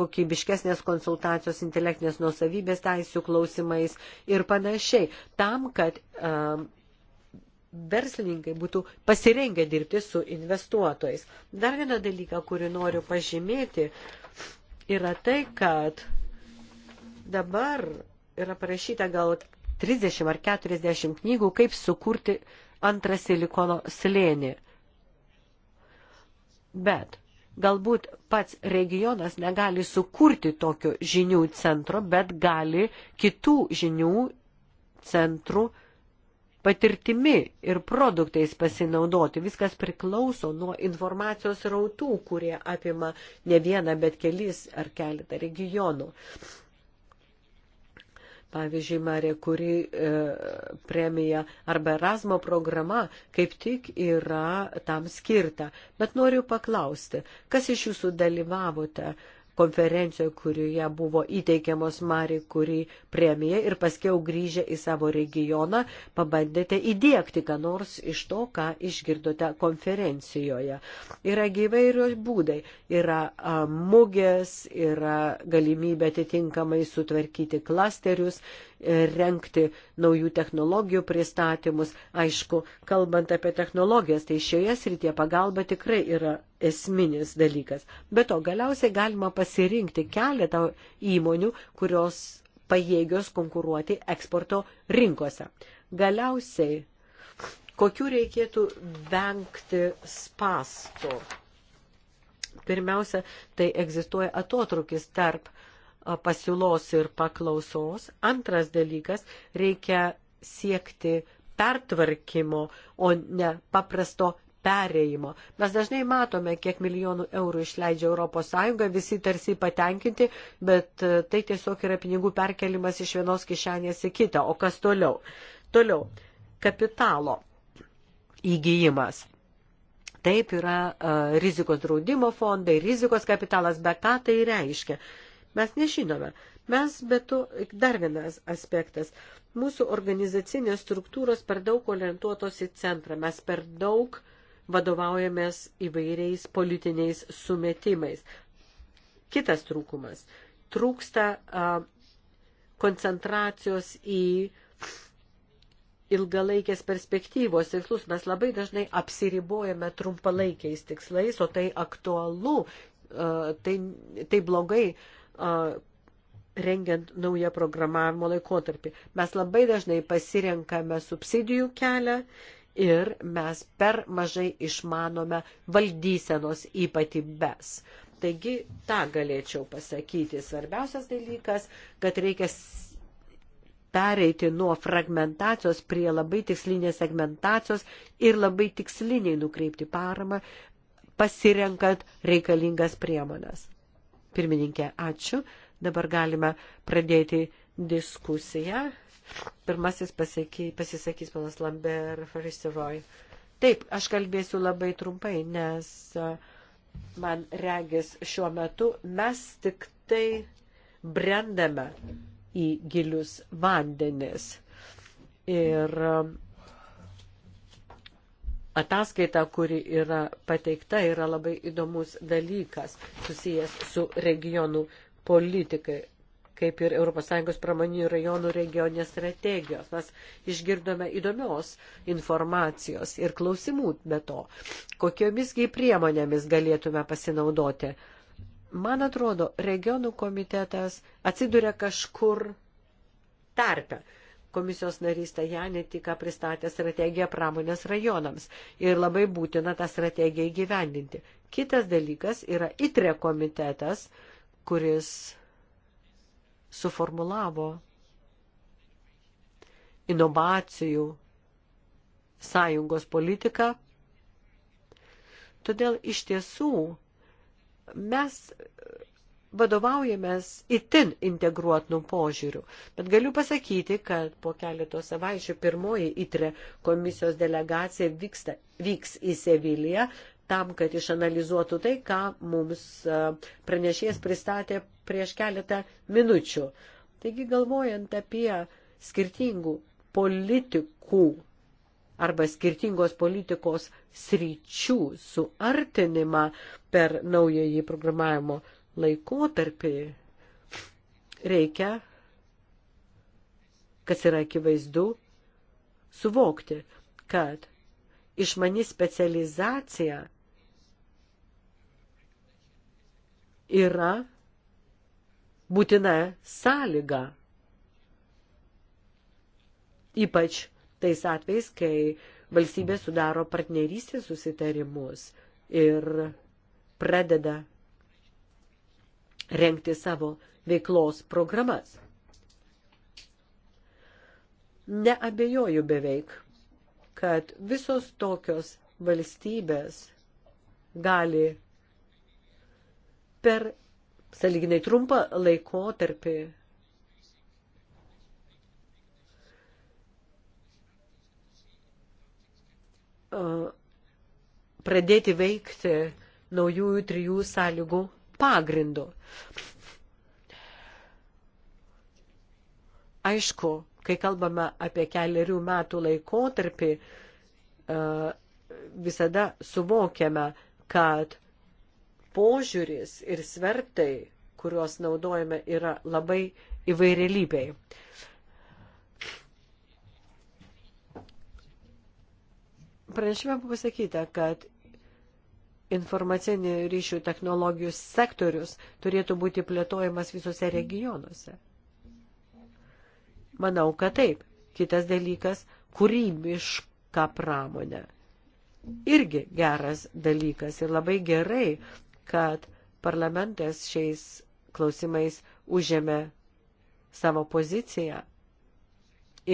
kokybiškesnės konsultacijos intelektinės nusavybės teisų klausimais ir panašiai, tam, kad e, verslininkai būtų pasirengę dirbti su investuotojais. Dar vieną dalyką, kurį noriu pažymėti, yra tai, kad dabar yra parašyta gal 30 ar 40 knygų, kaip sukurti antrą silikono slėnį. Bet galbūt pats regionas negali sukurti tokio žinių centro, bet gali kitų žinių centrų patirtimi ir produktais pasinaudoti. Viskas priklauso nuo informacijos rautų, kurie apima ne vieną, bet kelis ar keletą regionų pavyzdžiui, Marė Kuri e, premija arba Erasmo programa kaip tik yra tam skirta. Bet noriu paklausti, kas iš jūsų dalyvavote e, konferencijoje, kurioje buvo įteikiamos Mari Kuri premija ir paskiau grįžę į savo regioną pabandėte įdėkti, ką nors iš to, ką išgirdote konferencijoje. Yra gyvairios būdai, yra mugės, yra galimybė atitinkamai sutvarkyti klasterius, renkti naujų technologijų pristatymus. Aišku, kalbant apie technologijas, tai šioje srityje pagalba tikrai yra esminis dalykas. Bet to galiausiai galima pasirinkti keletą įmonių, kurios pajėgios konkuruoti eksporto rinkose. Galiausiai, kokiu reikėtų vengti spastų? Pirmiausia, tai egzistuoja atotrukis tarp uh, pasiūlos ir paklausos. Antras dalykas, reikia siekti pertvarkymo, o ne paprasto perėjimo. Mes dažnai matome, kiek milijonų eurų išleidžia ES, visi tarsi patenkinti, bet e, tai tiesiog yra pinigų perkelimas iš vienos kišenės į kitą. O kas toliau? Toliau, kapitalo įgyjimas. Taip yra uh, rizikos draudimo fondai, rizikos kapitalas, bet ką tai reiškia? Uh, Mes nežinome. Mes, bet to, dar vienas aspektas. Mūsų organizacinės struktūros per daug orientuotos į centrą. Mes per daug vadovaujamės įvairiais politiniais sumetimais. Kitas trūkumas. Trūksta a, koncentracijos į ilgalaikės perspektyvos tikslus. Mes labai dažnai apsiribojame trumpalaikiais tikslais, o tai aktualu, a, tai, tai blogai. A, rengiant naują programavimo laikotarpį. Mes labai dažnai pasirenkame subsidijų kelią ir mes per mažai išmanome valdysenos ypatybės. Taigi, tą galėčiau pasakyti. Svarbiausias dalykas, kad reikia pereiti nuo fragmentacijos prie labai tikslinės segmentacijos ir labai tiksliniai nukreipti paramą, pasirenkant reikalingas priemonės. Pirmininkė, ačiū. Dabar galime pradėti diskusiją. Pirmasis pasakys, pasisakys panas Lambert Faristeroj. Taip, aš kalbėsiu labai trumpai, nes man regis šiuo metu mes tik tai brendame į gilius vandenis. Ir ataskaita, kuri yra pateikta, yra labai įdomus dalykas susijęs su regionų politikai kaip ir ES pramoninių rajonų regioninės strategijos. Mes išgirdome įdomios informacijos ir klausimų be to, kokiomisgi priemonėmis galėtume pasinaudoti. Man atrodo, regionų komitetas atsiduria kažkur tarpe komisijos narys Tajanė tik ką pristatė strategiją pramonės rajonams ir labai būtina tą strategiją įgyvendinti. Kitas dalykas yra ITRE komitetas, kuris suformulavo inovacijų sąjungos politiką. Todėl iš tiesų mes vadovaujamės itin integruotinų požiūrių. Bet galiu pasakyti, kad po keleto savaičių pirmoji ITRE komisijos delegacija vyksta, vyks į Seviliją tam, kad išanalizuotų tai, ką mums pranešėjas pristatė prieš keletą minučių. Taigi galvojant apie skirtingų politikų arba skirtingos politikos sryčių suartinimą per naująjį programavimo laikotarpį reikia, kas yra akivaizdu, suvokti, kad išmani specializacija yra būtina sąlyga. Ypač tais atvejais, kai valstybė sudaro partnerystės susitarimus ir pradeda renkti savo veiklos programas. Neabejoju beveik, kad visos tokios valstybės gali per saliginai trumpą laikotarpį pradėti veikti naujųjų trijų sąlygų pagrindu. Aišku, kai kalbame apie keliarių metų laikotarpį, e, visada suvokiame, kad požiūris ir svertai, kuriuos naudojame, yra labai įvairialybiai. Pranešime buvo pasakyta, kad informacinių ryšių technologijų sektorius turėtų būti plėtojamas visose regionuose? Manau, kad taip. Kitas dalykas - kūrybiška pramonė. Irgi geras dalykas ir labai gerai, kad parlamentas šiais klausimais užėmė savo poziciją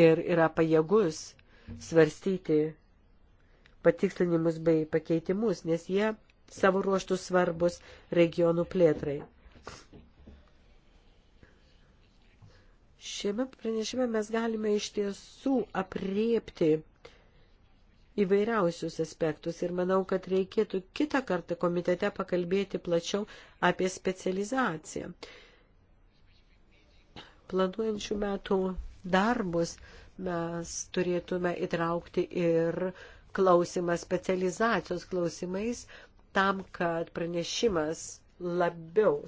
ir yra pajėgus svarstyti patikslinimus bei pakeitimus, nes jie savo ruoštų svarbus regionų plėtrai. Šiame pranešime mes galime iš tiesų apriepti įvairiausius aspektus ir manau, kad reikėtų kitą kartą komitete pakalbėti plačiau apie specializaciją. Planuojančių metų darbus mes turėtume įtraukti ir klausimą specializacijos klausimais, tam, kad pranešimas labiau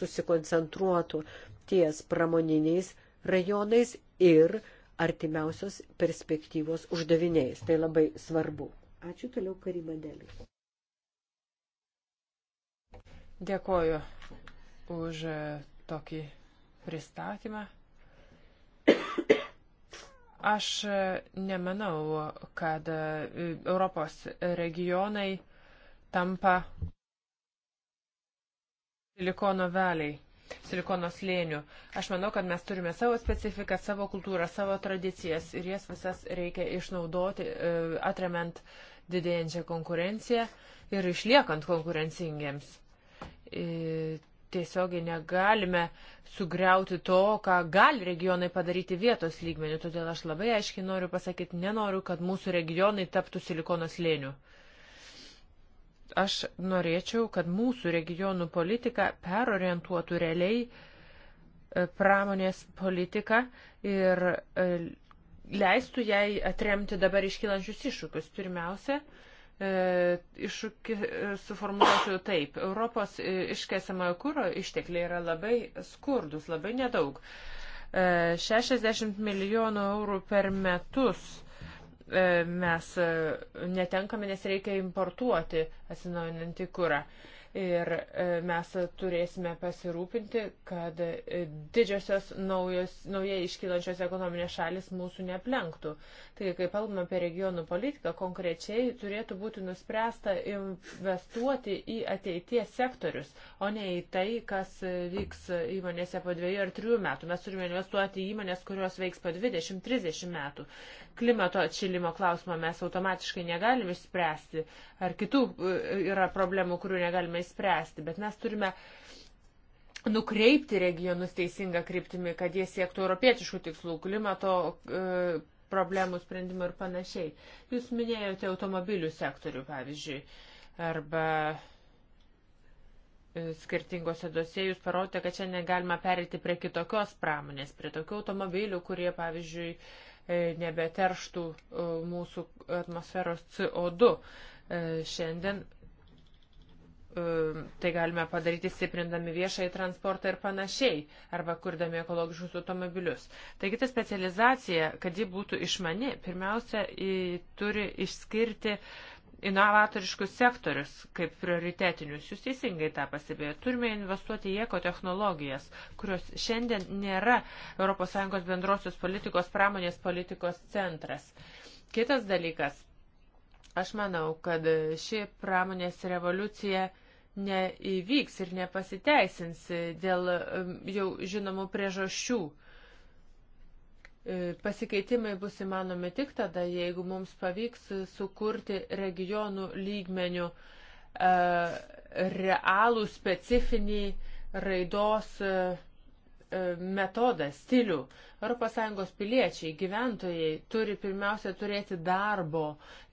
susikoncentruotų ties pramoniniais rajonais ir artimiausios perspektyvos uždaviniais. Tai labai svarbu. Ačiū toliau Karima Deliu. Dėkoju už e, tokį pristatymą. Aš e, nemanau, kad e, Europos regionai tampa silikono veliai, silikono slėnių. Aš manau, kad mes turime savo specifiką, savo kultūrą, savo tradicijas ir jas visas reikia išnaudoti, e, atremiant didėjančią konkurenciją ir išliekant konkurencingiems. E, tiesiogiai negalime sugriauti to, ką gali regionai padaryti vietos lygmenių, todėl aš labai aiškiai noriu pasakyti, nenoriu, kad mūsų regionai taptų silikono slėnių. Aš norėčiau, kad mūsų regionų politika perorientuotų realiai e, pramonės politiką ir e, leistų jai atremti dabar iškylančius iššūkius. Pirmiausia, e, iššūkį suformuočiau taip. Europos iškesamojo kūro ištekliai yra labai skurdus, labai nedaug. 60 milijonų eurų per metus E, mes e, netenkame, nes reikia importuoti atsinaujinantį kurą ir e, mes turėsime pasirūpinti, kad e, didžiosios naujos, naujai iškylančios ekonominės šalis mūsų neplenktų. Taigi, kai kalbame apie regionų politiką, konkrečiai turėtų būti nuspręsta investuoti į ateities sektorius, o ne į tai, kas e, vyks įmonėse po dviejų ar trijų metų. Mes turime investuoti į įmonės, kurios veiks po 20-30 metų. Klimato atšilimo klausimą mes automatiškai negalime išspręsti, ar kitų yra problemų, kurių negalime išspręsti, bet mes turime nukreipti regionus teisingą kryptimį, kad jie siektų europietiškų tikslų, klimato e, problemų sprendimų ir panašiai. Jūs minėjote automobilių sektorių, pavyzdžiui, arba e, skirtingose dosėje jūs parodėte, kad čia negalima perėti prie kitokios pramonės, prie tokių automobilių, kurie, pavyzdžiui, e, nebeterštų e, mūsų atmosferos CO2. Šiandien Um, tai galime padaryti stiprindami viešai transportą ir panašiai, arba kurdami ekologiškus automobilius. Taigi ta specializacija, kad ji būtų išmani, pirmiausia, turi išskirti inovatoriškus sektorius kaip prioritetinius. Jūs teisingai tą pastebėjote. Turime investuoti į ekotechnologijas, kurios šiandien nėra ES bendrosios politikos, pramonės politikos centras. Kitas dalykas. Aš manau, kad ši pramonės revoliucija neįvyks ir nepasiteisins dėl jau žinomų priežasčių. E, pasikeitimai bus įmanomi tik tada, jeigu mums pavyks sukurti regionų lygmenių e, realų specifinį raidos e, E, metodą, stilių. ES piliečiai, gyventojai turi pirmiausia turėti darbo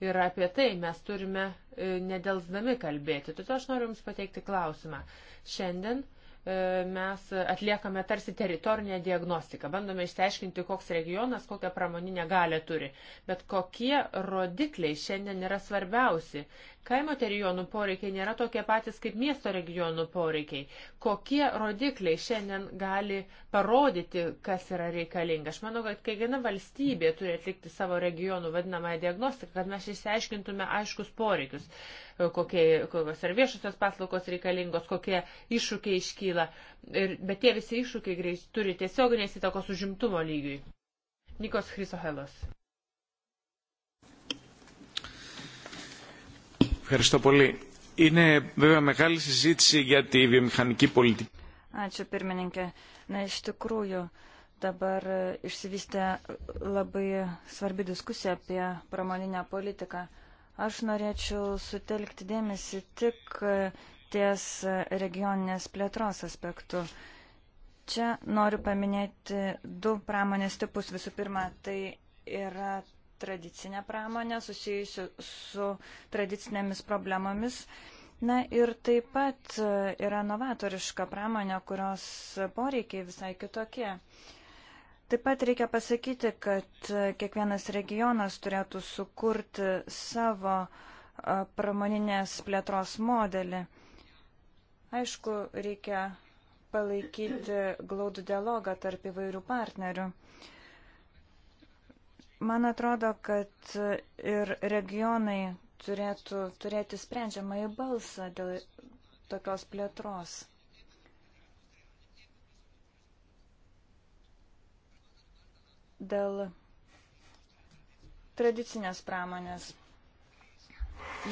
ir apie tai mes turime e, nedelsdami kalbėti. Todėl aš noriu Jums pateikti klausimą. Šiandien e, mes atliekame tarsi teritorinę diagnostiką, bandome išsiaiškinti, koks regionas kokią pramoninę galę turi. Bet kokie rodikliai šiandien yra svarbiausi, Kaimo terijonų poreikiai nėra tokie patys kaip miesto regionų poreikiai. Kokie rodikliai šiandien gali parodyti, kas yra reikalinga? Aš manau, kad kiekviena valstybė turi atlikti savo regionų vadinamąją diagnostiką, kad mes išsiaiškintume aiškus poreikius, kokie, kokios ar viešosios paslaugos reikalingos, kokie iššūkiai iškyla. Ir, bet tie visi iššūkiai greit turi tiesioginės įtakos užimtumo lygiui. Nikos Chrysohelos. Ευχαριστώ πολύ. Είναι βέβαια μεγάλη συζήτηση για τη βιομηχανική πολιτική. Ačiū pirmininkė. Na, iš tikrųjų, dabar e, išsivystė e, labai svarbi diskusija apie pramoninę politiką. Aš norėčiau sutelkti dėmesį tik e, ties regioninės plėtros aspektu. Čia noriu paminėti du pramonės tipus. Visų pirma, tai yra tradicinę pramonę, susijusių su tradicinėmis problemomis. Na ir taip pat e, yra novatoriška pramonė, kurios poreikiai visai kitokie. Taip pat reikia pasakyti, kad e, kiekvienas regionas turėtų sukurti savo e, pramoninės plėtros modelį. Aišku, reikia palaikyti glaudų dialogą tarp įvairių partnerių. Uh, Man atrodo, kad ir regionai turėtų turėti sprendžiamąjį balsą dėl tokios plėtros. Dėl tradicinės pramonės.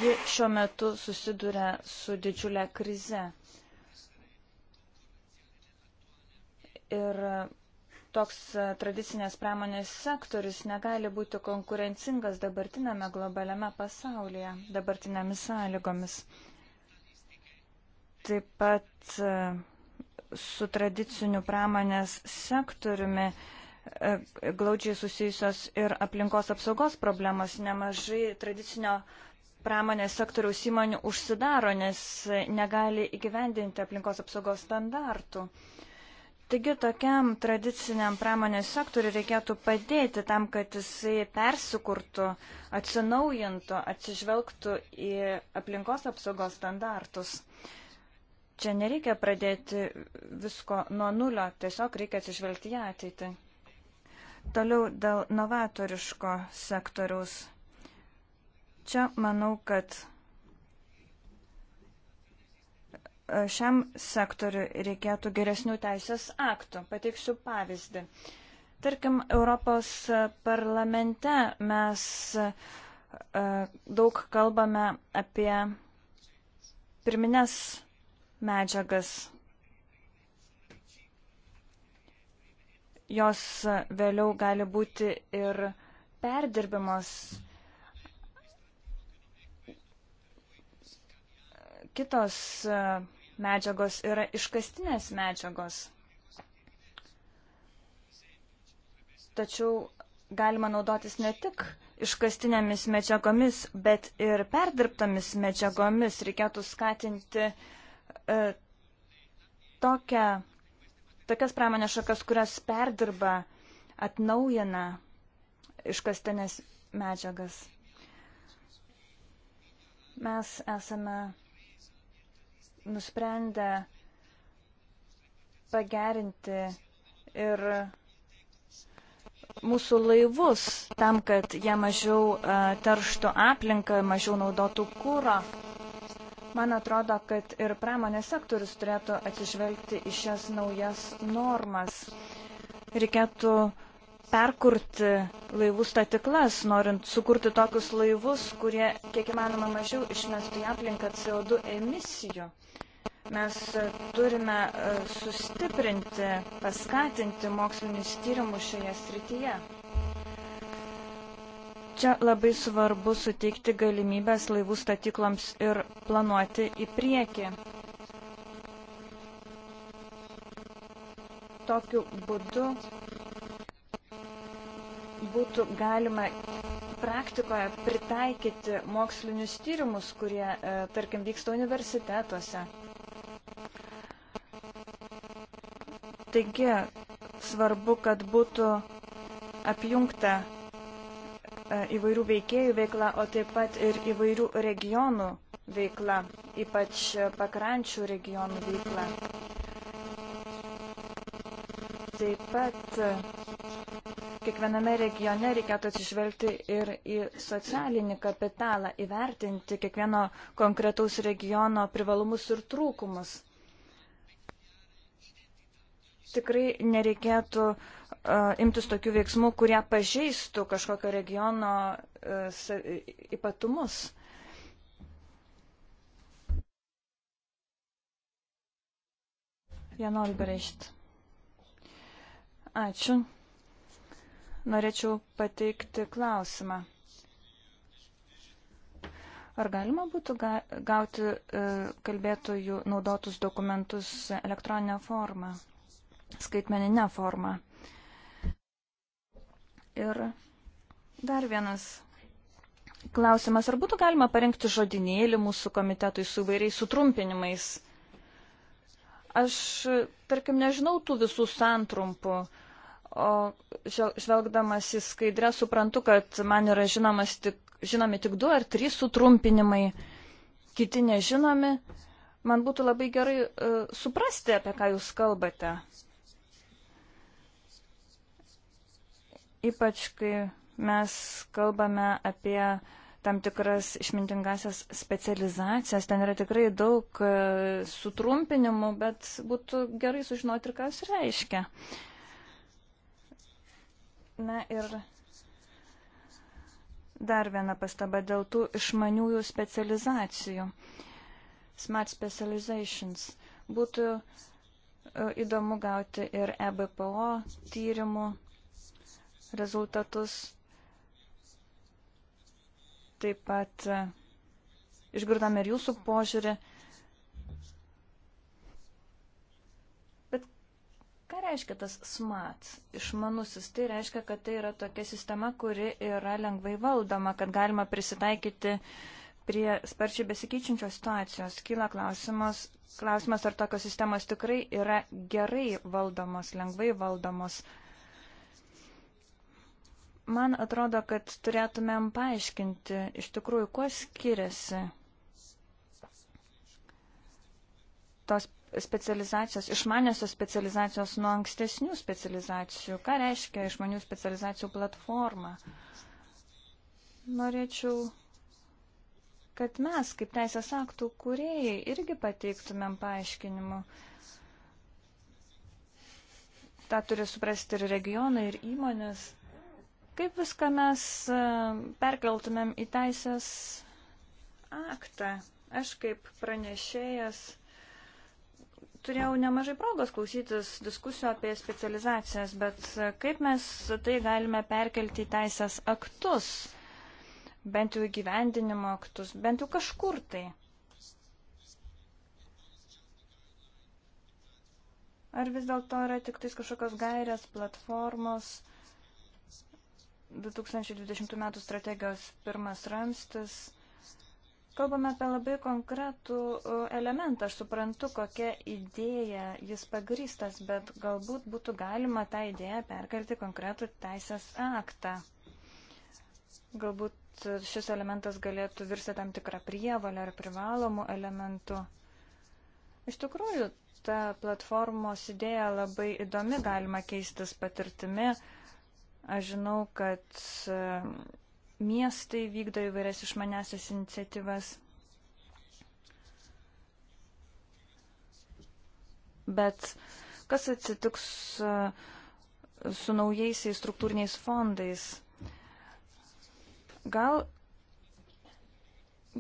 Ji šiuo metu susiduria su didžiulė krize. Ir toks e, tradicinės pramonės sektorius negali būti konkurencingas dabartinėme globaliame pasaulyje, dabartinėmis sąlygomis. Taip pat e, su tradiciniu pramonės sektoriumi e, glaudžiai susijusios ir aplinkos apsaugos problemos. Nemažai tradicinio pramonės sektoriaus įmonių užsidaro, nes negali įgyvendinti aplinkos apsaugos standartų. Taigi tokiam tradiciniam pramonės sektoriu reikėtų padėti tam, kad jisai persikurtų, atsinaujintų, atsižvelgtų į aplinkos apsaugos standartus. Čia nereikia pradėti visko nuo nulio, tiesiog reikia atsižvelgti į ateitį. Toliau dėl novatoriško sektoriaus. Čia manau, kad šiam sektoriu reikėtų geresnių teisės aktų. Pateiksiu pavyzdį. Tarkim, Europos parlamente mes e, daug kalbame apie pirminės medžiagas. Jos vėliau gali būti ir perdirbimos. Kitos uh, medžiagos yra iškastinės medžiagos. Tačiau galima naudotis ne tik iškastinėmis medžiagomis, bet ir perdirbtomis medžiagomis. Reikėtų skatinti e, tokią, tokias pramonės šakas, kurias perdirba, atnaujina iškastinės medžiagas. Mes esame nusprendę pagerinti ir mūsų laivus tam, kad jie mažiau e, terštų aplinką, mažiau naudotų kūro. Man atrodo, kad ir pramonės sektorius turėtų atsižvelgti į šias naujas normas. Reikėtų uh, perkurti laivų statiklas, norint sukurti tokius laivus, kurie kiek įmanoma mažiau išmestų į aplinką CO2 emisijų. Mes e, turime e, sustiprinti, paskatinti mokslinius tyrimus šioje srityje. Čia labai svarbu suteikti galimybės laivų statykloms ir planuoti į priekį. Tokiu būdu būtų galima praktikoje pritaikyti mokslinius tyrimus, kurie, e, tarkim, vyksta universitetuose. Taigi, svarbu, kad būtų apjungta e, įvairių veikėjų veikla, o taip pat ir įvairių regionų veikla, ypač pakrančių regionų veikla. Taip pat kiekviename regione reikėtų atsižvelgti ir į socialinį kapitalą, įvertinti kiekvieno konkretaus regiono privalumus ir trūkumus. Tikrai nereikėtų uh, imtis tokių veiksmų, kurie pažeistų kažkokio regiono uh, ypatumus. Jan Olbrecht. Ačiū. Norėčiau pateikti klausimą. Ar galima būtų gauti e, kalbėtojų naudotus dokumentus elektroninę formą, skaitmeninę formą? Ir dar vienas klausimas. Ar būtų galima parengti žodinėlį mūsų komitetui su vairiais sutrumpinimais? Aš, tarkim, nežinau tų visų santrumpų. Uh, O žvelgdamas į skaidrę suprantu, kad man yra tik, žinomi tik du ar trys sutrumpinimai, kiti nežinomi. Man būtų labai gerai uh, suprasti, apie ką jūs kalbate. Ypač, kai mes kalbame apie tam tikras išmintingasias specializacijas, ten yra tikrai daug uh, sutrumpinimų, bet būtų gerai sužinoti, ir ką jūs reiškia. Uh, Na ir dar viena pastaba dėl tų išmaniųjų specializacijų. Smart specializations. Būtų e, įdomu gauti ir EBPO tyrimų rezultatus. Taip pat e, išgirdome ir jūsų požiūrį reiškia tas smart, išmanusis? Tai reiškia, kad tai yra tokia sistema, kuri yra lengvai valdoma, kad galima prisitaikyti prie sparčiai besikeičiančios situacijos. Kyla klausimas, klausimas, ar tokios sistemos tikrai yra gerai valdomos, lengvai valdomos. Man atrodo, kad turėtumėm paaiškinti iš tikrųjų, kuo skiriasi tos specializacijos, išmaniosios specializacijos nuo ankstesnių specializacijų. Ką reiškia išmanių specializacijų platforma? Norėčiau, kad mes, kaip teisės aktų kūrėjai, irgi pateiktumėm paaiškinimu. Ta turi suprasti ir regionai, ir įmonės. Kaip viską mes e, perkeltumėm į teisės aktą. Aš kaip pranešėjas turėjau nemažai progos klausytis diskusijų apie specializacijas, bet kaip mes tai galime perkelti į teisės aktus, bent jau įgyvendinimo aktus, bent jau kažkur tai. Ar vis dėlto yra tik tais kažkokios gairės, platformos, 2020 m. strategijos pirmas ramstis. Kalbame apie labai konkretų e, elementą. Aš suprantu, kokia idėja jis pagrystas, bet galbūt būtų galima tą idėją perkelti konkretų teisės aktą. Galbūt šis elementas galėtų virsti tam tikrą prievalę ar privalomų elementų. Iš tikrųjų, ta platformos idėja labai įdomi, galima keistis patirtimi. Aš žinau, kad miestai vykdo įvairias išmanesias iniciatyvas. Bet kas atsitiks uh, su naujaisiais struktūriniais fondais? Gal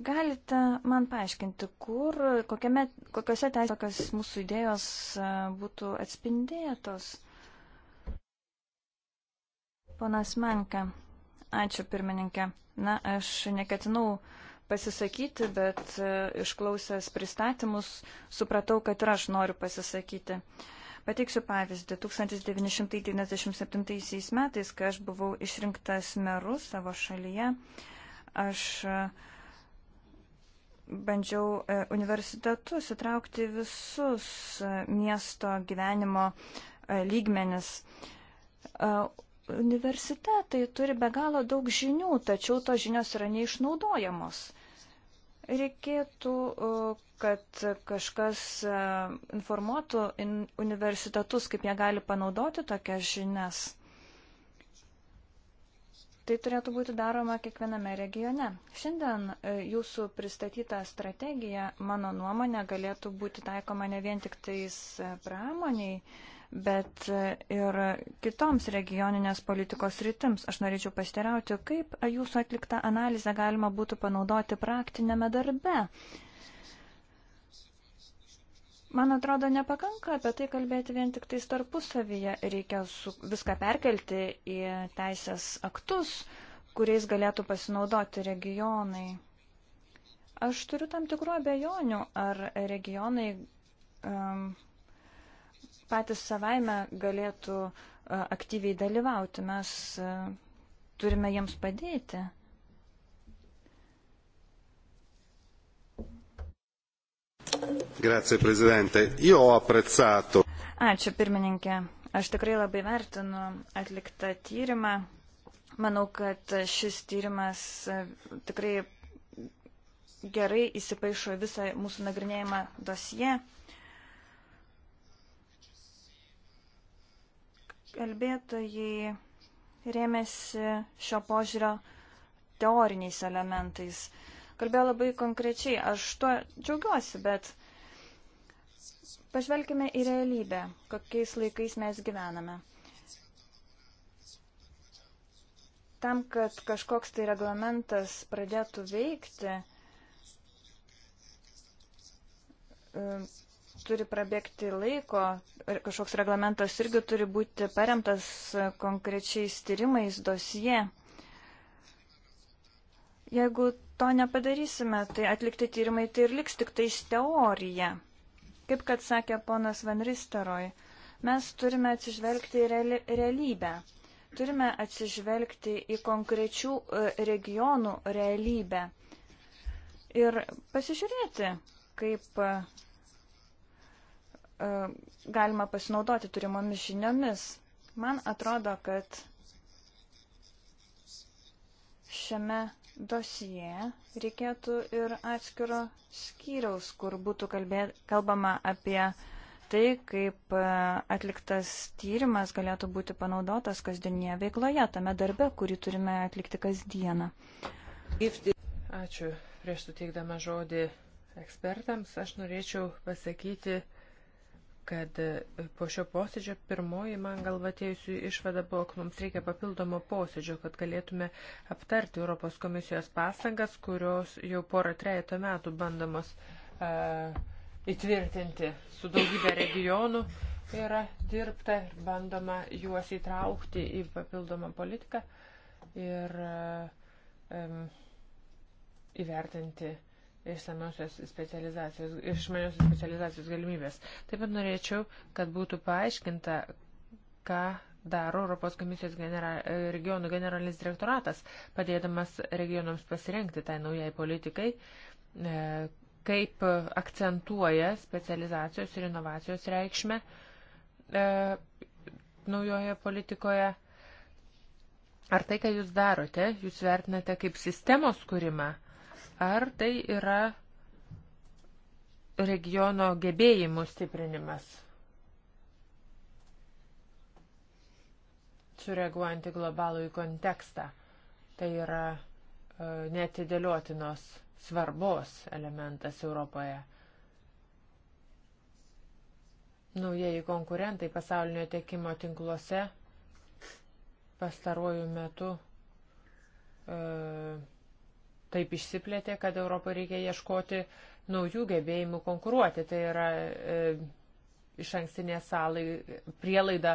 galite man paaiškinti, kur, kokiame, kokiose teisės mūsų idėjos uh, būtų atspindėtos? Ponas Manka. Ačiū, pirmininkė. Na, aš neketinau pasisakyti, bet e, išklausęs pristatymus supratau, kad ir aš noriu pasisakyti. Pateiksiu pavyzdį. 1997 metais, kai aš buvau išrinktas meru savo šalyje, aš e, bandžiau e, universitetus įtraukti visus miesto gyvenimo lygmenis Universitetai turi be galo daug žinių, tačiau tos žinios yra neišnaudojamos. Reikėtų, kad kažkas e, informuotų universitetus, kaip jie gali panaudoti tokias žinias. Tai turėtų būti daroma kiekviename regione. Šiandien e, jūsų pristatyta strategija, mano nuomonė, galėtų būti taikoma ne vien tik tais e, pramoniai, bet ir kitoms regioninės politikos rytims. Aš norėčiau pasiterauti, kaip jūsų atliktą analizę galima būtų panaudoti praktinėme darbe. Man atrodo, nepakanka apie tai kalbėti vien tik tais tarpusavyje. Reikia su, viską perkelti į teisės aktus, kuriais galėtų pasinaudoti regionai. Aš turiu tam tikrų abejonių, ar regionai um, patys savaime galėtų e, aktyviai dalyvauti. Mes e, turime jiems padėti. Grazie, Presidente. Io ho apprezzato. Ačiū, pirmininkė. Aš tikrai labai vertinu atliktą tyrimą. Manau, kad šis tyrimas e, tikrai gerai įsipaišo visą mūsų nagrinėjimą dosiją. Kalbėtojai rėmėsi šio požiūrio teoriniais elementais. Kalbėjo labai konkrečiai, aš tuo džiaugiuosi, bet pažvelkime į realybę, kokiais laikais mes gyvename. Tam, kad kažkoks tai reglamentas pradėtų veikti, turi prabėgti laiko, kažkoks reglamentas irgi turi būti paremtas konkrečiais tyrimais dosie. Jeigu to nepadarysime, tai atlikti tyrimai tai ir liks tik tais teorija. Kaip kad sakė ponas Van Risteroj, mes turime atsižvelgti į reali realybę. Turime atsižvelgti į konkrečių e, regionų realybę ir pasižiūrėti, kaip E, galima pasinaudoti turimomis žiniomis. Man atrodo, kad šiame dosije reikėtų ir atskiro skyriaus, kur būtų kalbė, kalbama apie tai, kaip e, atliktas tyrimas galėtų būti panaudotas kasdienėje veikloje, tame darbe, kurį turime atlikti kasdieną. Ačiū. Prieš suteikdama žodį ekspertams, aš norėčiau pasakyti, kad e, po šio posėdžio pirmoji man galva atėjusi išvada buvo, kad mums reikia papildomo posėdžio, kad galėtume aptarti Europos komisijos pastangas, kurios jau porą trejato metų bandomos uh, įtvirtinti su daugybė regionų yra dirbta ir bandoma juos įtraukti į papildomą politiką ir um, įvertinti išsamiosios specializacijos, išmaniosios specializacijos galimybės. Taip pat norėčiau, kad būtų paaiškinta, ką daro Europos komisijos genera, regionų generalinis direktoratas, padėdamas regionams pasirenkti tai naujai politikai, e, kaip akcentuoja specializacijos ir inovacijos reikšmę e, naujoje politikoje. Ar tai, ką jūs darote, jūs vertinate kaip sistemos kūrimą? Ar tai yra regiono gebėjimų stiprinimas? Sureaguojant į globalų į kontekstą, tai yra e, netidėliotinos svarbos elementas Europoje. Naujieji konkurentai pasaulinio tiekimo tinkluose pastaruoju metu e, taip išsiplėtė, kad Europai reikia ieškoti naujų gebėjimų konkuruoti. Tai yra e, iš ankstinė salai prielaida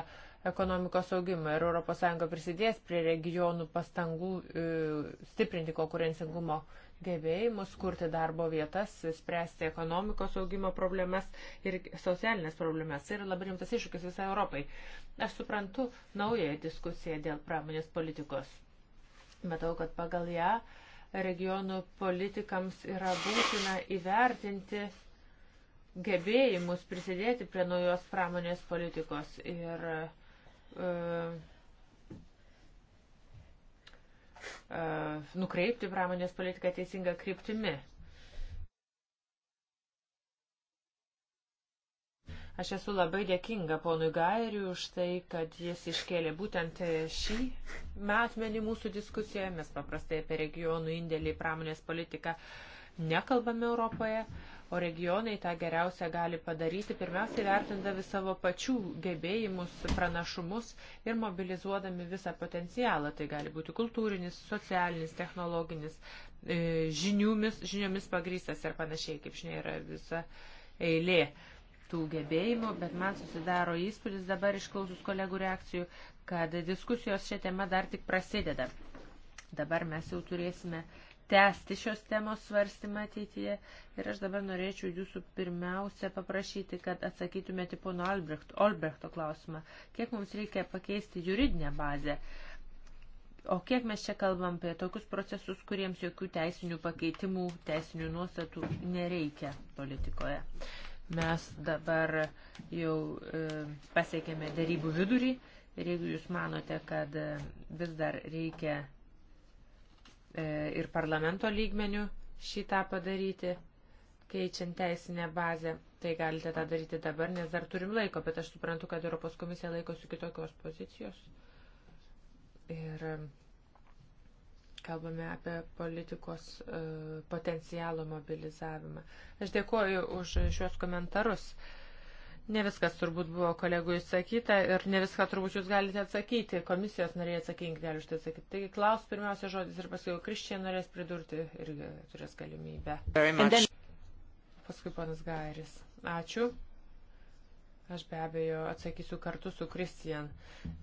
ekonomikos augimą ir ES prisidės prie regionų pastangų e, stiprinti konkurencingumo gebėjimus, kurti darbo vietas, spręsti ekonomikos augimo problemas ir socialinės problemas. Tai yra labai rimtas iššūkis visai Europai. Aš suprantu naują diskusiją dėl pramonės politikos. Matau, kad pagal ją uh, regionų politikams yra būtina įvertinti gebėjimus prisidėti prie naujos pramonės politikos ir uh, uh, nukreipti pramonės politiką teisinga kryptimi. Aš esu labai dėkinga ponui Gairiui už tai, kad jis iškėlė būtent šį metmenį mūsų diskusijoje. Mes paprastai apie regionų indėlį į pramonės politiką nekalbame Europoje, o regionai tą geriausia gali padaryti, pirmiausiai vertindami savo pačių gebėjimus, pranašumus ir mobilizuodami visą potencialą. Tai gali būti kultūrinis, socialinis, technologinis, e, žiniomis, žiniomis pagrystas ir panašiai, kaip žinia, yra visa eilė tų gebėjimų, bet man susidaro įspūdis dabar išklausus kolegų reakcijų, kad diskusijos šią temą dar tik prasideda. Dabar mes jau turėsime tęsti šios temos svarstymą ateityje ir aš dabar norėčiau jūsų pirmiausia paprašyti, kad atsakytumėte pono Albrecht, Olbrechto klausimą, kiek mums reikia pakeisti juridinę bazę. O kiek mes čia kalbam apie tokius procesus, kuriems jokių teisinių pakeitimų, teisinių nuostatų nereikia politikoje. Mes dabar jau e, pasiekėme darybų vidurį ir jeigu jūs manote, kad e, vis dar reikia e, ir parlamento lygmenių šitą padaryti, keičiant teisinę bazę, tai galite tą daryti dabar, nes dar turim laiko, bet aš suprantu, kad Europos komisija laikosi kitokios pozicijos. Ir kalbame apie politikos e, potencialo mobilizavimą. Aš dėkuoju už šiuos komentarus. Ne viskas turbūt buvo kolegų išsakyta ir ne viską turbūt jūs galite atsakyti. Komisijos nariai atsakingi gali už tai atsakyti. Taigi klaus pirmiausia žodis ir paskui Kriščiai norės pridurti irgi turės galimybę. Paskui panas Gairis. Ačiū. Aš be abejo atsakysiu kartu su Kristijan.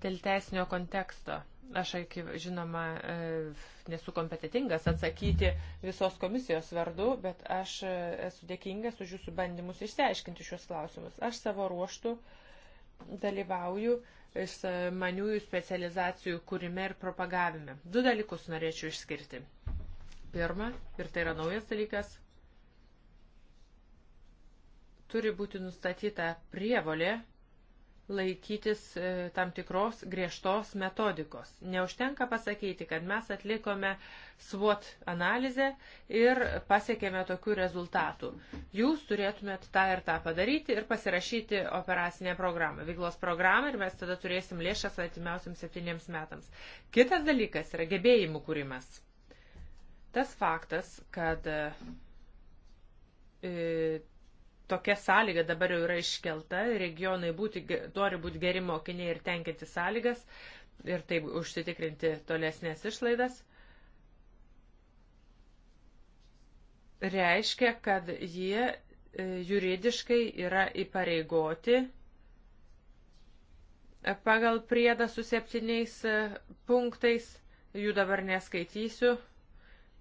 Dėl teisinio konteksto. Aš, žinoma, e, nesu kompetitingas atsakyti visos komisijos vardu, bet aš e, esu dėkingas už jūsų bandymus išsiaiškinti šios klausimus. Aš savo ruoštų dalyvauju išmaniųjų specializacijų kūrime ir propagavime. Du dalykus norėčiau išskirti. Pirma, ir tai yra naujas dalykas, turi būti nustatyta prievolė laikytis e, tam tikros griežtos metodikos. Neužtenka pasakyti, kad mes atlikome SWOT analizę ir pasiekėme tokių rezultatų. Jūs turėtumėt tą ir tą padaryti ir pasirašyti operacinę programą, veiklos programą ir mes tada turėsim lėšas atimiausiams septyniems metams. Kitas dalykas yra gebėjimų kūrimas. Tas faktas, kad e, tokia sąlyga dabar jau yra iškelta, regionai būti, nori būti geri mokiniai ir tenkinti sąlygas ir taip užsitikrinti tolesnės išlaidas. Reiškia, kad jie e, juridiškai yra įpareigoti e, pagal priedą su septyniais e, punktais, jų dabar neskaitysiu,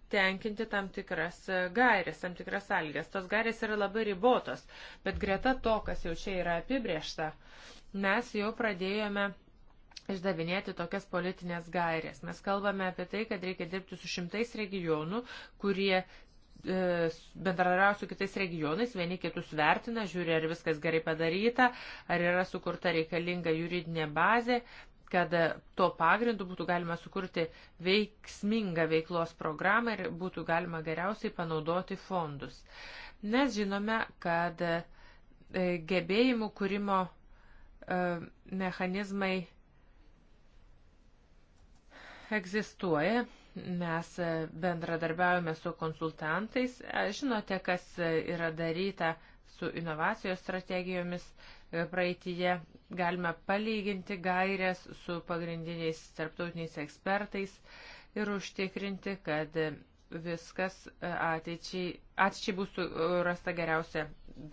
tenkinti tam tikras e, gairės, tam tikras algės. Tos gairės yra labai ribotos, bet greta to, kas jau čia yra apibriešta, mes jau pradėjome išdavinėti tokias politinės gairės. Mes kalbame apie tai, kad reikia dirbti su šimtais regionų, kurie e, bendrarau su kitais regionais, vieni kitus vertina, žiūri, ar viskas gerai padaryta, ar yra sukurta reikalinga juridinė bazė, kad tuo pagrindu būtų galima sukurti veiksmingą veiklos programą ir būtų galima geriausiai panaudoti fondus. Mes žinome, kad e, gebėjimų kūrimo e, mechanizmai egzistuoja. Mes e, bendradarbiaujame su konsultantais. Žinote, kas yra daryta su inovacijos strategijomis praeitįje galime palyginti gairias su pagrindiniais tarptautiniais ekspertais ir užtikrinti, kad viskas e, ateičiai, ateičiai bus e, rasta geriausia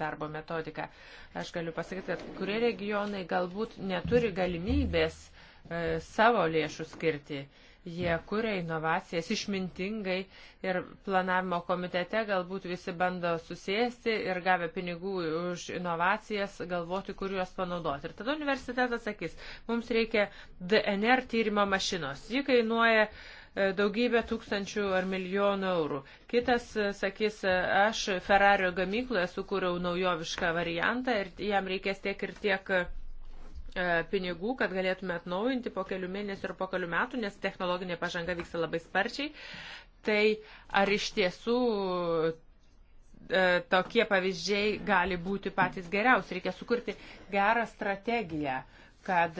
darbo metodika. Aš galiu pasakyti, kad kurie regionai galbūt neturi galimybės e, savo lėšų skirti Jie kuria inovacijas išmintingai ir planavimo komitete galbūt visi bando susėsti ir gavę pinigų už inovacijas galvoti, kur juos panaudoti. Ir tada universitetas sakys, mums reikia DNR tyrimo mašinos. Ji kainuoja e, daugybę tūkstančių ar milijonų eurų. Kitas e, sakys, e, aš Ferrario gamykloje sukūriau naujovišką variantą ir jam reikės tiek ir tiek E, pinigų, kad galėtume atnaujinti po kelių mėnesių ir po kelių metų, nes technologinė pažanga vyksta labai sparčiai. Tai ar iš tiesų e, tokie pavyzdžiai gali būti patys geriausi? Reikia sukurti gerą strategiją, kad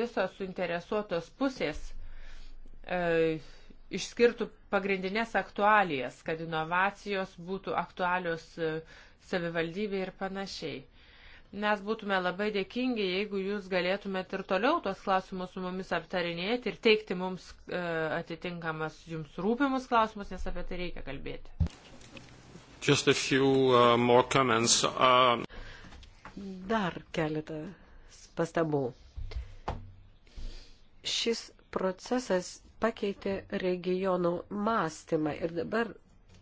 visos suinteresuotos pusės e, išskirtų pagrindinės aktualijas, kad inovacijos būtų aktualios savivaldybė ir panašiai. Mes būtume labai dėkingi, jeigu jūs galėtumėt ir toliau tuos klausimus su mumis aptarinėti ir teikti mums e, atitinkamas jums rūpimus klausimus, nes apie tai reikia kalbėti. Just a few uh, more comments. Uh... Dar keletą pastabų. Šis procesas pakeitė regionų mąstymą ir dabar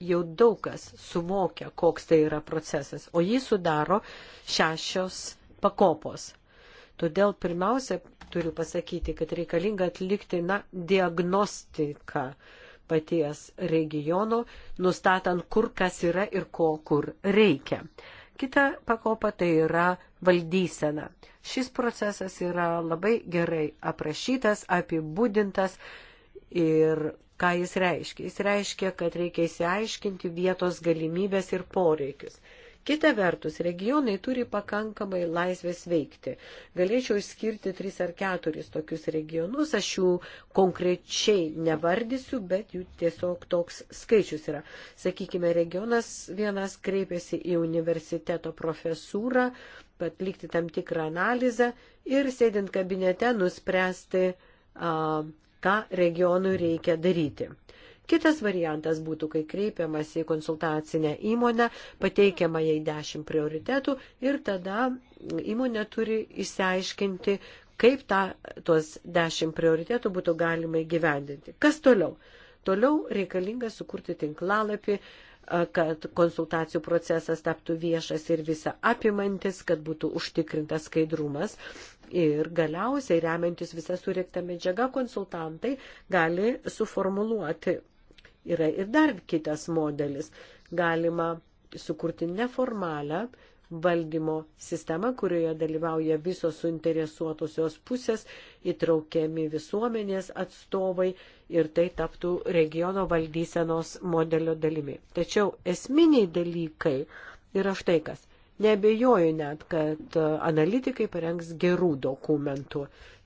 jau daug kas suvokia, koks tai yra procesas, o jį sudaro šešios pakopos. Todėl pirmiausia, turiu pasakyti, kad reikalinga atlikti na, diagnostiką paties regiono, nustatant, kur kas yra ir ko kur reikia. Kita pakopa tai yra valdysena. Šis procesas yra labai gerai aprašytas, apibūdintas ir ką jis reiškia. Jis reiškia, kad reikia įsiaiškinti vietos galimybės ir poreikius. Kita vertus, regionai turi pakankamai laisvės veikti. Galėčiau išskirti tris ar keturis tokius regionus, aš jų konkrečiai nevardysiu, bet jų tiesiog toks skaičius yra. Sakykime, regionas vienas kreipėsi į universiteto profesūrą, atlikti tam tikrą analizę ir sėdint kabinete nuspręsti, uh, ką regionui reikia daryti. Kitas variantas būtų, kai kreipiamas į konsultacinę įmonę, pateikiama jai 10 prioritetų ir tada įmonė turi išsiaiškinti, kaip ta, tuos 10 prioritetų būtų galima įgyvendinti. Kas toliau? Toliau reikalinga sukurti tinklalapį, kad konsultacijų procesas taptų viešas ir visa apimantis, kad būtų užtikrintas skaidrumas Ir galiausiai, remiantis visą surinktą medžiagą, konsultantai gali suformuluoti. Yra ir dar kitas modelis. Galima sukurti neformalią valdymo sistemą, kurioje dalyvauja visos suinteresuotosios pusės, įtraukiami visuomenės atstovai ir tai taptų regiono valdysenos modelio dalimi. Tačiau esminiai dalykai yra štai kas. Nebejoju net, kad analitikai parengs gerų dokumentų.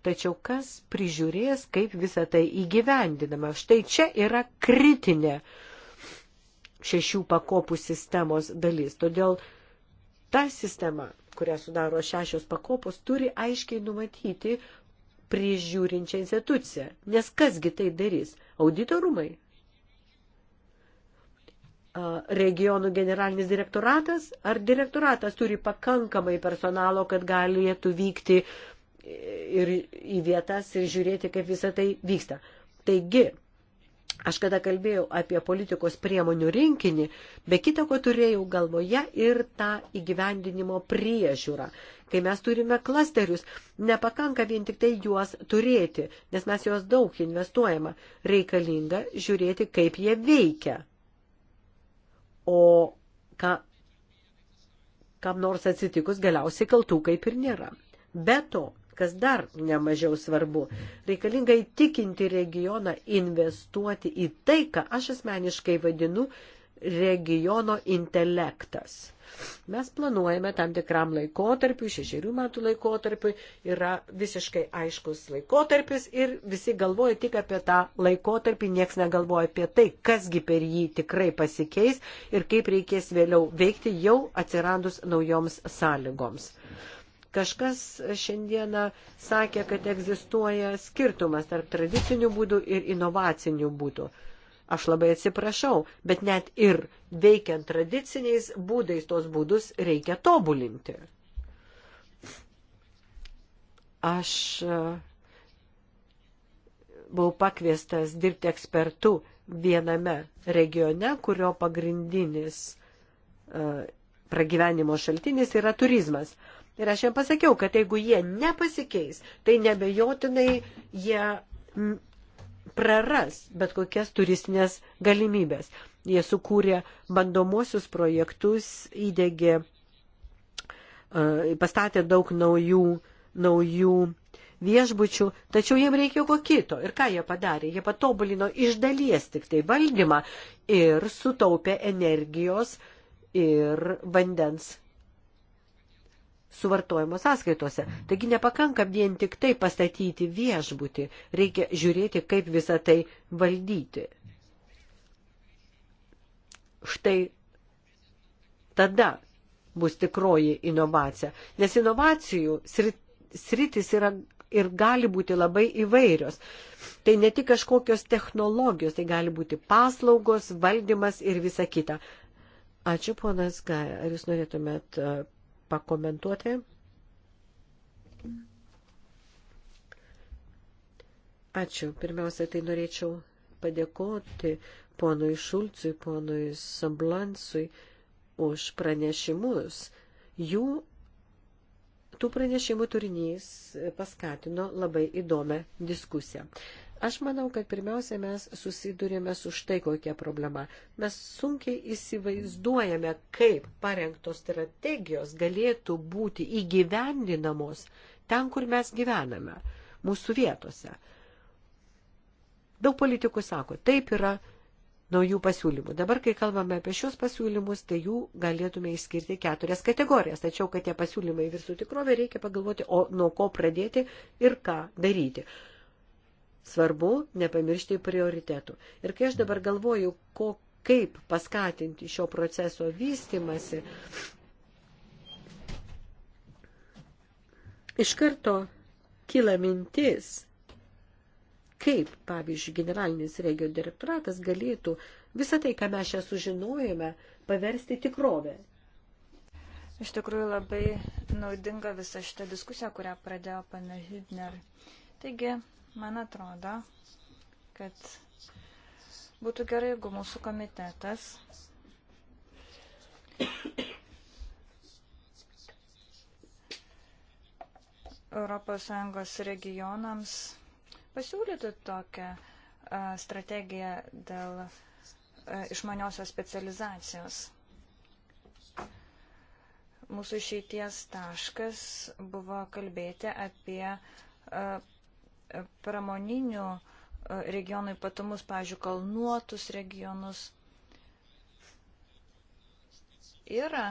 Tačiau kas prižiūrės, kaip visą tai įgyvendinama? Štai čia yra kritinė šešių pakopų sistemos dalis. Todėl ta sistema, kurią sudaro šešios pakopos, turi aiškiai numatyti prižiūrinčią instituciją. Nes kasgi tai darys? Auditorumai? regionų generalinis direktoratas, ar direktoratas turi pakankamai personalo, kad galėtų vykti ir į vietas ir žiūrėti, kaip visa tai vyksta. Taigi, aš kada kalbėjau apie politikos priemonių rinkinį, be kita ko turėjau galvoje ir tą įgyvendinimo priežiūrą. Kai mes turime klasterius, nepakanka vien tik tai juos turėti, nes mes juos daug investuojama. Reikalinga žiūrėti, kaip jie veikia o ką, kam nors atsitikus galiausiai kaltų kaip ir nėra. Be to, kas dar nemažiau svarbu, reikalinga įtikinti regioną investuoti į tai, ką aš asmeniškai vadinu regiono intelektas. Mes planuojame tam tikram laikotarpiu, šešerių metų laikotarpiu, yra visiškai aiškus laikotarpis ir visi galvoja tik apie tą laikotarpį, nieks negalvoja apie tai, kasgi per jį tikrai pasikeis ir kaip reikės vėliau veikti jau atsiradus naujoms sąlygoms. Kažkas šiandieną sakė, kad egzistuoja skirtumas tarp tradicinių būdų ir inovacinių būdų. Aš labai atsiprašau, bet net ir veikiant tradiciniais būdais tos būdus reikia tobulinti. Aš e, buvau pakviestas dirbti ekspertų viename regione, kurio pagrindinis e, pragyvenimo šaltinis yra turizmas. Ir aš jam pasakiau, kad jeigu jie nepasikeis, tai nebejotinai jie praras bet kokias turistinės galimybės. Jie sukūrė bandomuosius projektus, įdėgė, pastatė daug naujų, naujų viešbučių, tačiau jiem reikėjo ko kito. Ir ką jie padarė? Jie patobulino iš dalies tik tai valdymą ir sutaupė energijos ir vandens suvartojimo sąskaitose. Taigi nepakanka vien tik tai pastatyti viešbutį, reikia žiūrėti, kaip visą tai valdyti. Štai tada bus tikroji inovacija, nes inovacijų sritis yra ir gali būti labai įvairios. Tai ne tik kažkokios technologijos, tai gali būti paslaugos, valdymas ir visa kita. Ačiū, ponas Gai, ar jūs norėtumėt pakomentuoti? Ačiū. Pirmiausia, tai norėčiau padėkoti ponui Šulcui, ponui Samblansui už pranešimus. Jų tų pranešimų turinys paskatino labai įdomią diskusiją. Aš manau, kad pirmiausia mes susidurėme su štai kokia problema. Mes sunkiai įsivaizduojame, kaip parengtos strategijos galėtų būti įgyvendinamos ten, kur mes gyvename, mūsų vietose. Daug politikų sako, taip yra naujų pasiūlymų. Dabar, kai kalbame apie šios pasiūlymus, tai jų galėtume išskirti keturias kategorijas. Tačiau, kad tie pasiūlymai virsų tikrovė, reikia pagalvoti, o nuo ko pradėti ir ką daryti. Svarbu nepamiršti prioritetų. Ir kai aš dabar galvoju, ko, kaip paskatinti šio proceso vystimasi, iš karto kyla mintis, kaip, pavyzdžiui, generalinis regio direktoratas galėtų visą tai, ką mes čia sužinojame, paversti tikrovę. Iš tikrųjų labai naudinga visa šita diskusija, kurią pradėjo pana Hübner. Taigi, Man atrodo, kad būtų gerai, jeigu mūsų komitetas ES regionams pasiūlytų tokią strategiją dėl išmaniosios specializacijos. Mūsų išeities taškas buvo kalbėti apie pramoninių e, regionų ypatumus, pavyzdžiui, kalnuotus regionus. Yra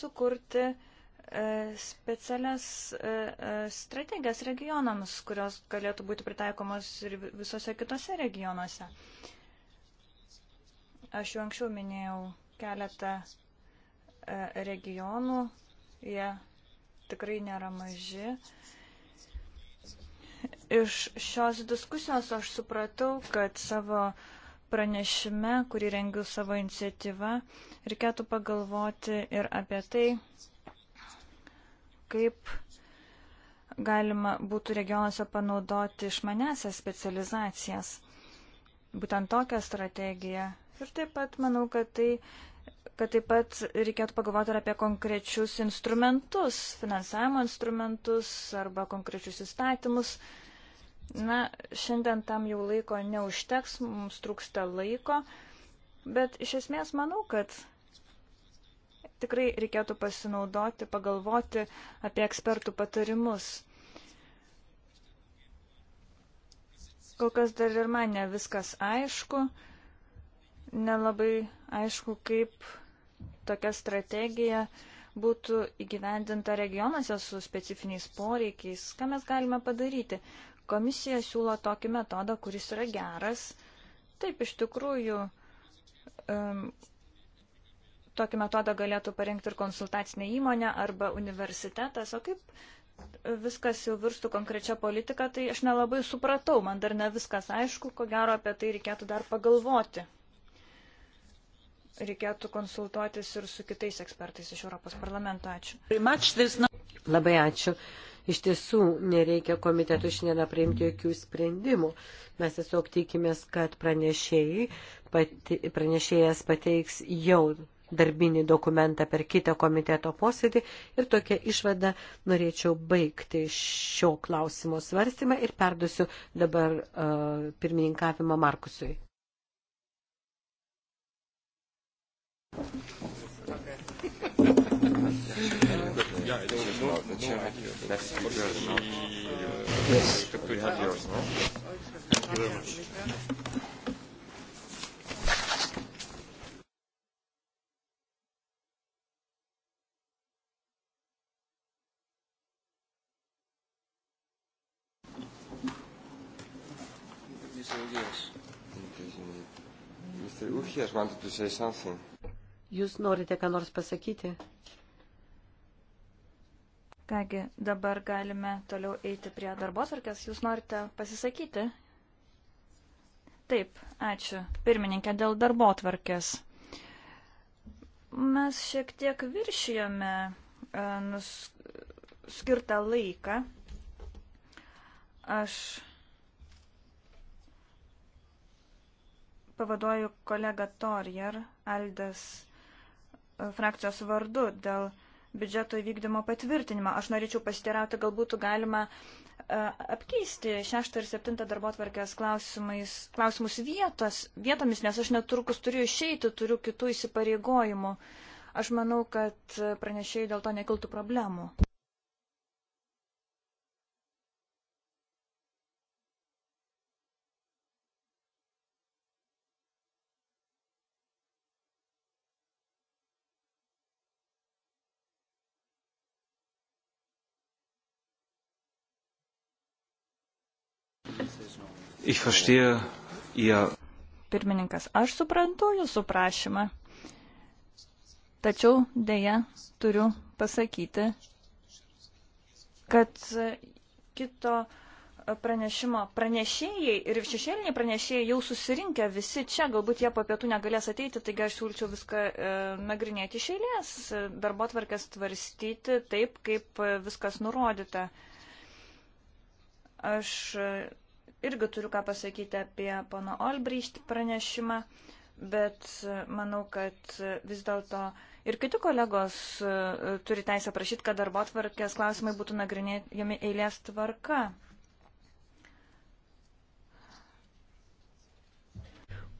sukurti e, specialias e, strategijas regionams, kurios galėtų būti pritaikomos ir visose kitose regionuose. Aš jau anksčiau minėjau keletą regionų, jie tikrai nėra maži. Iš šios diskusijos aš supratau, kad savo pranešime, kurį rengiu savo iniciatyvą, reikėtų pagalvoti ir apie tai, kaip galima būtų regionuose panaudoti išmanesias specializacijas. Būtent tokią strategiją. Ir taip pat manau, kad tai kad taip pat reikėtų pagalvoti ir apie konkrečius instrumentus, finansavimo instrumentus arba konkrečius įstatymus. Uh, Na, šiandien tam jau laiko neužteks, mums trūksta laiko, bet iš esmės manau, kad tikrai reikėtų pasinaudoti, pagalvoti apie ekspertų patarimus. Kol kas dar ir man ne viskas aišku, nelabai aišku, kaip tokia strategija būtų įgyvendinta regionuose su specifiniais poreikiais, ką mes galime padaryti. Komisija siūlo tokį metodą, kuris yra geras. Taip, iš tikrųjų, um, tokį metodą galėtų parengti ir konsultacinė įmonė arba universitetas, o kaip viskas jau virstų konkrečia politika, tai aš nelabai supratau, man dar ne viskas aišku, ko gero apie tai reikėtų dar pagalvoti. Reikėtų konsultuotis ir su kitais ekspertais iš Europos parlamento. Ačiū. Labai ačiū. Iš tiesų nereikia komitetų šiandieną priimti jokių sprendimų. Mes tiesiog tikimės, kad pati, pranešėjas pateiks jau darbinį dokumentą per kitą komiteto posėdį ir tokia išvada norėčiau baigti šio klausimo svarstymą ir perdusiu dabar uh, pirmininkavimą Markusui. Thank you. Yeah, it's no, no, the chair no had yours. Next speaker, no? Yes. We have yours, no? Thank you very much. Mr. Uhias wanted to say something. Jūs norite ką nors pasakyti? Kągi, dabar galime toliau eiti prie darbotvarkės. Jūs norite pasisakyti? Taip, ačiū. Pirmininkė, dėl darbotvarkės. Mes šiek tiek viršijome e, nus, skirtą laiką. Aš pavaduoju kolegą Torjer Aldas e, frakcijos vardu dėl biudžeto įvykdymo patvirtinimą. Aš norėčiau pasitirauti, gal būtų galima e, apkeisti šeštą ir septintą darbo tvarkės klausimus vietos, vietomis, nes aš netrukus turiu išeiti, turiu kitų įsipareigojimų. Aš manau, kad pranešėjai dėl to nekiltų problemų. Ich verstehe Ihr. Pirmininkas, aš suprantu Jūsų prašymą, tačiau dėja turiu pasakyti, kad kito pranešimo pranešėjai ir šešėliniai pranešėjai jau susirinkę visi čia, galbūt jie po pietų negalės ateiti, taigi aš siūlyčiau viską e, nagrinėti iš eilės, darbo tvarkės tvarstyti taip, kaip viskas nurodyta. Aš irgi turiu ką pasakyti apie pono Olbricht pranešimą, bet manau, kad vis dėlto ir kiti kolegos e, turi teisę prašyti, kad darbo tvarkės klausimai būtų nagrinėjami eilės tvarka.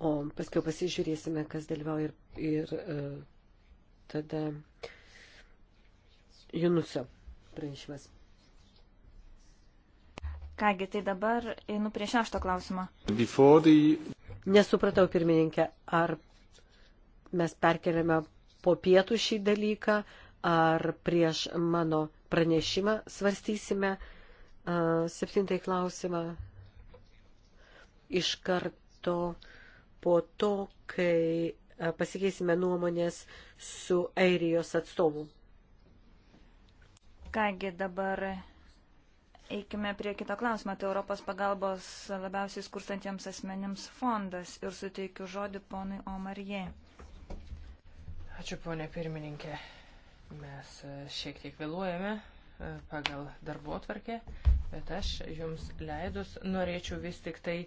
O paskui pasižiūrėsime, kas dalyvauja ir, ir uh, tada Junuso pranešimas. Kągi, tai dabar einu prie šešto klausimo. The... Nesupratau, pirmininkė, ar mes perkeliame po pietų šį dalyką, ar prieš mano pranešimą svarstysime uh, septintai klausimą iš karto po to, kai uh, pasikeisime nuomonės su Airijos atstovu. Kągi dabar Eikime prie kito klausimo. Tai Europos pagalbos labiausiai skurstantiems asmenims fondas. Ir suteikiu žodį ponui Omarie. Ačiū, ponė pirmininkė. Mes e, šiek tiek vėluojame e, pagal darbo atvarkę, bet aš jums leidus norėčiau vis tik tai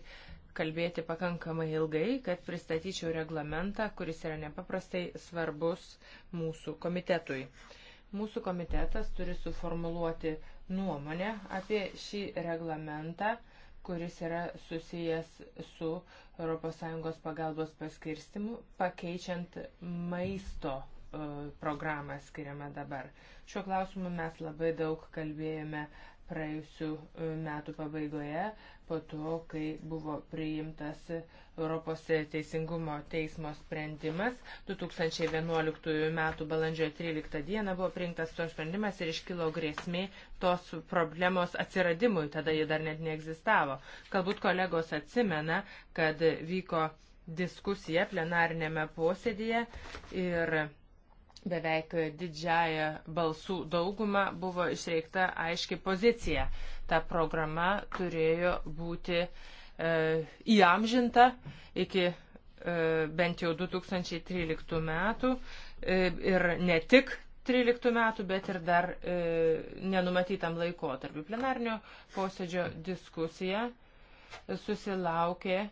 kalbėti pakankamai ilgai, kad pristatyčiau reglamentą, kuris yra nepaprastai svarbus mūsų komitetui. Mūsų komitetas turi suformuluoti nuomonę apie šį reglamentą, kuris yra susijęs su ES pagalbos paskirstimu, pakeičiant maisto e, programą skiriamą dabar. Šiuo klausimu mes labai daug kalbėjome praėjusių e, metų pabaigoje, po to, kai buvo priimtas Europos teisingumo teismo sprendimas. 2011 metų balandžio 13 dieną buvo priimtas to sprendimas ir iškilo grėsmė tos problemos atsiradimui, tada ji dar net neegzistavo. Galbūt kolegos atsimena, kad vyko diskusija plenarinėme posėdėje ir beveik didžiają balsų daugumą buvo išreikta aiški pozicija. Ta programa turėjo būti e, įamžinta iki e, bent jau 2013 metų e, ir ne tik 2013 metų, bet ir dar e, nenumatytam laikotarpiu. Plenarnio posėdžio diskusija susilaukė e,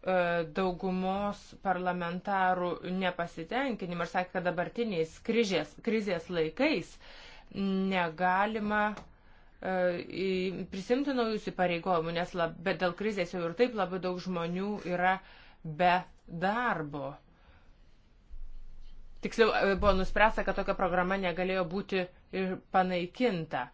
E, daugumos parlamentarų nepasitenkinimą ir sakė, kad dabartiniais križės, krizės laikais negalima e, prisimti naujus įpareigojimų, nes lab, bet dėl krizės jau ir taip labai daug žmonių yra be darbo. Tiksliau, e, buvo nuspręsta, kad tokia programa negalėjo būti ir panaikinta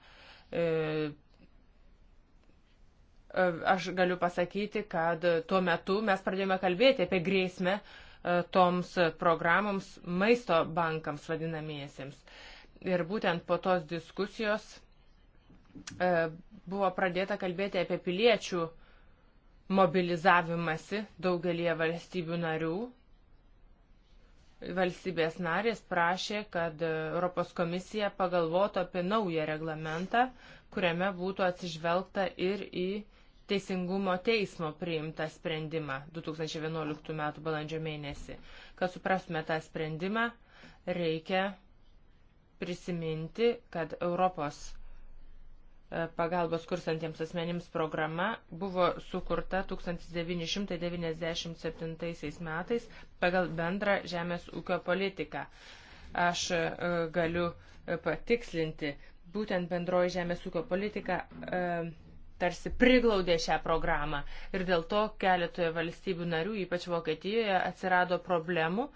aš galiu pasakyti, kad tuo metu mes pradėjome kalbėti apie grėsmę e, toms programoms maisto bankams vadinamiesiems. Ir būtent po tos diskusijos e, buvo pradėta kalbėti apie piliečių mobilizavimąsi daugelie valstybių narių. Valstybės narės prašė, kad Europos komisija pagalvotų apie naują reglamentą, kuriame būtų atsižvelgta ir į uh, Teisingumo teismo priimtą sprendimą 2011 m. balandžio mėnesį. Kad suprastume tą sprendimą, reikia prisiminti, kad Europos e, pagalbos kursantiems asmenims programa buvo sukurta 1997 metais pagal bendrą žemės ūkio politiką. Aš e, galiu e, patikslinti, būtent bendroji žemės ūkio politika tarsi priglaudė šią programą ir dėl to keletoje valstybių narių, ypač Vokietijoje, atsirado problemų.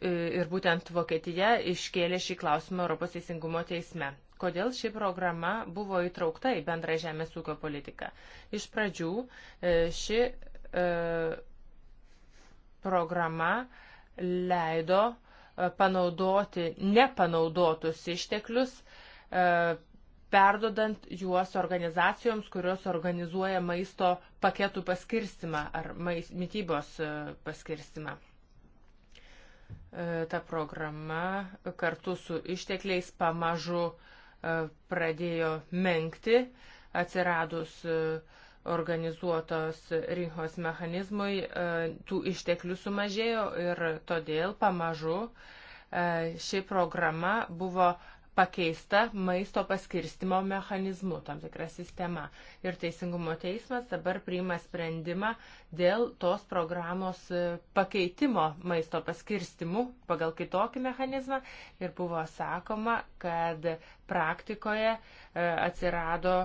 E, ir būtent Vokietija iškėlė šį klausimą Europos teisingumo teisme. Kodėl ši programa buvo įtraukta į bendrą žemės ūkio politiką? Iš pradžių e, ši e, programa leido panaudoti nepanaudotus išteklius perdodant juos organizacijoms, kurios organizuoja maisto paketų paskirstimą ar mais, mytybos e, paskirstimą. E, ta programa kartu su ištekliais pamažu e, pradėjo menkti, atsiradus organizuotos rinkos mechanizmui, tų išteklių sumažėjo ir todėl pamažu ši programa buvo pakeista maisto paskirstimo mechanizmu, tam tikra sistema. Ir Teisingumo teismas dabar priima sprendimą dėl tos programos e, pakeitimo maisto paskirstimu pagal kitokį mechanizmą. Ir buvo sakoma, kad praktikoje e, atsirado.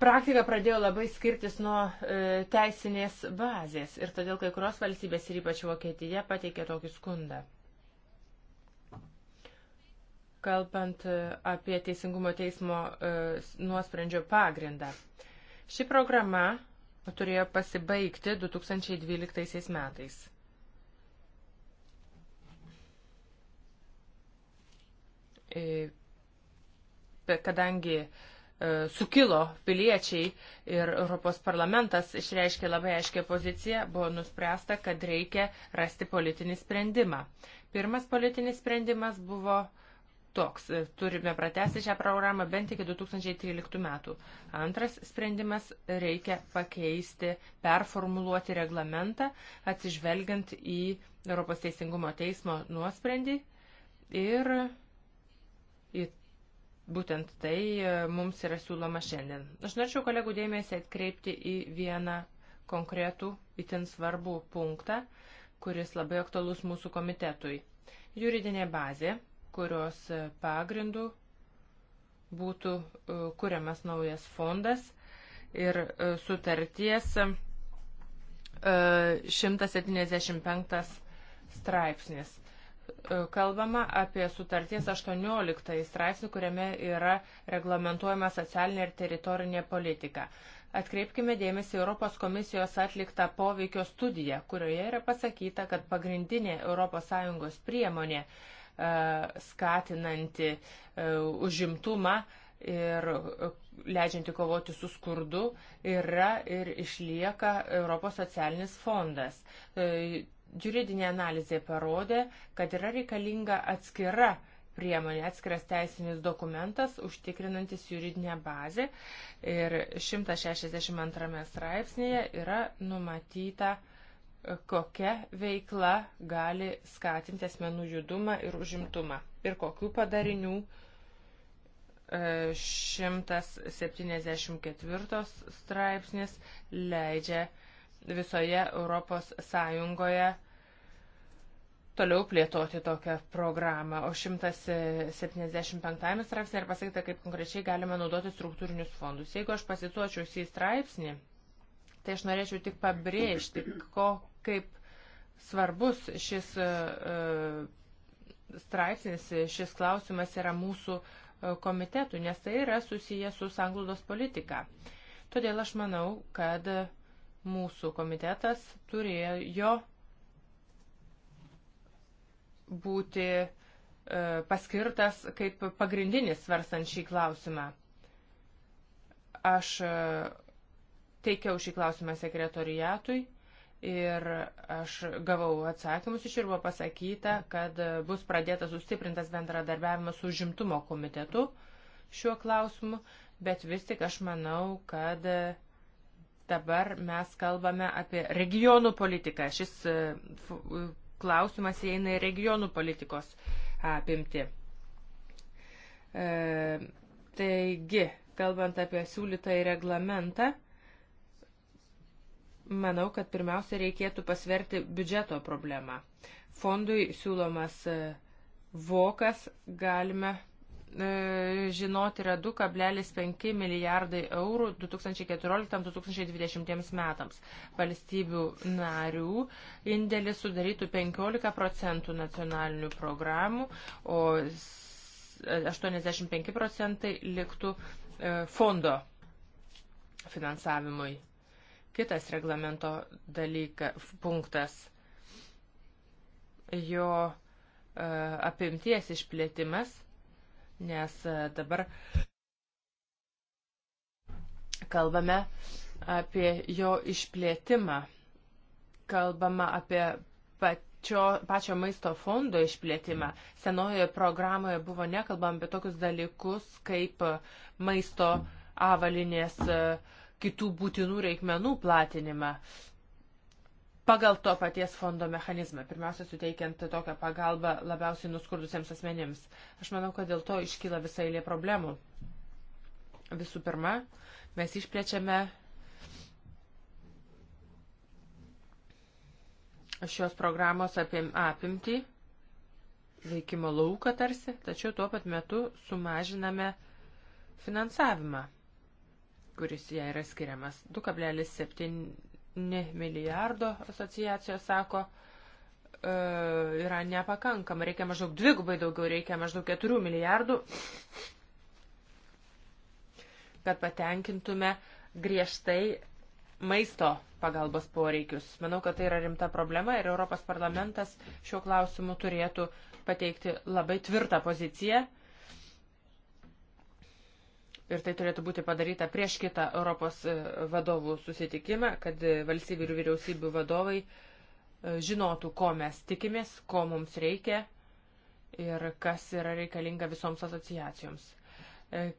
Praktika pradėjo labai skirtis nuo e, teisinės bazės ir todėl kai kurios valstybės ir ypač Vokietija pateikė tokį skundą kalbant e, apie Teisingumo teismo e, nuosprendžio pagrindą. Ši programa turėjo pasibaigti 2012 metais. E, kadangi sukilo piliečiai ir Europos parlamentas išreiškė labai aiškę poziciją, buvo nuspręsta, kad reikia rasti politinį sprendimą. Pirmas politinis sprendimas buvo uh, toks. Turime pratesti šią programą bent iki 2013 metų. Antras sprendimas - reikia pakeisti, performuluoti reglamentą, atsižvelgiant į Europos Teisingumo teismo nuosprendį. Ir į būtent tai e, mums yra siūloma šiandien. Aš norėčiau kolegų dėmesį atkreipti į vieną konkretų, itin svarbų punktą, kuris labai aktualus mūsų komitetui. Juridinė bazė kurios e, pagrindų būtų e, kuriamas naujas fondas ir e, sutarties 175 straipsnis. Kalbama apie sutarties 18 straipsnį, kuriame yra reglamentuojama socialinė ir teritorinė politika. Atkreipkime dėmesį Europos komisijos atliktą poveikio studiją, kurioje yra pasakyta, kad pagrindinė ES priemonė uh, skatinanti e, užimtumą ir leidžianti kovoti su skurdu yra ir išlieka Europos socialinis fondas. E, juridinė analizė parodė, kad yra reikalinga atskira priemonė, atskiras teisinis dokumentas, užtikrinantis juridinę bazę. Ir 162 straipsnėje yra numatyta uh, kokia veikla gali skatinti asmenų judumą ir užimtumą ir kokių padarinių 174 e, straipsnis leidžia visoje Europos Sąjungoje toliau plėtoti tokią programą. O 175 straipsnė ir pasakyta, kaip konkrečiai galima naudoti struktūrinius fondus. Jeigu aš pasituočiau šį straipsnį, Tai aš norėčiau tik pabrėžti, ko, kaip svarbus šis e, straipsnis, šis klausimas yra mūsų e, komitetų, nes tai yra susijęs su sanglaudos politika. Todėl aš manau, kad mūsų komitetas turėjo būti e, paskirtas kaip pagrindinis svarstant šį klausimą. Aš teikiau šį klausimą sekretoriatui ir aš gavau atsakymus iš ir buvo pasakyta, kad bus pradėtas sustiprintas bendradarbiavimas su žimtumo komitetu šiuo klausimu, bet vis tik aš manau, kad dabar mes kalbame apie regionų politiką. Šis e, e, klausimas įeina į regionų politikos apimti. E, taigi, kalbant apie siūlytą į reglamentą, manau, kad pirmiausia reikėtų pasverti biudžeto problemą. Fondui siūlomas e, vokas galime e, žinoti yra 2,5 milijardai eurų 2014-2020 metams. Valstybių narių indėlis sudarytų 15 procentų nacionalinių programų, o 85 e, procentai liktų fondo finansavimui. Kitas reglamento dalyka, punktas - jo e, apimties išplėtimas, nes e, dabar kalbame apie jo išplėtimą, kalbama apie pačio, pačio maisto fondo išplėtimą. Senojoje programoje buvo nekalbama apie tokius dalykus kaip maisto avalinės uh, kitų būtinų reikmenų platinimą pagal to paties fondo mechanizmą, pirmiausia, suteikiant tokią pagalbą labiausiai nuskurdusiems asmenims. Aš manau, kad dėl to iškyla visai eilė problemų. Visų pirma, mes išplečiame šios programos apim, apimtį, veikimo lauką tarsi, tačiau tuo pat metu sumažiname finansavimą kuris ją yra skiriamas. 2,7 milijardo asociacijos sako, e, yra nepakankama. Reikia maždaug dvigubai daugiau, reikia maždaug 4 milijardų, kad patenkintume griežtai maisto pagalbos poreikius. Manau, kad tai yra rimta problema ir Europos parlamentas šiuo klausimu turėtų pateikti labai tvirtą poziciją ir tai turėtų būti padaryta prieš kitą Europos e, vadovų susitikimą, kad e, valstybių ir vyriausybių vadovai e, žinotų, ko mes tikimės, ko mums reikia ir kas yra reikalinga visoms asociacijoms.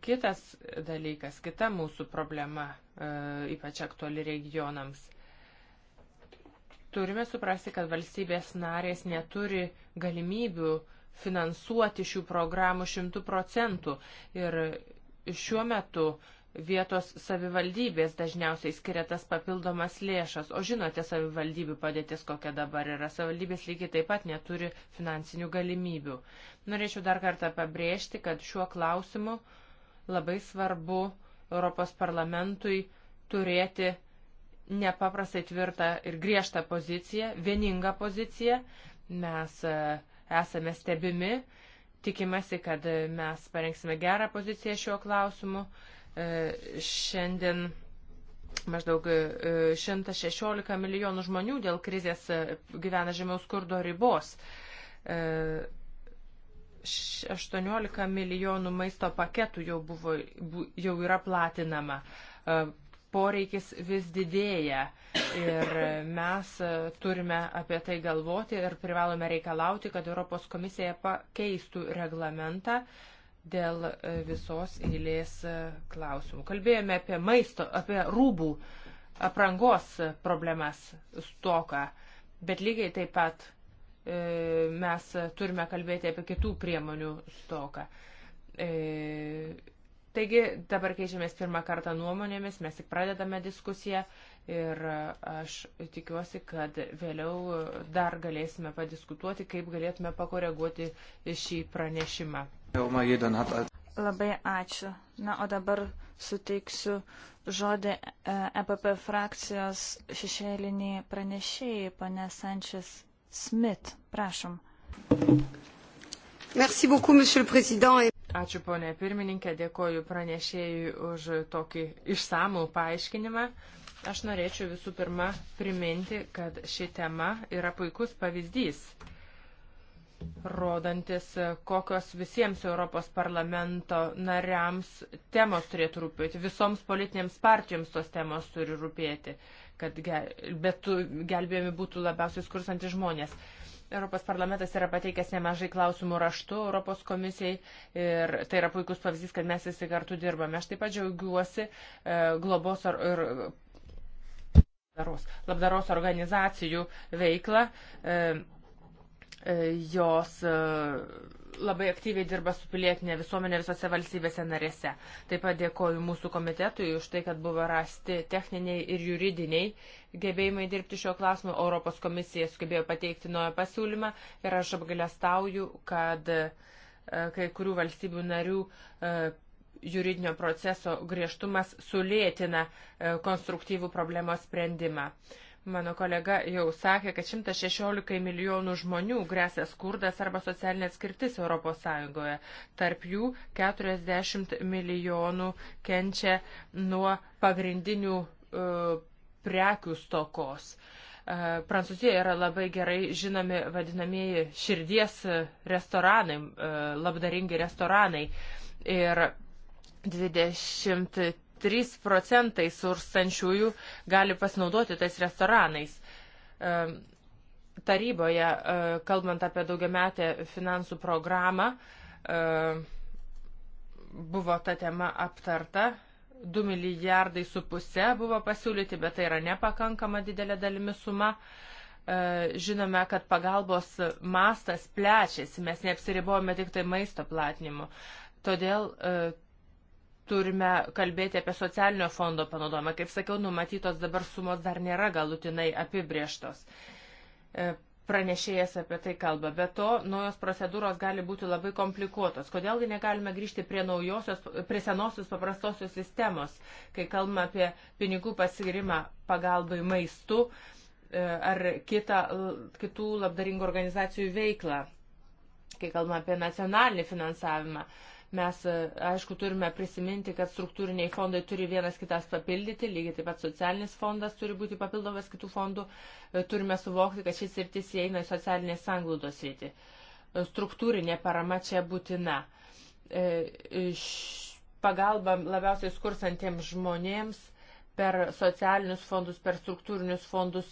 Kitas dalykas, kita mūsų problema, ypač aktuali regionams. Turime suprasti, kad valstybės narės neturi galimybių finansuoti šių programų šimtų procentų ir šiuo metu vietos savivaldybės dažniausiai skiria tas papildomas lėšas, o žinote savivaldybių padėtis, kokia dabar yra. Savivaldybės lygiai taip pat neturi finansinių galimybių. Norėčiau dar kartą pabrėžti, kad šiuo klausimu labai svarbu Europos parlamentui turėti nepaprastai tvirtą ir griežtą poziciją, vieningą poziciją. Mes e, esame stebimi Tikimasi, kad mes parengsime gerą poziciją šiuo klausimu. E, šiandien maždaug 116 e, milijonų žmonių dėl krizės e, gyvena žemiau skurdo ribos. 18 milijonų maisto paketų jau, buvo, jau yra platinama poreikis vis didėja ir mes e, turime apie tai galvoti ir privalome reikalauti, kad Europos komisija pakeistų reglamentą dėl e, visos eilės e, klausimų. Kalbėjome apie maisto, apie rūbų, aprangos problemas stoką, bet lygiai taip pat mes turime kalbėti apie kitų priemonių stoką Taigi dabar keičiamės pirmą kartą nuomonėmis, mes tik pradedame diskusiją ir e, aš tikiuosi, kad vėliau dar galėsime padiskutuoti, kaip galėtume pakoreguoti šį pranešimą. Labai ačiū. Na, o dabar suteiksiu žodį EPP e frakcijos šešėliniai pranešėjai, pane Sančias Smith. Prašom. Merci beaucoup, monsieur le président. Ačiū ponė pirmininkė, dėkoju pranešėjui už tokį išsamų paaiškinimą. Aš norėčiau visų pirma priminti, kad ši tema yra puikus pavyzdys, rodantis, kokios visiems Europos parlamento nariams temos turėtų rūpėti, visoms politinėms partijoms tos temos turi rūpėti, kad gel, bet gelbėjami būtų labiausiai skursantys žmonės. Europos parlamentas yra pateikęs nemažai klausimų raštu Europos komisijai ir tai yra puikus pavyzdys, kad mes visi kartu dirbame. Aš taip pat džiaugiuosi e, globos ar, ir labdaros, labdaros organizacijų veiklą. E, e, jos labai aktyviai dirba su pilietinė visuomenė visose valstybėse narėse. Taip pat dėkoju mūsų komitetui už tai, kad buvo rasti techniniai ir juridiniai gebėjimai dirbti šio klausimu. Europos komisija sugebėjo pateikti naują pasiūlymą ir aš apgalėstauju, kad e, kai kurių valstybių narių e, juridinio proceso griežtumas sulėtina e, konstruktyvų problemos sprendimą. Mano kolega jau sakė, kad 116 milijonų žmonių grėsia skurdas arba socialinė atskirtis ES. Tarp jų 40 milijonų kenčia nuo pagrindinių uh, prekių stokos. Uh, e, Prancūzijoje yra labai gerai žinomi vadinamieji širdies restoranai, uh, labdaringi restoranai. Ir 23 3 procentai surstančiųjų gali pasinaudoti tais restoranais. E, taryboje, e, kalbant apie daugiametę finansų programą, e, buvo ta tema aptarta. 2 milijardai su pusė buvo pasiūlyti, bet tai yra nepakankama didelė dalimi suma žinome, kad pagalbos mastas plečiasi, mes neapsiribojame tik tai maisto platinimu. Todėl turime kalbėti apie socialinio fondo panaudojimą. Kaip sakiau, numatytos dabar sumos dar nėra galutinai apibrieštos. E, pranešėjas apie tai kalba. Be to, naujos procedūros gali būti labai komplikuotos. Kodėlgi negalime grįžti prie, naujosios, prie senosios paprastosios sistemos, kai kalbame apie pinigų pasigirimą pagalbai maistu e, ar kita, kitų labdaringų organizacijų veiklą, kai kalbame apie nacionalinį finansavimą Mes, e, aišku, turime prisiminti, kad struktūriniai fondai turi vienas kitas papildyti, lygiai taip pat socialinis fondas turi būti papildomas kitų fondų. E, turime suvokti, kad šis sritis įeina į socialinės sanglaudos sritį. E, struktūrinė parama čia būtina. Iš pagalba labiausiai skursantiems žmonėms per socialinius fondus, per struktūrinius fondus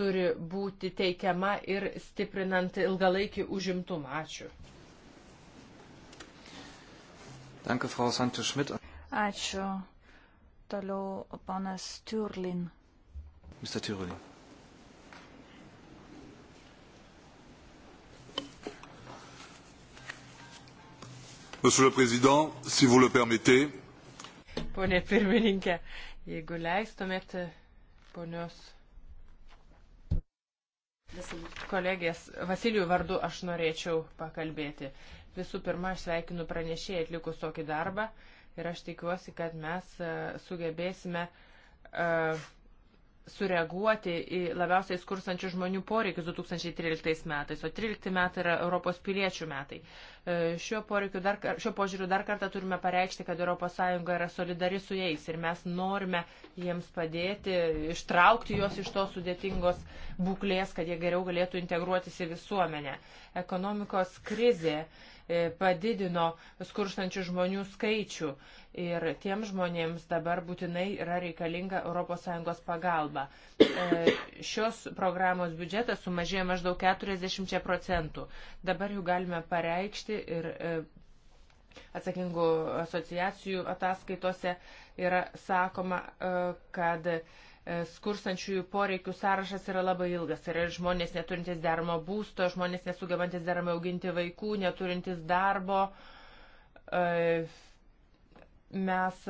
turi būti teikiama ir stiprinant ilgalaikį užimtumą. Ačiū. Danke, Frau Santos-Schmidt. Ačiū. Toliau ponas Turlin. Mr. Turlin. Monsieur le Président, si vous le permettez. Pone pirmininkė, jeigu leistumėt ponios kolegės Vasilijų vardu aš norėčiau pakalbėti. Visų pirma, aš sveikinu pranešėjai atlikus tokį darbą ir aš tikiuosi, kad mes e, sugebėsime e, sureaguoti į labiausiai skursančių žmonių poreikius 2013 metais, o 13 metai yra Europos piliečių metai. E, šiuo, dar, šiuo požiūriu dar kartą turime pareikšti, kad ES yra solidari su jais ir mes norime jiems padėti, ištraukti juos iš tos sudėtingos būklės, kad jie geriau galėtų integruotis į visuomenę. Ekonomikos krizė uh, E, padidino skurstančių žmonių skaičių ir tiem žmonėms dabar būtinai yra reikalinga ES pagalba. E, šios programos biudžetas sumažėjo maždaug 40 procentų. Dabar jau galime pareikšti ir e, atsakingų asociacijų ataskaitose yra sakoma, kad E, skurstančiųjų poreikių sąrašas yra labai ilgas. Tai yra žmonės neturintys deramo būsto, žmonės nesugebantis deramai auginti vaikų, neturintys darbo. E, mes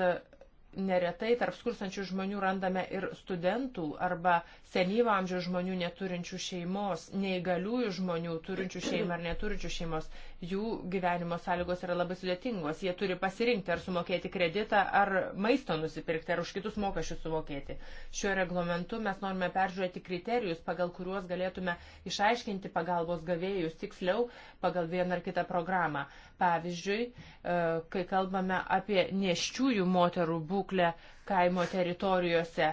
neretai tarp skurstančių žmonių randame ir studentų arba senyvo amžiaus žmonių neturinčių šeimos, neįgaliųjų žmonių turinčių šeimą ar neturinčių šeimos. Jų gyvenimo sąlygos yra labai sudėtingos. Jie turi pasirinkti ar sumokėti kreditą, ar maisto nusipirkti, ar už kitus mokesčius sumokėti. Šiuo reglamentu mes norime peržiūrėti kriterijus, pagal kuriuos galėtume išaiškinti pagalbos gavėjus tiksliau pagal vieną ar kitą programą. Pavyzdžiui, e, kai kalbame apie neščiųjų moterų būklę kaimo teritorijose,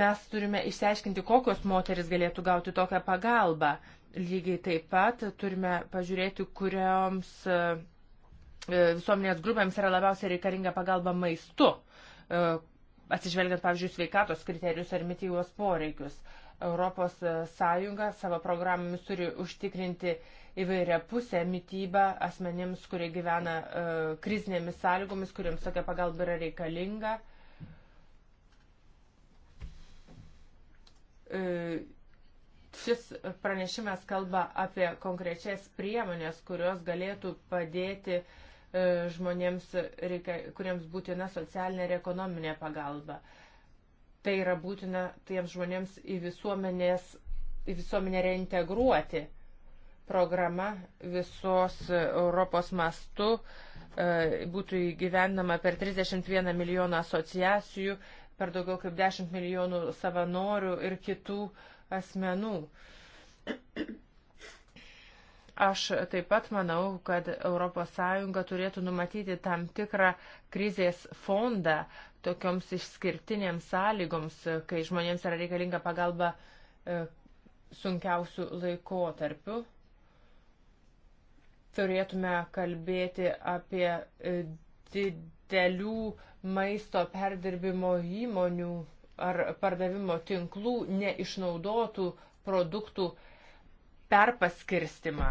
mes turime išsiaiškinti, kokios moteris galėtų gauti tokią pagalbą. Lygiai taip pat turime pažiūrėti, kurioms e, visuomenės grupėms yra labiausiai reikalinga pagalba maistu, e, atsižvelgiant, pavyzdžiui, sveikatos kriterijus ar mitybos poreikius. Europos Sąjunga savo programomis turi užtikrinti įvairia pusę mytybą asmenims, kurie gyvena e, krizinėmis sąlygomis, kuriems tokia pagalba yra reikalinga. E, šis pranešimas kalba apie konkrečias priemonės, kurios galėtų padėti e, žmonėms, kuriems būtina socialinė ir ekonominė pagalba. Tai yra būtina tiems žmonėms į, į visuomenę reintegruoti programa visos Europos mastu e, būtų įgyvendama per 31 milijoną asociacijų, per daugiau kaip 10 milijonų savanorių ir kitų asmenų. Aš taip pat manau, kad ES turėtų numatyti tam tikrą krizės fondą tokioms išskirtinėms sąlygoms, kai žmonėms yra reikalinga pagalba e, sunkiausių laikotarpių turėtume kalbėti apie e, didelių maisto perdirbimo įmonių ar pardavimo tinklų neišnaudotų produktų perpaskirstimą.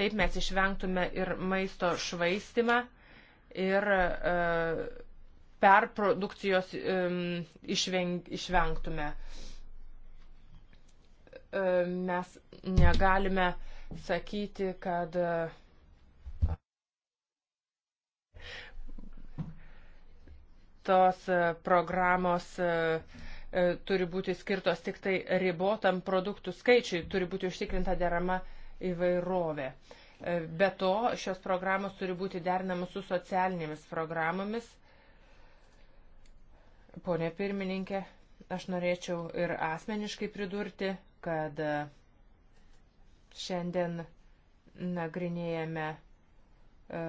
Taip mes išvengtume ir maisto švaistimą, ir e, perprodukcijos e, išveng, išvengtume. E, E, mes negalime sakyti, kad e, tos e, programos turi būti skirtos tik tai ribotam produktų skaičiui, turi būti užtikrinta derama įvairovė. Be to, šios programos turi būti derinamos su socialinėmis programomis. Pone pirmininkė, aš norėčiau ir asmeniškai pridurti, kad e, šiandien nagrinėjame e,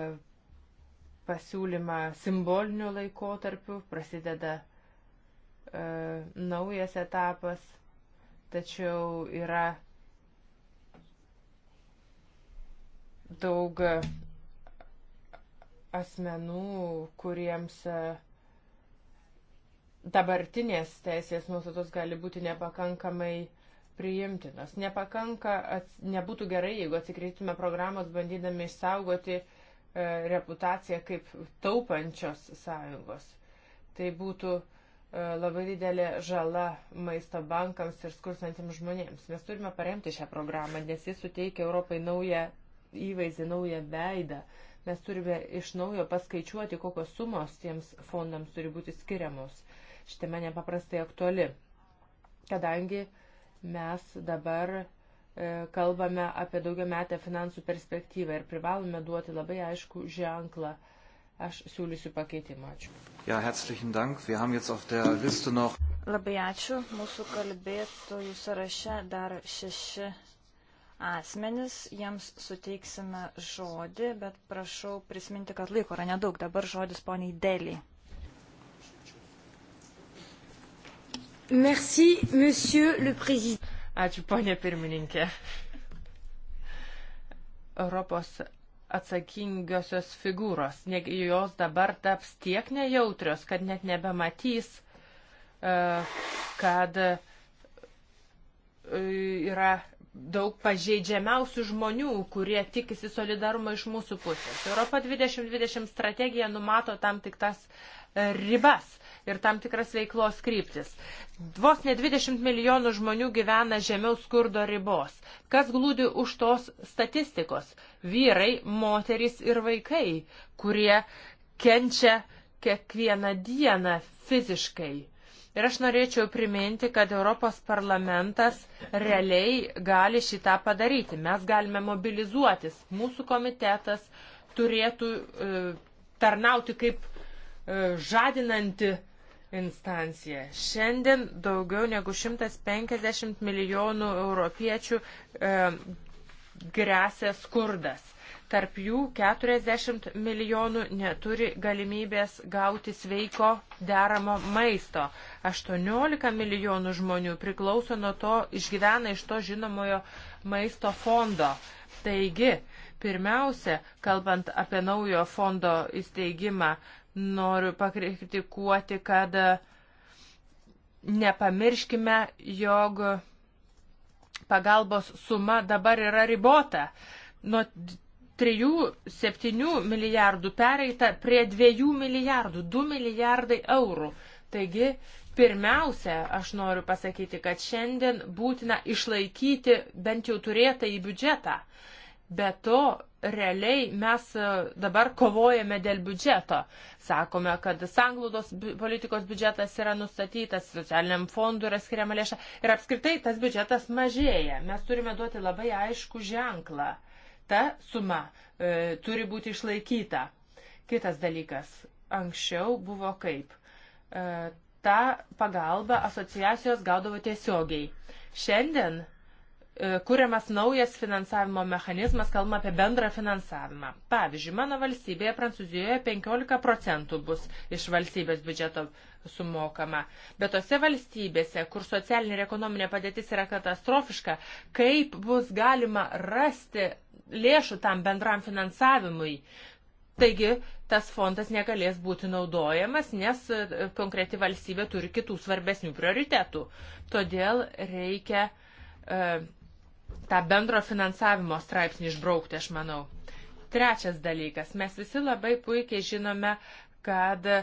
pasiūlymą simboliniu laikotarpiu, prasideda e, naujas etapas, tačiau yra daug asmenų, kuriems e, dabartinės teisės nuostatos gali būti nepakankamai e, priimtinos. Nepakanka, ats, nebūtų gerai, jeigu atsikreiptume programos bandydami išsaugoti e, reputaciją kaip taupančios sąjungos. Tai būtų e, labai didelė žala maisto bankams ir skursantiems žmonėms. Mes turime paremti šią programą, nes jis suteikia Europai naują įvaizdį, naują veidą. Mes turime iš naujo paskaičiuoti, kokios sumos tiems fondams turi būti skiriamos. Šitame nepaprastai aktuali, kadangi uh, mes dabar e, kalbame apie daugiametę finansų perspektyvą ir privalome duoti labai aišku ženklą. Aš siūlysiu pakeitimą. Ačiū. Ja, herzlichen Dank. Wir haben jetzt auf der Liste noch. Labai ačiū. Mūsų kalbėtojų sąraše dar šeši asmenis. Jiems suteiksime žodį, bet prašau prisiminti, kad laiko yra nedaug. Dabar žodis poniai Deli. Merci, monsieur le président. Ačiū, ponė pirmininkė. Europos atsakingiosios figūros, negi jos dabar taps tiek nejautrios, kad net nebematys, e, kad e, yra daug pažeidžiamiausių žmonių, kurie tikisi solidarumo iš mūsų pusės. Europa 2020 strategija numato tam tik tas ribas ir tam tikras veiklos kryptis. Vos ne 20 milijonų žmonių gyvena žemiau skurdo ribos. Kas glūdi už tos statistikos? Vyrai, moterys ir vaikai, kurie kenčia kiekvieną dieną fiziškai. Ir aš norėčiau priminti, kad Europos parlamentas realiai gali šitą padaryti. Mes galime mobilizuotis. Mūsų komitetas turėtų e, tarnauti kaip e, žadinanti instanciją. Šiandien daugiau negu 150 milijonų europiečių e, grėsia skurdas. Tarp jų 40 milijonų neturi galimybės gauti sveiko deramo maisto. 18 milijonų žmonių priklauso nuo to, išgyvena iš to žinomojo maisto fondo. Taigi, pirmiausia, kalbant apie naujo fondo įsteigimą, noriu pakritikuoti, kad nepamirškime, jog pagalbos suma dabar yra ribota. Nuo 3-7 milijardų pereita prie 2 milijardų, 2 milijardai eurų. Taigi, pirmiausia, aš noriu pasakyti, kad šiandien būtina išlaikyti bent jau turėtą į biudžetą. Be to, realiai mes e, dabar kovojame dėl biudžeto. Sakome, kad sanglaudos politikos biudžetas yra nustatytas, socialiniam fondui yra skiriama lėša ir apskritai tas biudžetas mažėja. Mes turime duoti labai aišku ženklą. Ta suma e, turi būti išlaikyta. Kitas dalykas. Anksčiau buvo kaip. E, ta pagalba asociacijos gaudavo tiesiogiai. Šiandien E, kuriamas naujas finansavimo mechanizmas, kalbama apie bendrą finansavimą. Pavyzdžiui, mano valstybėje Prancūzijoje 15 procentų bus iš valstybės biudžeto sumokama. Bet tose valstybėse, kur socialinė ir ekonominė padėtis yra katastrofiška, kaip bus galima rasti lėšų tam bendram finansavimui? Taigi, tas fondas negalės būti naudojamas, nes e, konkreti valstybė turi kitų svarbesnių prioritetų. Todėl reikia uh, tą bendro finansavimo straipsnį išbraukti, aš manau. Trečias dalykas. Mes visi labai puikiai žinome, kad e,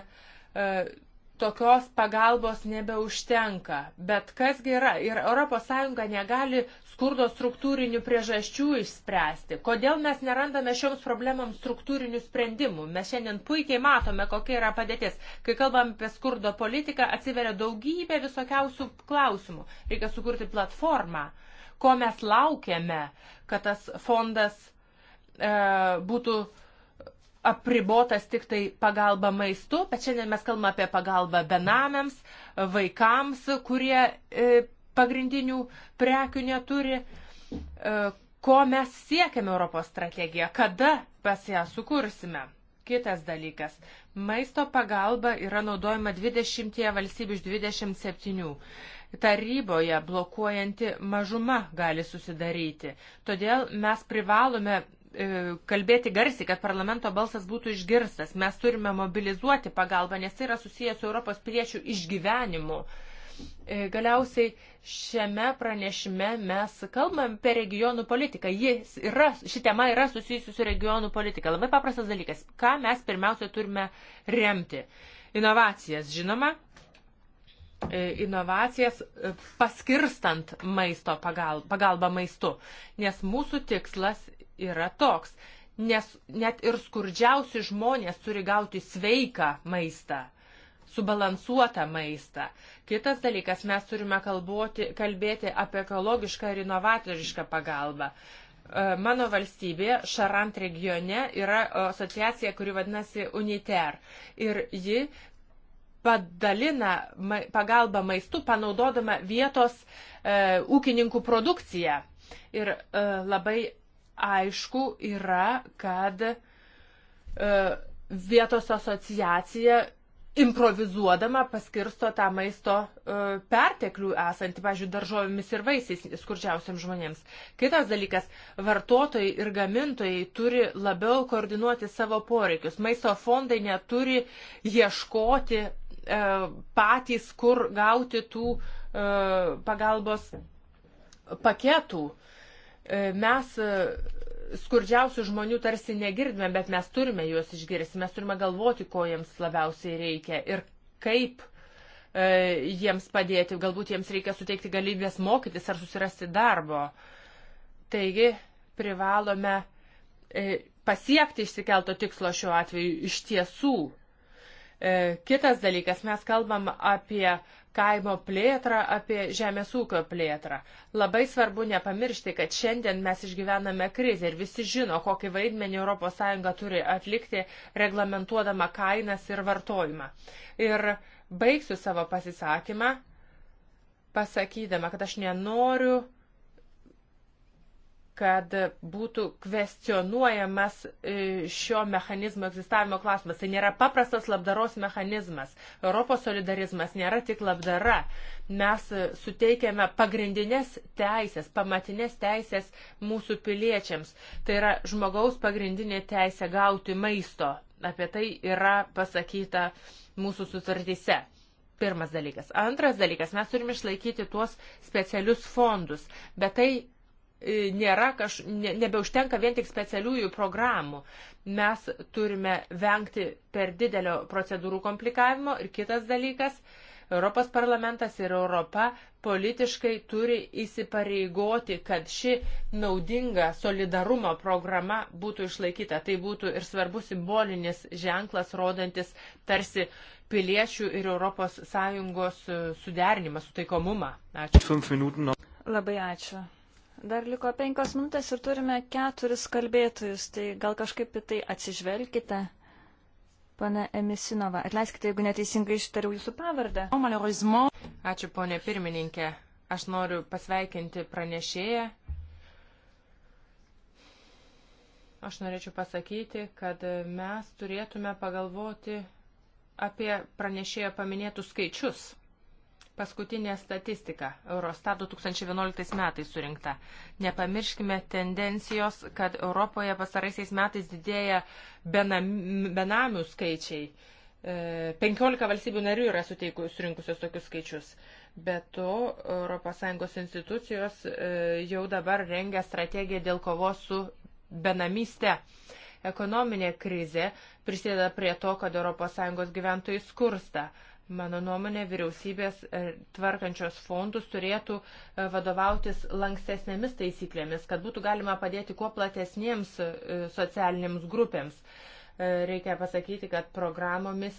tokios pagalbos nebeužtenka. Bet kasgi yra? Ir ES negali skurdo struktūrinių priežasčių išspręsti. Kodėl mes nerandame šioms problemams struktūrinių sprendimų? Mes šiandien puikiai matome, kokia yra padėtis. Kai kalbam apie skurdo politiką, atsiveria daugybė visokiausių klausimų. Reikia sukurti platformą. Uh, ko mes laukiame, kad tas fondas e, būtų apribotas tik tai pagalba maistu, bet šiandien mes kalbame apie pagalbą benamiams, vaikams, kurie e, pagrindinių prekių neturi. E, ko mes siekiame Europos strategiją, kada pas ją sukursime. Kitas dalykas. Maisto pagalba yra naudojama 20 valstybių iš 27. Taryboje blokuojanti mažuma gali susidaryti. Todėl mes privalome e, kalbėti garsiai, kad parlamento balsas būtų išgirstas. Mes turime mobilizuoti pagalbą, nes tai yra susijęs su Europos piliečių išgyvenimu. Uh, E, galiausiai šiame pranešime mes kalbam apie regionų politiką. Jis yra, ši tema yra susijusi su regionų politika. Labai paprastas dalykas. Ką mes pirmiausia turime remti? Inovacijas, žinoma, e, inovacijas e, paskirstant maisto pagal, pagalbą maistu. Nes mūsų tikslas yra toks. Nes net ir skurdžiausi žmonės turi gauti sveiką maistą subalansuotą maistą. Kitas dalykas, mes turime kalbuoti, kalbėti apie ekologišką ir inovatorišką pagalbą. E, mano valstybė, Šarant regione, yra asociacija, kuri vadinasi UNITER. Ir ji padalina pagalbą maistu, panaudodama vietos e, ūkininkų produkciją. Ir e, labai aišku yra, kad e, vietos asociacija improvizuodama paskirsto tą maisto e, perteklių esantį, pažiūrėjau, daržovėmis ir vaisiais skurčiausiams žmonėms. Kitas dalykas, vartotojai ir gamintojai turi labiau koordinuoti savo poreikius. Maisto fondai neturi ieškoti e, patys, kur gauti tų e, pagalbos paketų. E, mes e, skurdžiausių žmonių tarsi negirdime, bet mes turime juos išgirsti, mes turime galvoti, ko jiems labiausiai reikia ir kaip e, jiems padėti. Galbūt jiems reikia suteikti galimybės mokytis ar susirasti darbo. Taigi privalome e, pasiekti išsikelto tikslo šiuo atveju iš tiesų. E, kitas dalykas, mes kalbam apie kaimo plėtrą, apie žemės ūkio plėtrą. Labai svarbu nepamiršti, kad šiandien mes išgyvename krizę ir visi žino, kokį vaidmenį ES turi atlikti, reglamentuodama kainas ir vartojimą. Ir baigsiu savo pasisakymą, pasakydama, kad aš nenoriu kad būtų kvestionuojamas e, šio mechanizmo egzistavimo klausimas. Tai nėra paprastas labdaros mechanizmas. Europos solidarizmas nėra tik labdara. Mes e, suteikiame pagrindinės teisės, pamatinės teisės mūsų piliečiams. Tai yra žmogaus pagrindinė teisė gauti maisto. Apie tai yra pasakyta mūsų sutartyse. Pirmas dalykas. Antras dalykas, mes turime išlaikyti tuos specialius fondus, bet tai E, nėra kaž, ne, nebeužtenka vien tik specialiųjų programų. Mes turime vengti per didelio procedūrų komplikavimo ir kitas dalykas, Europos parlamentas ir Europa politiškai turi įsipareigoti, kad ši naudinga solidarumo programa būtų išlaikyta. Tai būtų ir svarbus simbolinis ženklas, rodantis tarsi piliečių ir ES suderinimas, sutaikomumą. Ačiū. Labai ačiū. Dar liko penkios minutės ir turime keturis kalbėtojus, tai gal kažkaip į tai atsižvelkite. Pane Emisinova, atleiskite, jeigu neteisingai ištariau jūsų pavardę. Ačiū, ponė pirmininkė. Aš noriu pasveikinti pranešėją. Aš norėčiau pasakyti, kad mes turėtume pagalvoti apie pranešėjo paminėtus skaičius paskutinė statistika Eurostat 2011 metais surinkta. Nepamirškime tendencijos, kad Europoje pasaraisiais metais didėja benami, benamių skaičiai. 15 e, valstybių narių yra suteikus, surinkusios tokius skaičius. Be to, ES institucijos e, jau dabar rengia strategiją dėl kovos su benamyste ekonominė krizė prisideda prie to, kad ES gyventojai skursta. Mano nuomonė, vyriausybės e, tvarkančios fondus turėtų e, vadovautis lankstesnėmis taisyklėmis, kad būtų galima padėti kuo platesniems e, socialinėms grupėms. Reikia pasakyti, kad programomis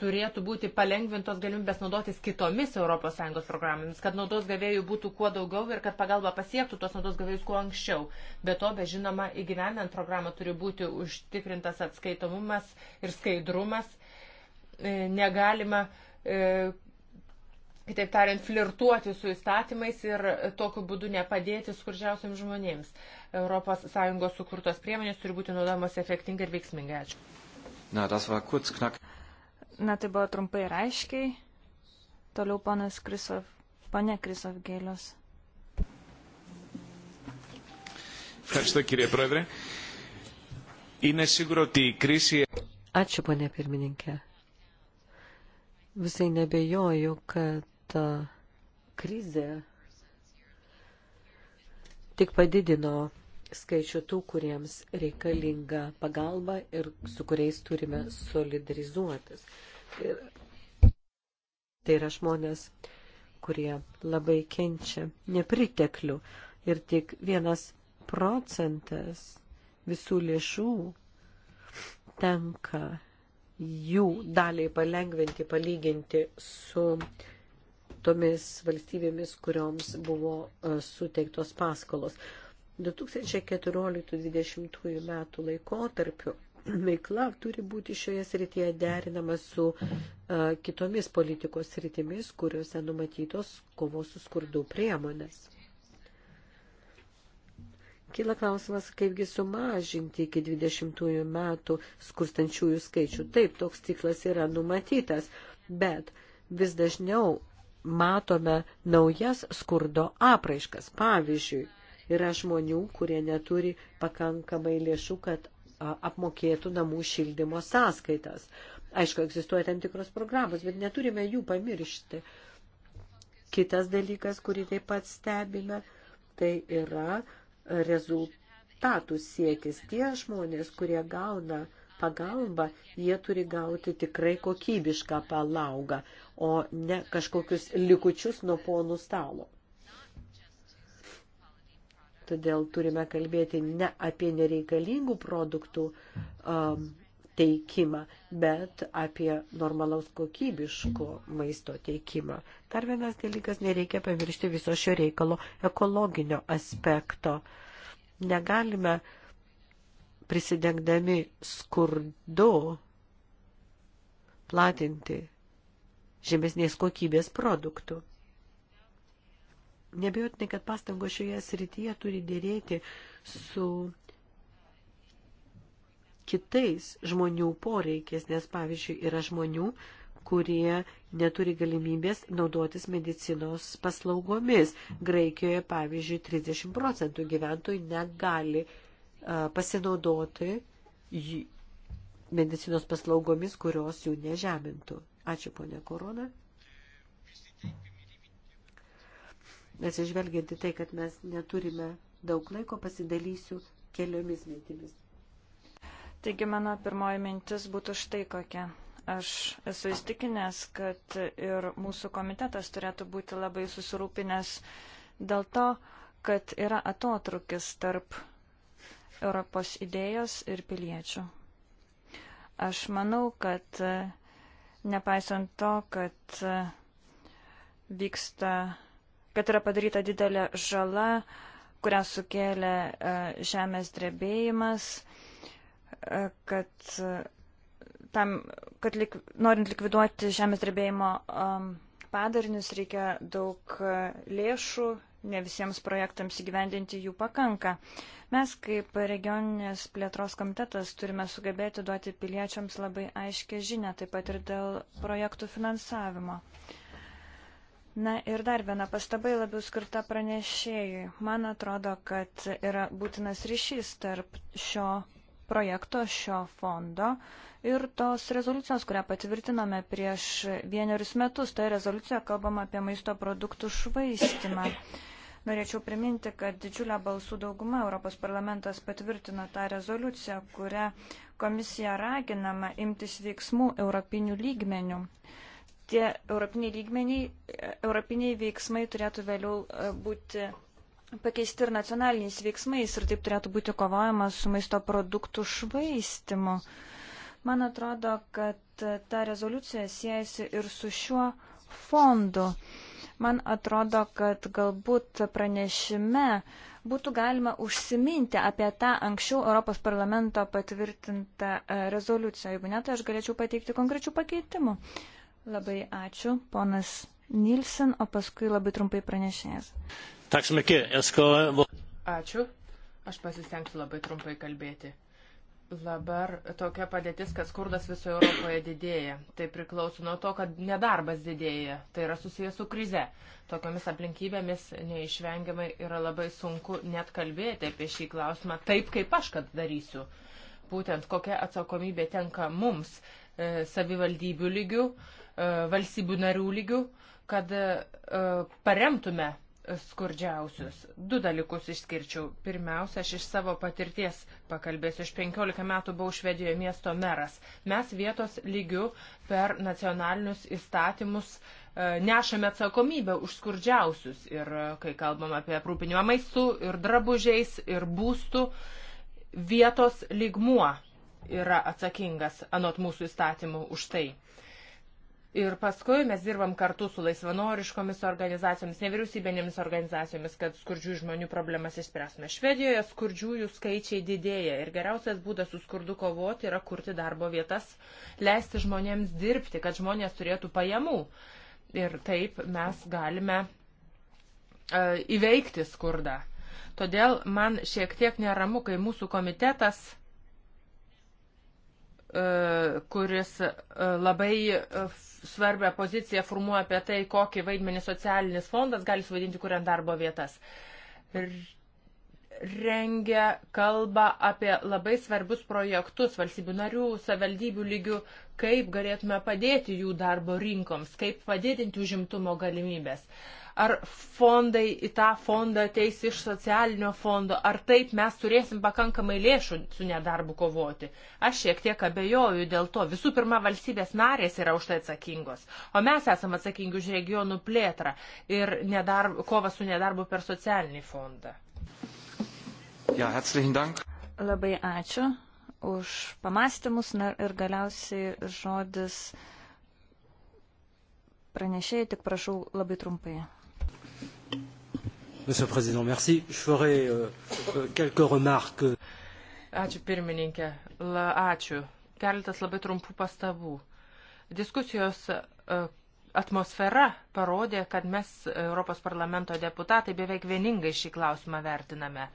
turėtų būti palengvintos galimybės naudotis kitomis ES programomis, kad naudos gavėjų būtų kuo daugiau ir kad pagalba pasiektų tos naudos gavėjus kuo anksčiau. Be to, be žinoma, įgyvenant programą turi būti užtikrintas atskaitomumas ir skaidrumas E, negalima, e, kitaip tariant, flirtuoti su įstatymais ir tokiu būdu nepadėti skurdžiausiams žmonėms. ES sukurtos priemonės turi būti naudojamos efektingai ir veiksmingai. Ačiū. Na, das war kurz knack. Na, tai buvo trumpai ir aiškiai. Toliau panas Krisov, pane Krisov Gėlios. Ευχαριστώ κύριε Πρόεδρε. Είναι σίγουρο ότι η κρίση... Ačiū, ponė pirmininkė. Visai nebejoju, kad krizė tik padidino skaičių tų, kuriems reikalinga pagalba ir su kuriais turime solidarizuotis. Ir tai yra žmonės, kurie labai kenčia nepriteklių ir tik vienas procentas visų lėšų tenka jų daliai palengventi palyginti su tomis valstybėmis, kurioms buvo e, suteiktos paskolos. 2014-2020 metų laikotarpiu veikla turi būti šioje srityje derinama su e, kitomis politikos sritimis, kuriuose numatytos kovos su skurdu priemonės. Kila klausimas, kaipgi sumažinti iki 20 metų skurstančiųjų skaičių. Taip, toks tiklas yra numatytas, bet vis dažniau matome naujas skurdo apraiškas. Pavyzdžiui, yra žmonių, kurie neturi pakankamai lėšų, kad apmokėtų namų šildymo sąskaitas. Aišku, egzistuoja tam tikros programos, bet neturime jų pamiršti. Kitas dalykas, kurį taip pat stebime, tai yra uh, rezultatų siekis. Tie žmonės, kurie gauna pagalbą, jie turi gauti tikrai kokybišką palaugą, o ne kažkokius likučius nuo ponų stalo. Todėl turime kalbėti ne apie nereikalingų produktų um, teikimą, bet apie normalaus kokybiško maisto teikimą. Dar vienas dalykas, nereikia pamiršti viso šio reikalo ekologinio aspekto. Uh, Negalime prisidengdami skurdu platinti žemesnės kokybės produktų. Nebejotinai, kad pastango šioje srityje turi dėrėti su kitais žmonių poreikiais, nes pavyzdžiui yra žmonių, kurie neturi galimybės naudotis medicinos paslaugomis. Graikijoje, pavyzdžiui, 30 procentų gyventojų negali pasinaudoti medicinos paslaugomis, kurios jų nežemintų. Ačiū, ponė Korona. Mes išvelgiant į tai, kad mes neturime daug laiko, pasidalysiu keliomis mintimis. Taigi mano pirmoji mintis būtų štai kokia. Aš esu įstikinęs, kad ir mūsų komitetas turėtų būti labai susirūpinęs dėl to, kad yra atotrukis tarp Europos idėjos ir piliečių. Aš manau, kad e, nepaisant to, kad e, vyksta, kad yra padaryta didelė žala, kurią sukėlė e, žemės drebėjimas, kad tam, kad lik, norint likviduoti žemės drebėjimo um, padarinius, reikia daug uh, lėšų, ne visiems projektams įgyvendinti jų pakanka. Mes kaip regioninės plėtros komitetas turime sugebėti duoti piliečiams labai aiškę žinę, taip pat ir dėl projektų finansavimo. Na ir dar viena pastabai labiau skirta pranešėjui. Man atrodo, kad yra būtinas ryšys tarp šio projekto šio fondo ir tos rezoliucijos, kurią patvirtinome prieš vienerius metus. Toje tai rezoliucijoje kalbama apie maisto produktų švaistimą. Norėčiau priminti, kad didžiulę balsų daugumą Europos parlamentas patvirtino tą rezoliuciją, kurią komisija raginama imtis veiksmų europinių lygmenių. Tie europiniai, lygmeniai, europiniai veiksmai turėtų vėliau e, būti pakeisti ir nacionaliniais veiksmais ir taip turėtų būti kovojama su maisto produktų švaistimu. Man atrodo, kad ta rezoliucija siejasi ir su šiuo fondu. Man atrodo, kad galbūt pranešime būtų galima užsiminti apie tą anksčiau Europos parlamento patvirtintą e, rezoliuciją. Jeigu ne, tai aš galėčiau pateikti konkrečių pakeitimų. Labai ačiū, ponas Nilsen, o paskui labai trumpai pranešėjas. Ačiū. Aš pasistengsiu labai trumpai kalbėti. Dabar tokia padėtis, kad skurdas visoje Europoje didėja. Tai priklauso nuo to, kad nedarbas didėja. Tai yra susijęs su krize. Tokiomis aplinkybėmis neišvengiamai yra labai sunku net kalbėti apie šį klausimą taip, kaip aš kad darysiu. Būtent kokia atsakomybė tenka mums e, savivaldybių lygių, e, valstybių narių lygių. E, kad e, paremtume skurdžiausius. Du dalykus išskirčiau. Pirmiausia, aš iš savo patirties pakalbėsiu. Aš 15 metų buvau Švedijoje miesto meras. Mes vietos lygių per nacionalinius įstatymus e, nešame atsakomybę už skurdžiausius. Ir e, kai kalbam apie aprūpinimą maistu ir drabužiais ir būstu, vietos lygmuo yra atsakingas anot mūsų įstatymų už tai. Ir paskui mes dirbam kartu su laisvanoriškomis organizacijomis, nevyriausybinėmis organizacijomis, kad skurdžių žmonių problemas išspręsime. Švedijoje skurdžiųjų skaičiai didėja ir geriausias būdas su skurdu kovoti yra kurti darbo vietas, leisti žmonėms dirbti, kad žmonės turėtų pajamų. Ir taip mes galime uh, įveikti skurdą. Todėl man šiek tiek neramu, kai mūsų komitetas uh, E, kuris e, labai e, svarbią poziciją formuoja apie tai, kokį vaidmenį socialinis fondas gali suvaidinti, kuriant darbo vietas. Ir rengia kalbą apie labai svarbius projektus valstybių narių, savivaldybių lygių, kaip galėtume padėti jų darbo rinkoms, kaip padidinti užimtumo galimybės. Uh, ar fondai į tą fondą ateis iš socialinio fondo, ar taip mes turėsim pakankamai lėšų su nedarbu kovoti. Aš šiek tiek abejoju dėl to. Visų pirma, valstybės narės yra už tai atsakingos, o mes esame atsakingi už regionų plėtrą ir nedarb, kovą su nedarbu per socialinį fondą. Ja, herzlichen Dank. Labai ačiū už pamastymus na, ir galiausiai žodis pranešėjai, tik prašau labai trumpai. Monsieur le Président, merci. Je ferai euh, euh, quelques remarques. Ačiū pirmininkė. La, ačiū. Keletas labai trumpų pastabų. Diskusijos uh, atmosfera parodė, kad mes Europos parlamento deputatai beveik vieningai šį klausimą vertiname.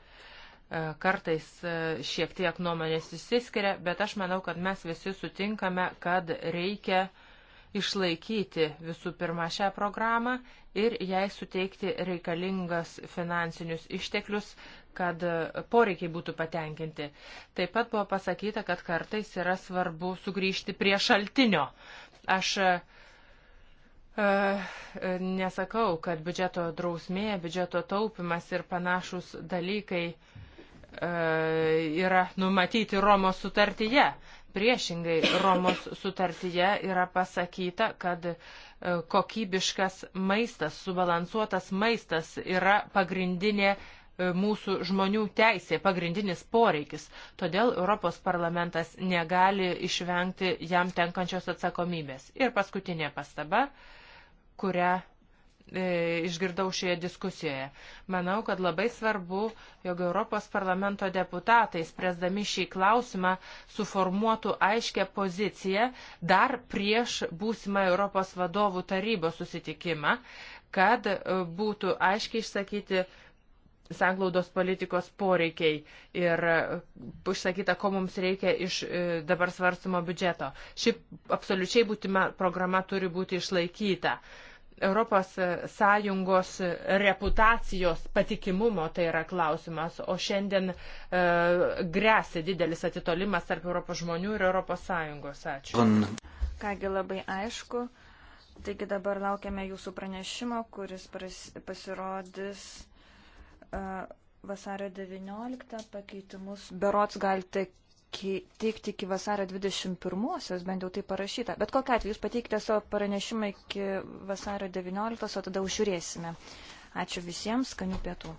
E, kartais e, šiek tiek nuomonės įsiskiria, bet aš manau, kad mes visi sutinkame, kad reikia uh, išlaikyti visų pirma šią programą ir jai suteikti reikalingas finansinius išteklius, kad poreikiai būtų patenkinti. Taip pat buvo pasakyta, kad kartais yra svarbu sugrįžti prie šaltinio. Aš e, e nesakau, kad biudžeto drausmė, biudžeto taupimas ir panašus dalykai e, yra numatyti Romos sutartyje. Priešingai, Romos sutartyje yra pasakyta, kad e, kokybiškas maistas, subalansuotas maistas yra pagrindinė e, mūsų žmonių teisė, pagrindinis poreikis. Todėl Europos parlamentas negali išvengti jam tenkančios atsakomybės. Ir paskutinė pastaba, kurią E, išgirdau šioje diskusijoje. Manau, kad labai svarbu, jog Europos parlamento deputatai, spręsdami šį klausimą, suformuotų aiškę poziciją dar prieš būsimą Europos vadovų tarybos susitikimą, kad e, būtų aiškiai išsakyti sanglaudos politikos poreikiai ir e, išsakyta, ko mums reikia iš dabar svarstumo biudžeto. Ši absoliučiai būtima programa turi būti išlaikyta. Uh, ES reputacijos patikimumo tai yra klausimas, o šiandien e, grėsia didelis atitolimas tarp Europos žmonių ir ES. Ačiū. Kągi labai aišku. Taigi dabar laukiame jūsų pranešimo, kuris pasirodys uh, vasario 19 pakeitimus. Berots galite teikti iki vasario 21-osios, bent jau tai parašyta. Bet kokia atveju jūs pateikite savo pranešimą iki vasario 19-os, o tada užžiūrėsime. Ačiū visiems, skanių pietų.